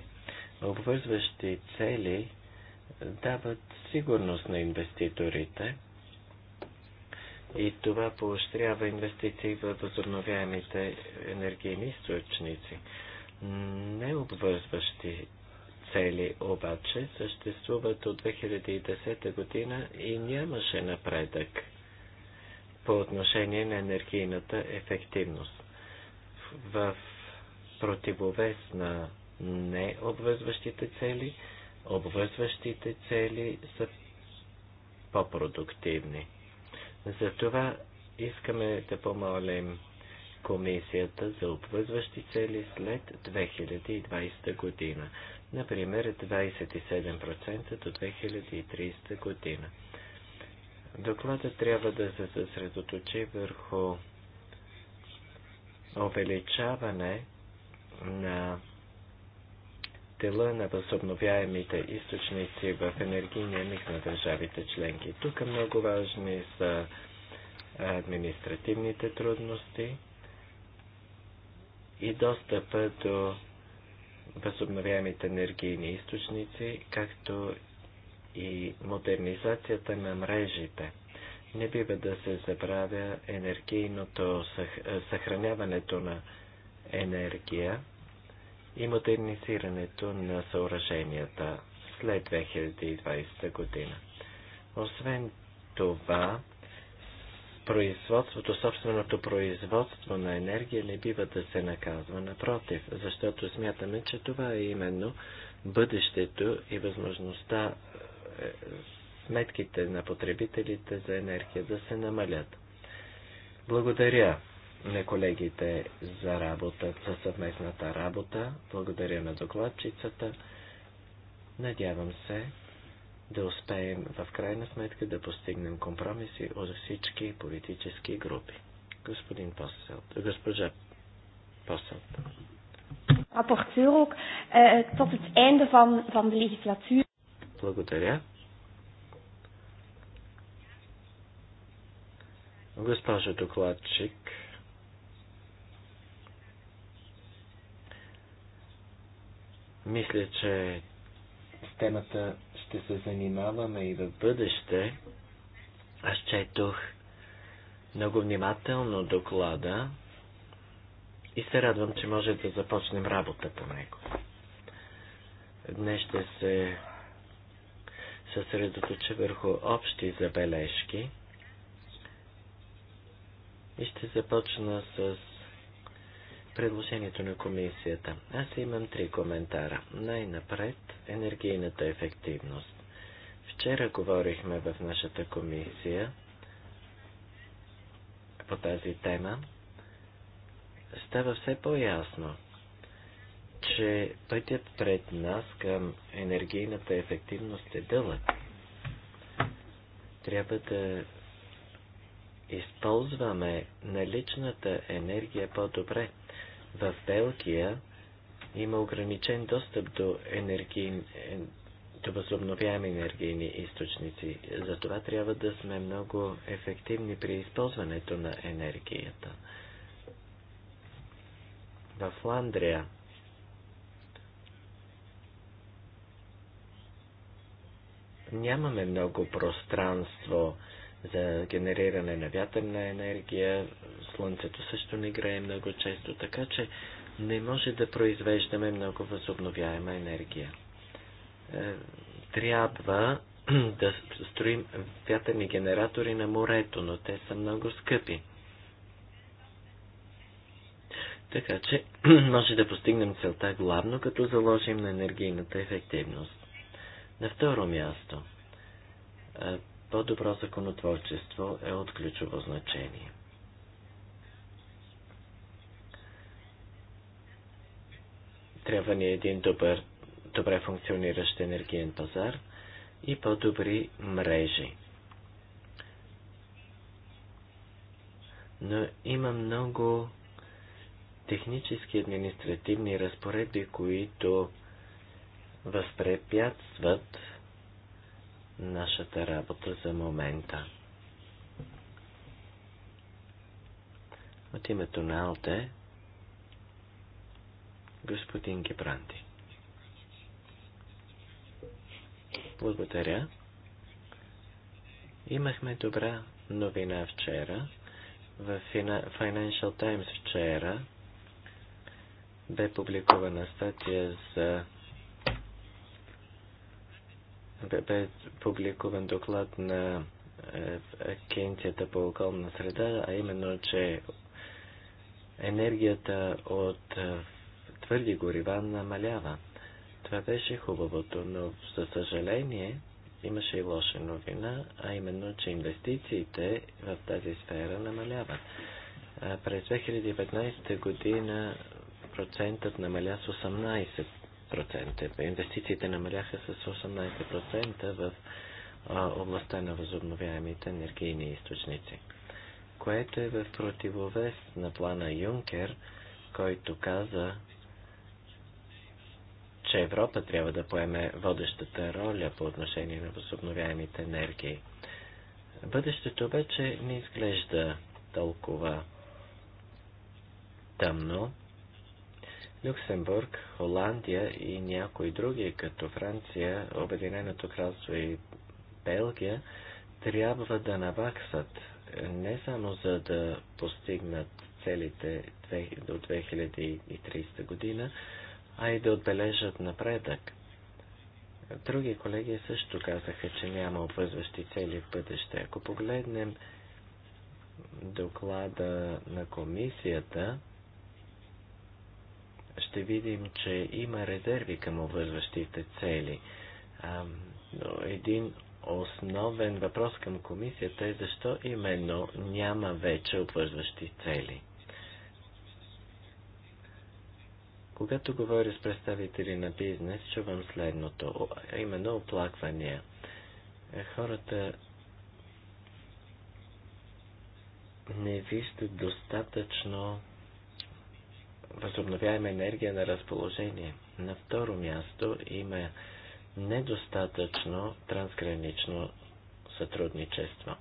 Обвързващи цели дават сигурност на инвеститорите и това поощрява инвестиции в възобновяемите енергийни източници необвързващи цели обаче съществуват от 2010 година и нямаше напредък по отношение на енергийната ефективност. В противовес на необвързващите цели, обвързващите цели са по-продуктивни. Затова искаме да помолим комисията за обвързващи цели след 2020 година, например 27% до 2030 година. Докладът трябва да се съсредоточи върху увеличаване на дела на възобновяемите източници в енергийния миг на държавите членки. Тук много важни са административните трудности, и достъпа до възобновяемите енергийни източници, както и модернизацията на мрежите. Не бива да се забравя енергийното съхраняването на енергия и модернизирането на съоръженията след 2020 година. Освен това, производството, собственото производство на енергия не бива да се наказва, напротив, защото смятаме, че това е именно бъдещето и възможността е, сметките на потребителите за енергия да се намалят. Благодаря на колегите за работа, за съвместната работа. Благодаря на докладчицата. Надявам се, да успеем в крайна сметка да постигнем компромиси от всички политически групи. Господин Посел, госпожа Посел. Rapporteur ook, eh, tot het van, de legislatuur. Благодаря. Госпожа докладчик, мисля, че темата ще се занимаваме и в бъдеще. Аз четох много внимателно доклада и се радвам, че може да започнем работа по него. Днес ще се съсредоточа върху общи забележки и ще започна с предложението на комисията. Аз имам три коментара. Най-напред енергийната ефективност. Вчера говорихме в нашата комисия по тази тема. Става все по-ясно, че пътят пред нас към енергийната ефективност е дълъг. Трябва да използваме наличната енергия по-добре. В Белгия има ограничен достъп до, енергии, до възобновяеми енергийни източници. Затова трябва да сме много ефективни при използването на енергията. В Фландрия нямаме много пространство за генериране на вятърна енергия, слънцето също не грее много често, така че не може да произвеждаме много възобновяема енергия. Е, трябва да строим вятърни генератори на морето, но те са много скъпи. Така че може да постигнем целта главно, като заложим на енергийната ефективност. На второ място, е, по-добро законотворчество е от ключово значение. Трябва ни един добър, добре функциониращ енергиен пазар и по-добри мрежи. Но има много технически административни разпоредби, които възпрепятстват нашата работа за момента. От името на Алте господин Гебранти. Благодаря. Имахме добра новина вчера. В Financial Times вчера бе публикувана статия за бе, бе публикуван доклад на е, Агенцията по околна среда, а именно, че енергията от е, твърди горива намалява. Това беше хубавото, но за съжаление имаше и лоша новина, а именно, че инвестициите в тази сфера намаляват. През 2015 година процентът намаля с 18%. Инвестициите намаляха с 18% в областта на възобновяемите енергийни източници, което е в противовес на плана Юнкер, който каза, че Европа трябва да поеме водещата роля по отношение на възобновяемите енергии. Бъдещето вече не изглежда толкова тъмно. Люксембург, Холандия и някои други, като Франция, Обединеното кралство и Белгия, трябва да наваксат не само за да постигнат целите до 2030 година, а и да отбележат напредък. Други колеги също казаха, че няма обвързващи цели в бъдеще. Ако погледнем доклада на комисията, ще видим, че има резерви към обвързващите цели. Един основен въпрос към комисията е защо именно няма вече обвързващи цели. Когато говоря с представители на бизнес, чувам следното, а именно оплаквания. Е, хората не виждат достатъчно възобновяема енергия на разположение. На второ място има недостатъчно трансгранично сътрудничество.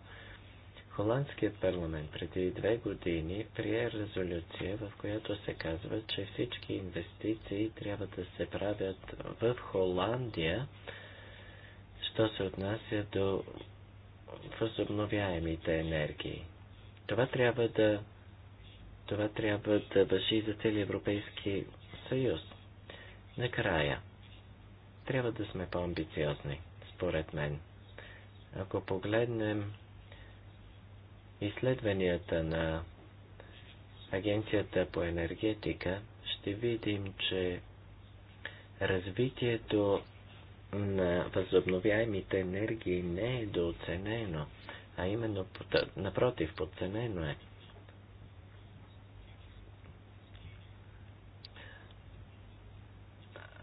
Холандският парламент преди две години прие резолюция, в която се казва, че всички инвестиции трябва да се правят в Холандия, що се отнася до възобновяемите енергии. Това трябва да, това трябва да въжи за цели Европейски съюз. Накрая, трябва да сме по-амбициозни, според мен. Ако погледнем изследванията на Агенцията по енергетика ще видим, че развитието на възобновяемите енергии не е дооценено, а именно напротив, подценено е.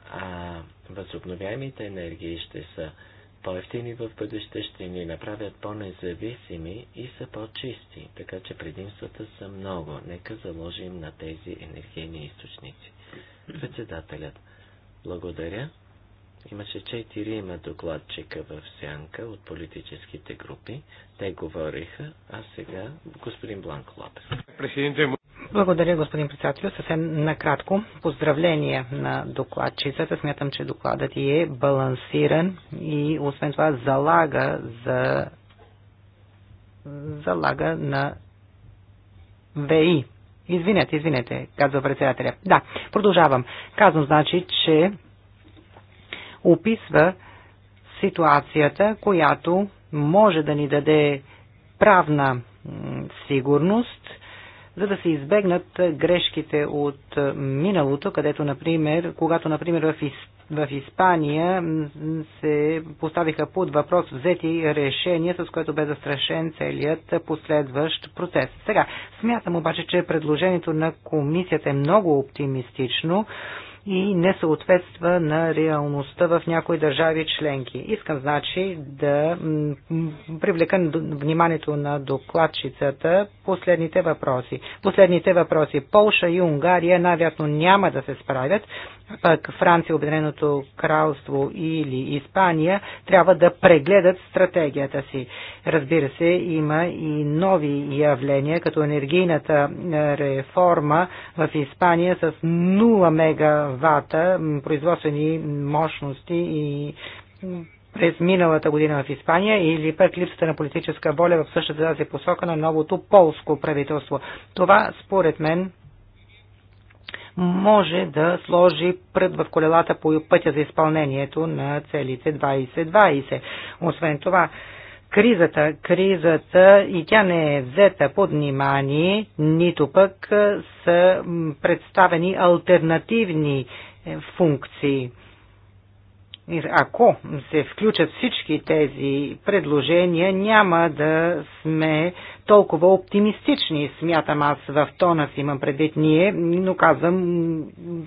А възобновяемите енергии ще са по-ефтини в бъдеще, ще ни направят по-независими и са по-чисти, така че предимствата са много. Нека заложим на тези енергийни източници. Председателят, благодаря. Имаше четири има докладчика в сянка от политическите групи. Те говориха, а сега господин Бланко Лапес. Благодаря, господин председател. Съвсем накратко, поздравления на докладчицата. Смятам, че докладът ти е балансиран и освен това залага за залага на ВИ. Извинете, извинете, казва председателя. Да, продължавам. Казвам, значи, че описва ситуацията, която може да ни даде правна сигурност – за да се избегнат грешките от миналото, където, например, когато, например, в Испания в Испания се поставиха под въпрос взети решения, с което бе застрашен целият последващ процес. Сега, смятам обаче, че предложението на комисията е много оптимистично и не съответства на реалността в някои държави членки. Искам, значи, да привлека вниманието на докладчицата последните въпроси. Последните въпроси. Полша и Унгария най вятно няма да се справят, пък Франция, Обединеното кралство или Испания трябва да прегледат стратегията си. Разбира се, има и нови явления, като енергийната реформа в Испания с 0 мега вата, производствени мощности и през миналата година в Испания или пък липсата на политическа воля в същата тази посока на новото полско правителство. Това, според мен, може да сложи прът в колелата по пътя за изпълнението на целите 2020. Освен това, кризата, кризата и тя не е взета под внимание, нито пък са представени альтернативни е, функции. Ако се включат всички тези предложения, няма да сме толкова оптимистични, смятам аз в тона си имам предвид ние, но казвам,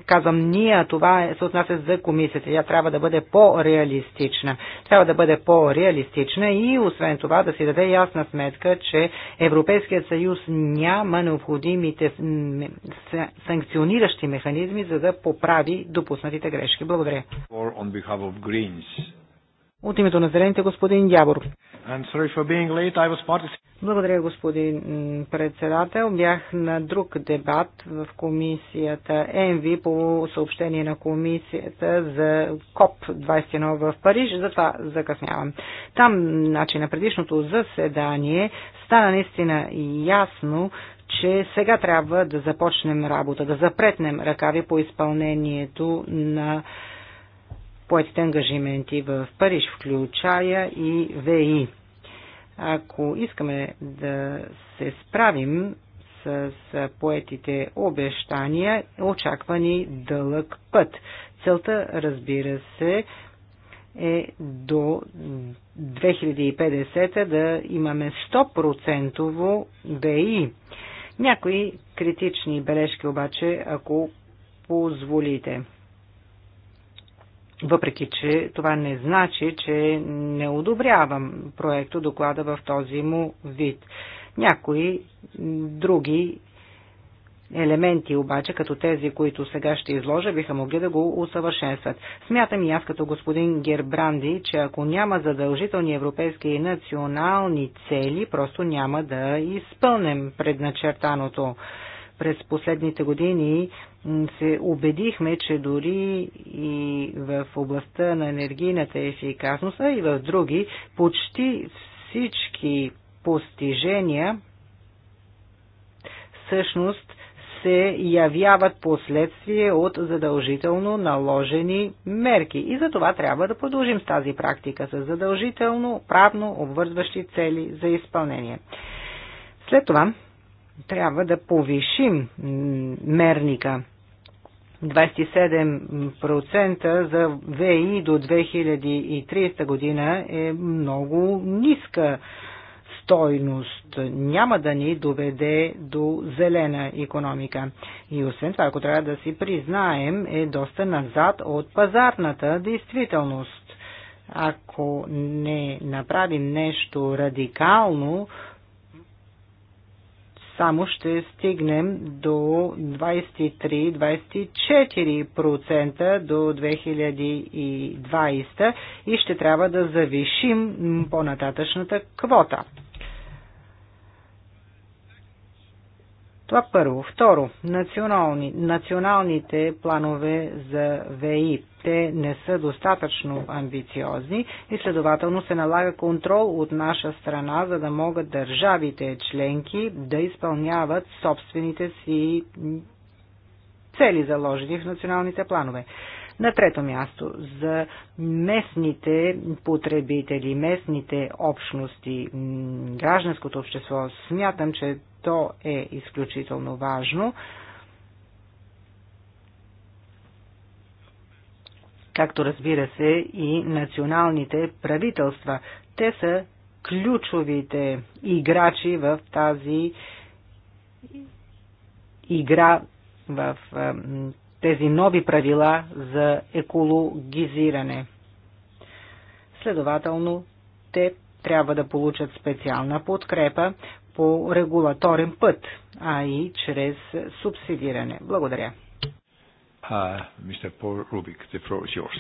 казвам ние, това е- се отнася за комисията. Тя трябва да бъде по-реалистична. Трябва да бъде по-реалистична и освен това да си даде ясна сметка, че Европейският съюз няма необходимите санкциониращи механизми, за да поправи допуснатите грешки. Благодаря. От името на зелените господин Дябор. Благодаря, господин председател. Бях на друг дебат в комисията ЕНВИ по съобщение на комисията за КОП-21 в Париж, затова закъснявам. Там, значи, на предишното заседание стана наистина ясно, че сега трябва да започнем работа, да запретнем ръкави по изпълнението на поетите ангажименти в Париж, включая и ВИ. Ако искаме да се справим с поетите обещания, е очаква ни дълъг път. Целта, разбира се, е до 2050 да имаме 100% ВИ. Някои критични бележки обаче, ако позволите. Въпреки, че това не значи, че не одобрявам проекто доклада в този му вид. Някои други елементи обаче, като тези, които сега ще изложа, биха могли да го усъвършенстват. Смятам и аз като господин Гербранди, че ако няма задължителни европейски и национални цели, просто няма да изпълнем предначертаното. През последните години се убедихме, че дори и в областта на енергийната ефикасност, а и в други, почти всички постижения всъщност се явяват последствие от задължително наложени мерки. И за това трябва да продължим с тази практика с задължително правно обвързващи цели за изпълнение. След това трябва да повишим мерника 27% за ВИ до 2030 година е много ниска стойност. Няма да ни доведе до зелена економика. И освен това, ако трябва да си признаем, е доста назад от пазарната действителност. Ако не направим нещо радикално, само ще стигнем до 23-24% до 2020 и ще трябва да завишим по-нататъчната квота. Това първо. Второ, национални, националните планове за ВИ. Те не са достатъчно амбициозни и следователно се налага контрол от наша страна, за да могат държавите членки да изпълняват собствените си цели заложени в националните планове. На трето място, за местните потребители, местните общности, гражданското общество, смятам, че то е изключително важно. Както разбира се и националните правителства. Те са ключовите играчи в тази игра в тези нови правила за екологизиране. Следователно, те трябва да получат специална подкрепа по регулаторен път, а и чрез субсидиране. Благодаря. Мистер Пол Рубик, the floor is yours.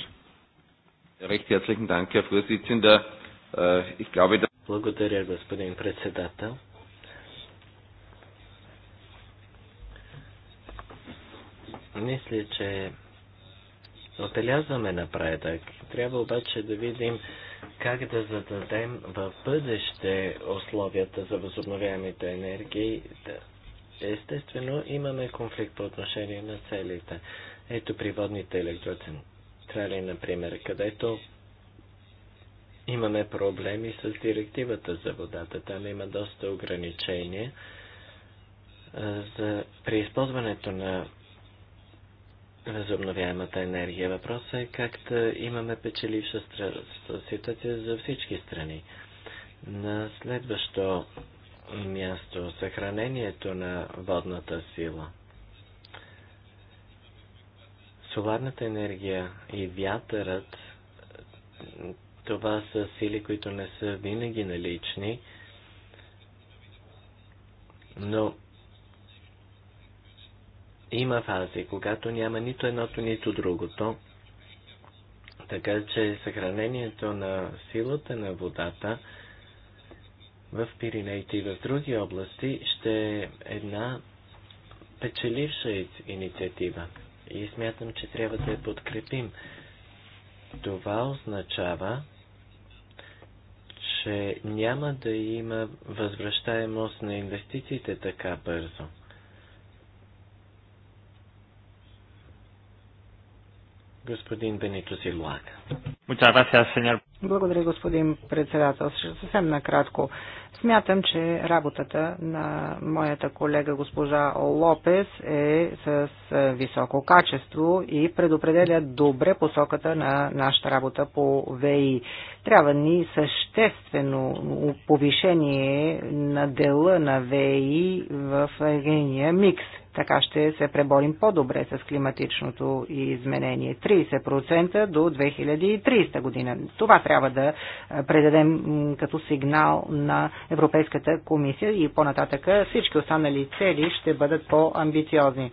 Recht herzlichen Dank, äh, Благодаря, господин председател. Мисля, че отелязваме напредък. Трябва обаче да видим как да зададем в бъдеще условията за възобновяемите енергии. Естествено, имаме конфликт по отношение на целите. Ето при водните електроцентрали, например, където имаме проблеми с директивата за водата. Там има доста ограничения за при използването на възобновяемата енергия. Въпросът е как да имаме печеливша ситуация за всички страни. На следващо място съхранението на водната сила. Соларната енергия и вятърът това са сили, които не са винаги налични, но има фази, когато няма нито едното, нито другото. Така че съхранението на силата на водата в Пиринейте и в други области ще е една печеливша инициатива. И смятам, че трябва да я подкрепим. Това означава, че няма да има възвръщаемост на инвестициите така бързо. Господин Бенито Силуака. Благодаря, господин председател. Ще съвсем накратко. Смятам, че работата на моята колега госпожа Лопес е с е, високо качество и предопределя добре посоката на нашата работа по ВИ. Трябва ни съществено повишение на дела на ВИ в енергийния микс така ще се преборим по-добре с климатичното изменение. 30% до 2030 година. Това трябва да е, предадем като сигнал на Европейската комисия и по-нататъка всички останали цели ще бъдат по-амбициозни.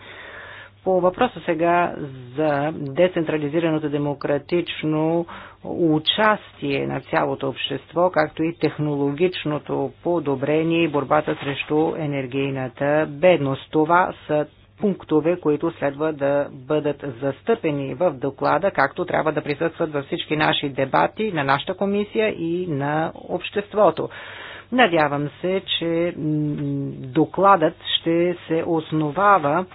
По въпроса сега за децентрализираното демократично участие на цялото общество, както и технологичното подобрение и борбата срещу енергийната бедност. Това са пунктове, които следва да бъдат застъпени в доклада, както трябва да присъстват във всички наши дебати на нашата комисия и на обществото. Надявам се, че докладът ще се основава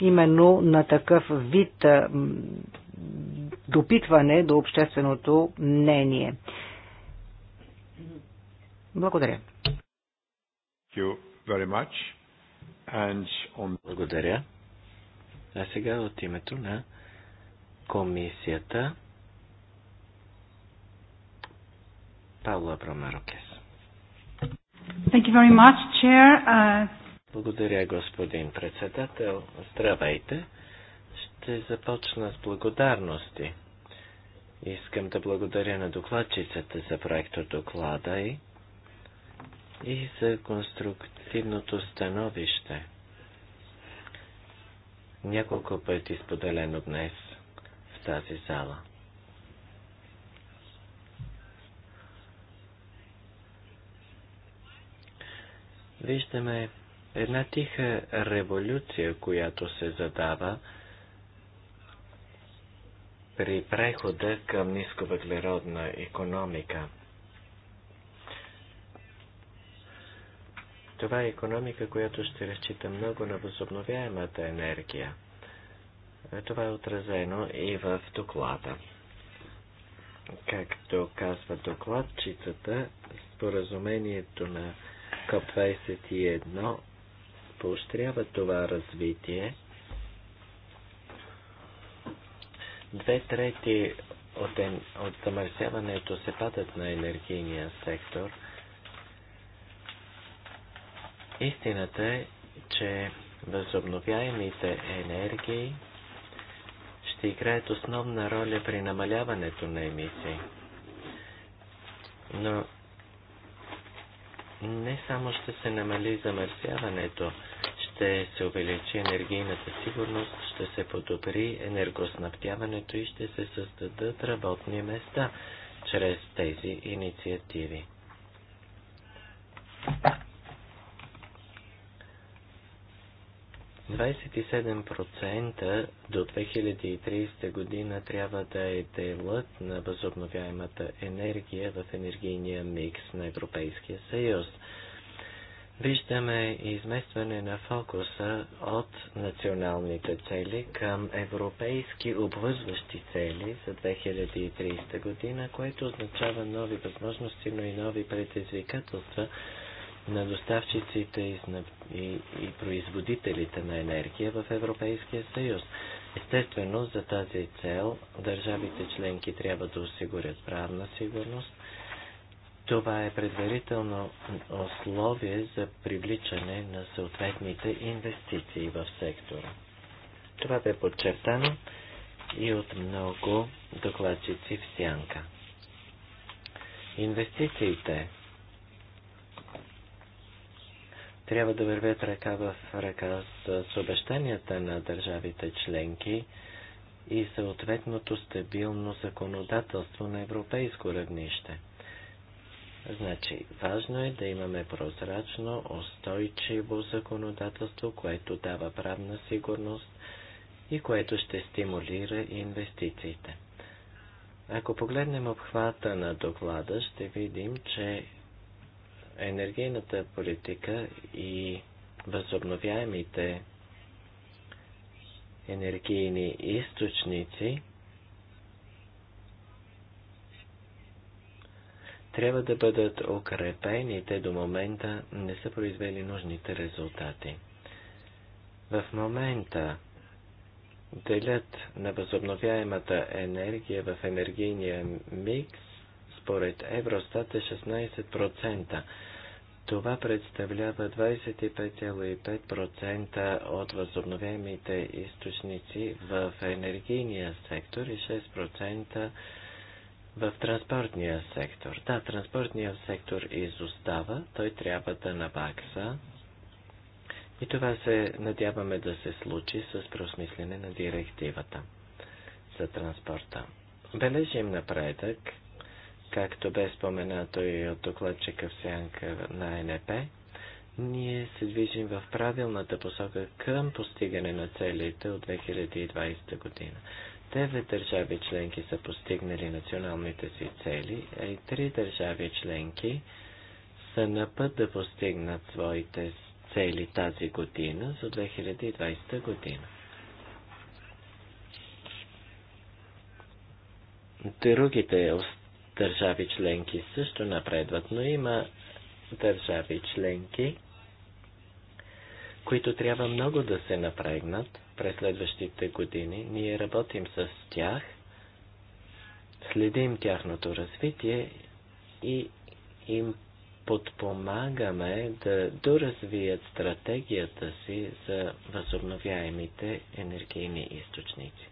именно на такъв вид допитване до общественото мнение. Благодаря. Благодаря. А сега от името на комисията Павла Бромарокес. Thank you very much, Chair. Uh, благодаря, господин председател. Здравейте. Ще започна с благодарности. Искам да благодаря на докладчицата за проекта доклада и, и за конструктивното становище. Няколко пъти споделено днес в тази зала. Виждаме една тиха революция, която се задава при прехода към нисковъглеродна економика. Това е економика, която ще разчита много на възобновяемата енергия. Това е отразено и в доклада. Както казва докладчицата, споразумението на КОП-21 поощряват това развитие. Две трети от, ен... от замърсяването се падат на енергийния сектор. Истината е, че възобновяемите енергии ще играят основна роля при намаляването на емисии. Но не само ще се намали замърсяването, ще се увеличи енергийната сигурност, ще се подобри енергоснабдяването и ще се създадат работни места чрез тези инициативи. 27% до 2030 година трябва да е делът на възобновяемата енергия в енергийния микс на Европейския съюз. Виждаме изместване на фокуса от националните цели към европейски обвързващи цели за 2030 година, което означава нови възможности, но и нови предизвикателства на доставчиците и, и, и производителите на енергия в Европейския съюз. Естествено, за тази цел държавите членки трябва да осигурят правна сигурност. Това е предварително условие за привличане на съответните инвестиции в сектора. Това бе подчертано и от много докладчици в сянка. Инвестициите трябва да вървят ръка в ръка с обещанията на държавите членки и съответното стабилно законодателство на европейско равнище. Значи, важно е да имаме прозрачно, устойчиво законодателство, което дава правна сигурност и което ще стимулира инвестициите. Ако погледнем обхвата на доклада, ще видим, че енергийната политика и възобновяемите енергийни източници трябва да бъдат укрепени, те до момента не са произвели нужните резултати. В момента делят на възобновяемата енергия в енергийния микс според Евростат е 16%. Това представлява 25,5% от възобновяемите източници в енергийния сектор и 6% в транспортния сектор. Да, транспортния сектор изостава, той трябва да набакса. И това се надяваме да се случи с просмислене на директивата за транспорта. Бележим напредък както бе споменато и от докладчика в сянка на НП, ние се движим в правилната посока към постигане на целите от 2020 година. Девет държави членки са постигнали националните си цели, а и три държави членки са на път да постигнат своите цели тази година за 2020 година. Другите държави членки също напредват, но има държави членки, които трябва много да се напрегнат през следващите години. Ние работим с тях, следим тяхното развитие и им подпомагаме да доразвият стратегията си за възобновяемите енергийни източници.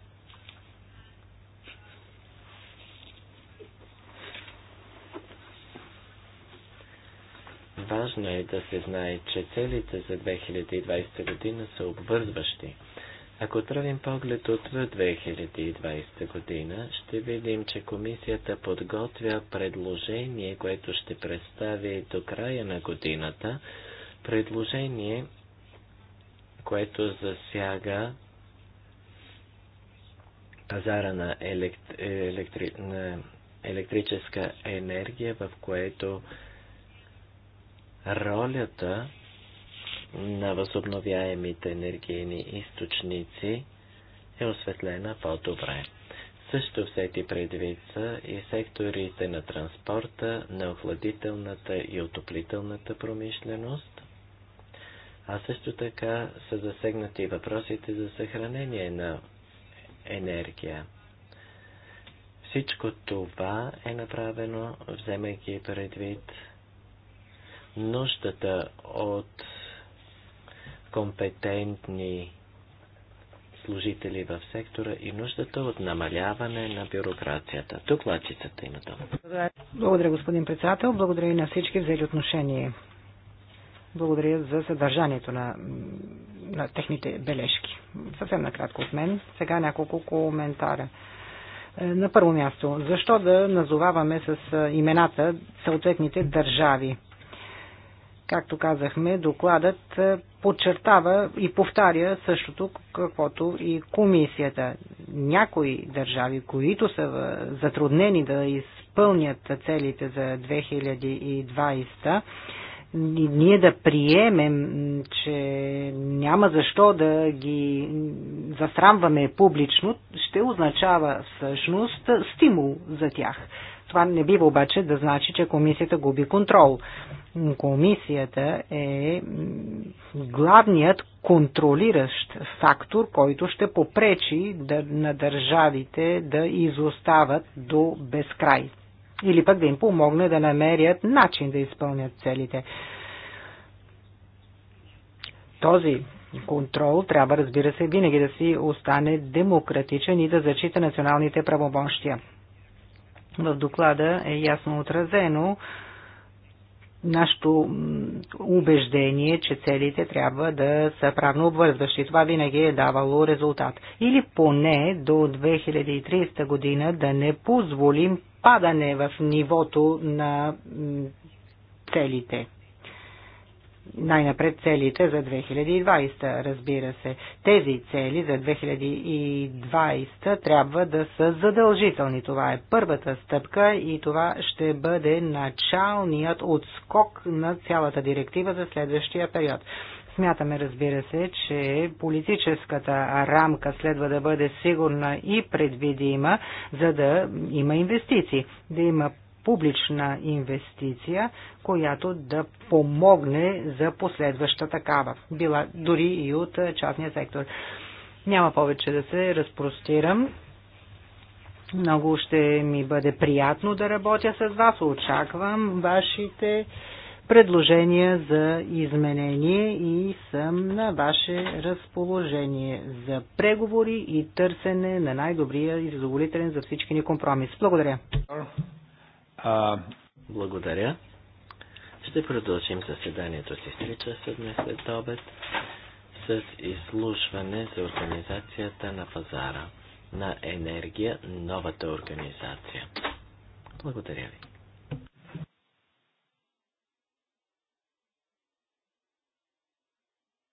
Важно е да се знае, че целите за 2020 година са обвързващи. Ако тръгнем поглед от 2020 година, ще видим, че комисията подготвя предложение, което ще представи до края на годината, предложение, което засяга пазара на, електри... на електрическа енергия, в което ролята на възобновяемите енергийни източници е осветлена по-добре. Също всети предвид са и секторите на транспорта, на охладителната и отоплителната промишленост, а също така са засегнати въпросите за съхранение на енергия. Всичко това е направено, вземайки предвид нуждата от компетентни служители в сектора и нуждата от намаляване на бюрокрацията. Тук лачицата има това. Благодаря, господин председател. Благодаря и на всички взели отношение. Благодаря за съдържанието на, на техните бележки. Съвсем накратко от мен. Сега няколко коментара. Е, на първо място, защо да назоваваме с е, имената съответните държави? Както казахме, докладът е, подчертава и повтаря същото, каквото и комисията. Някои държави, които са затруднени да изпълнят целите за 2020, ние да приемем, че няма защо да ги засрамваме публично, ще означава всъщност стимул за тях. Това не бива обаче да значи, че комисията губи контрол. Комисията е главният контролиращ фактор, който ще попречи да, на държавите да изостават до безкрай. Или пък да им помогне да намерят начин да изпълнят целите. Този контрол трябва, разбира се, винаги да си остане демократичен и да зачита националните правомощия. В доклада е ясно отразено нашето убеждение, че целите трябва да са правно обвързващи. Това винаги е давало резултат. Или поне до 2030 година да не позволим падане в нивото на целите най-напред целите за 2020, разбира се. Тези цели за 2020 трябва да са задължителни. Това е първата стъпка и това ще бъде началният отскок на цялата директива за следващия период. Смятаме, разбира се, че политическата рамка следва да бъде сигурна и предвидима, за да има инвестиции, да има публична инвестиция, която да помогне за последваща такава, била дори и от частния сектор. Няма повече да се разпростирам. Много ще ми бъде приятно да работя с вас. Очаквам вашите предложения за изменение и съм на ваше разположение за преговори и търсене на най-добрия и задоволителен за всички ни компромис. Благодаря. А... Благодаря. Ще продължим заседанието си с 3 часа днес след обед с изслушване за организацията на пазара на енергия, новата организация. Благодаря ви.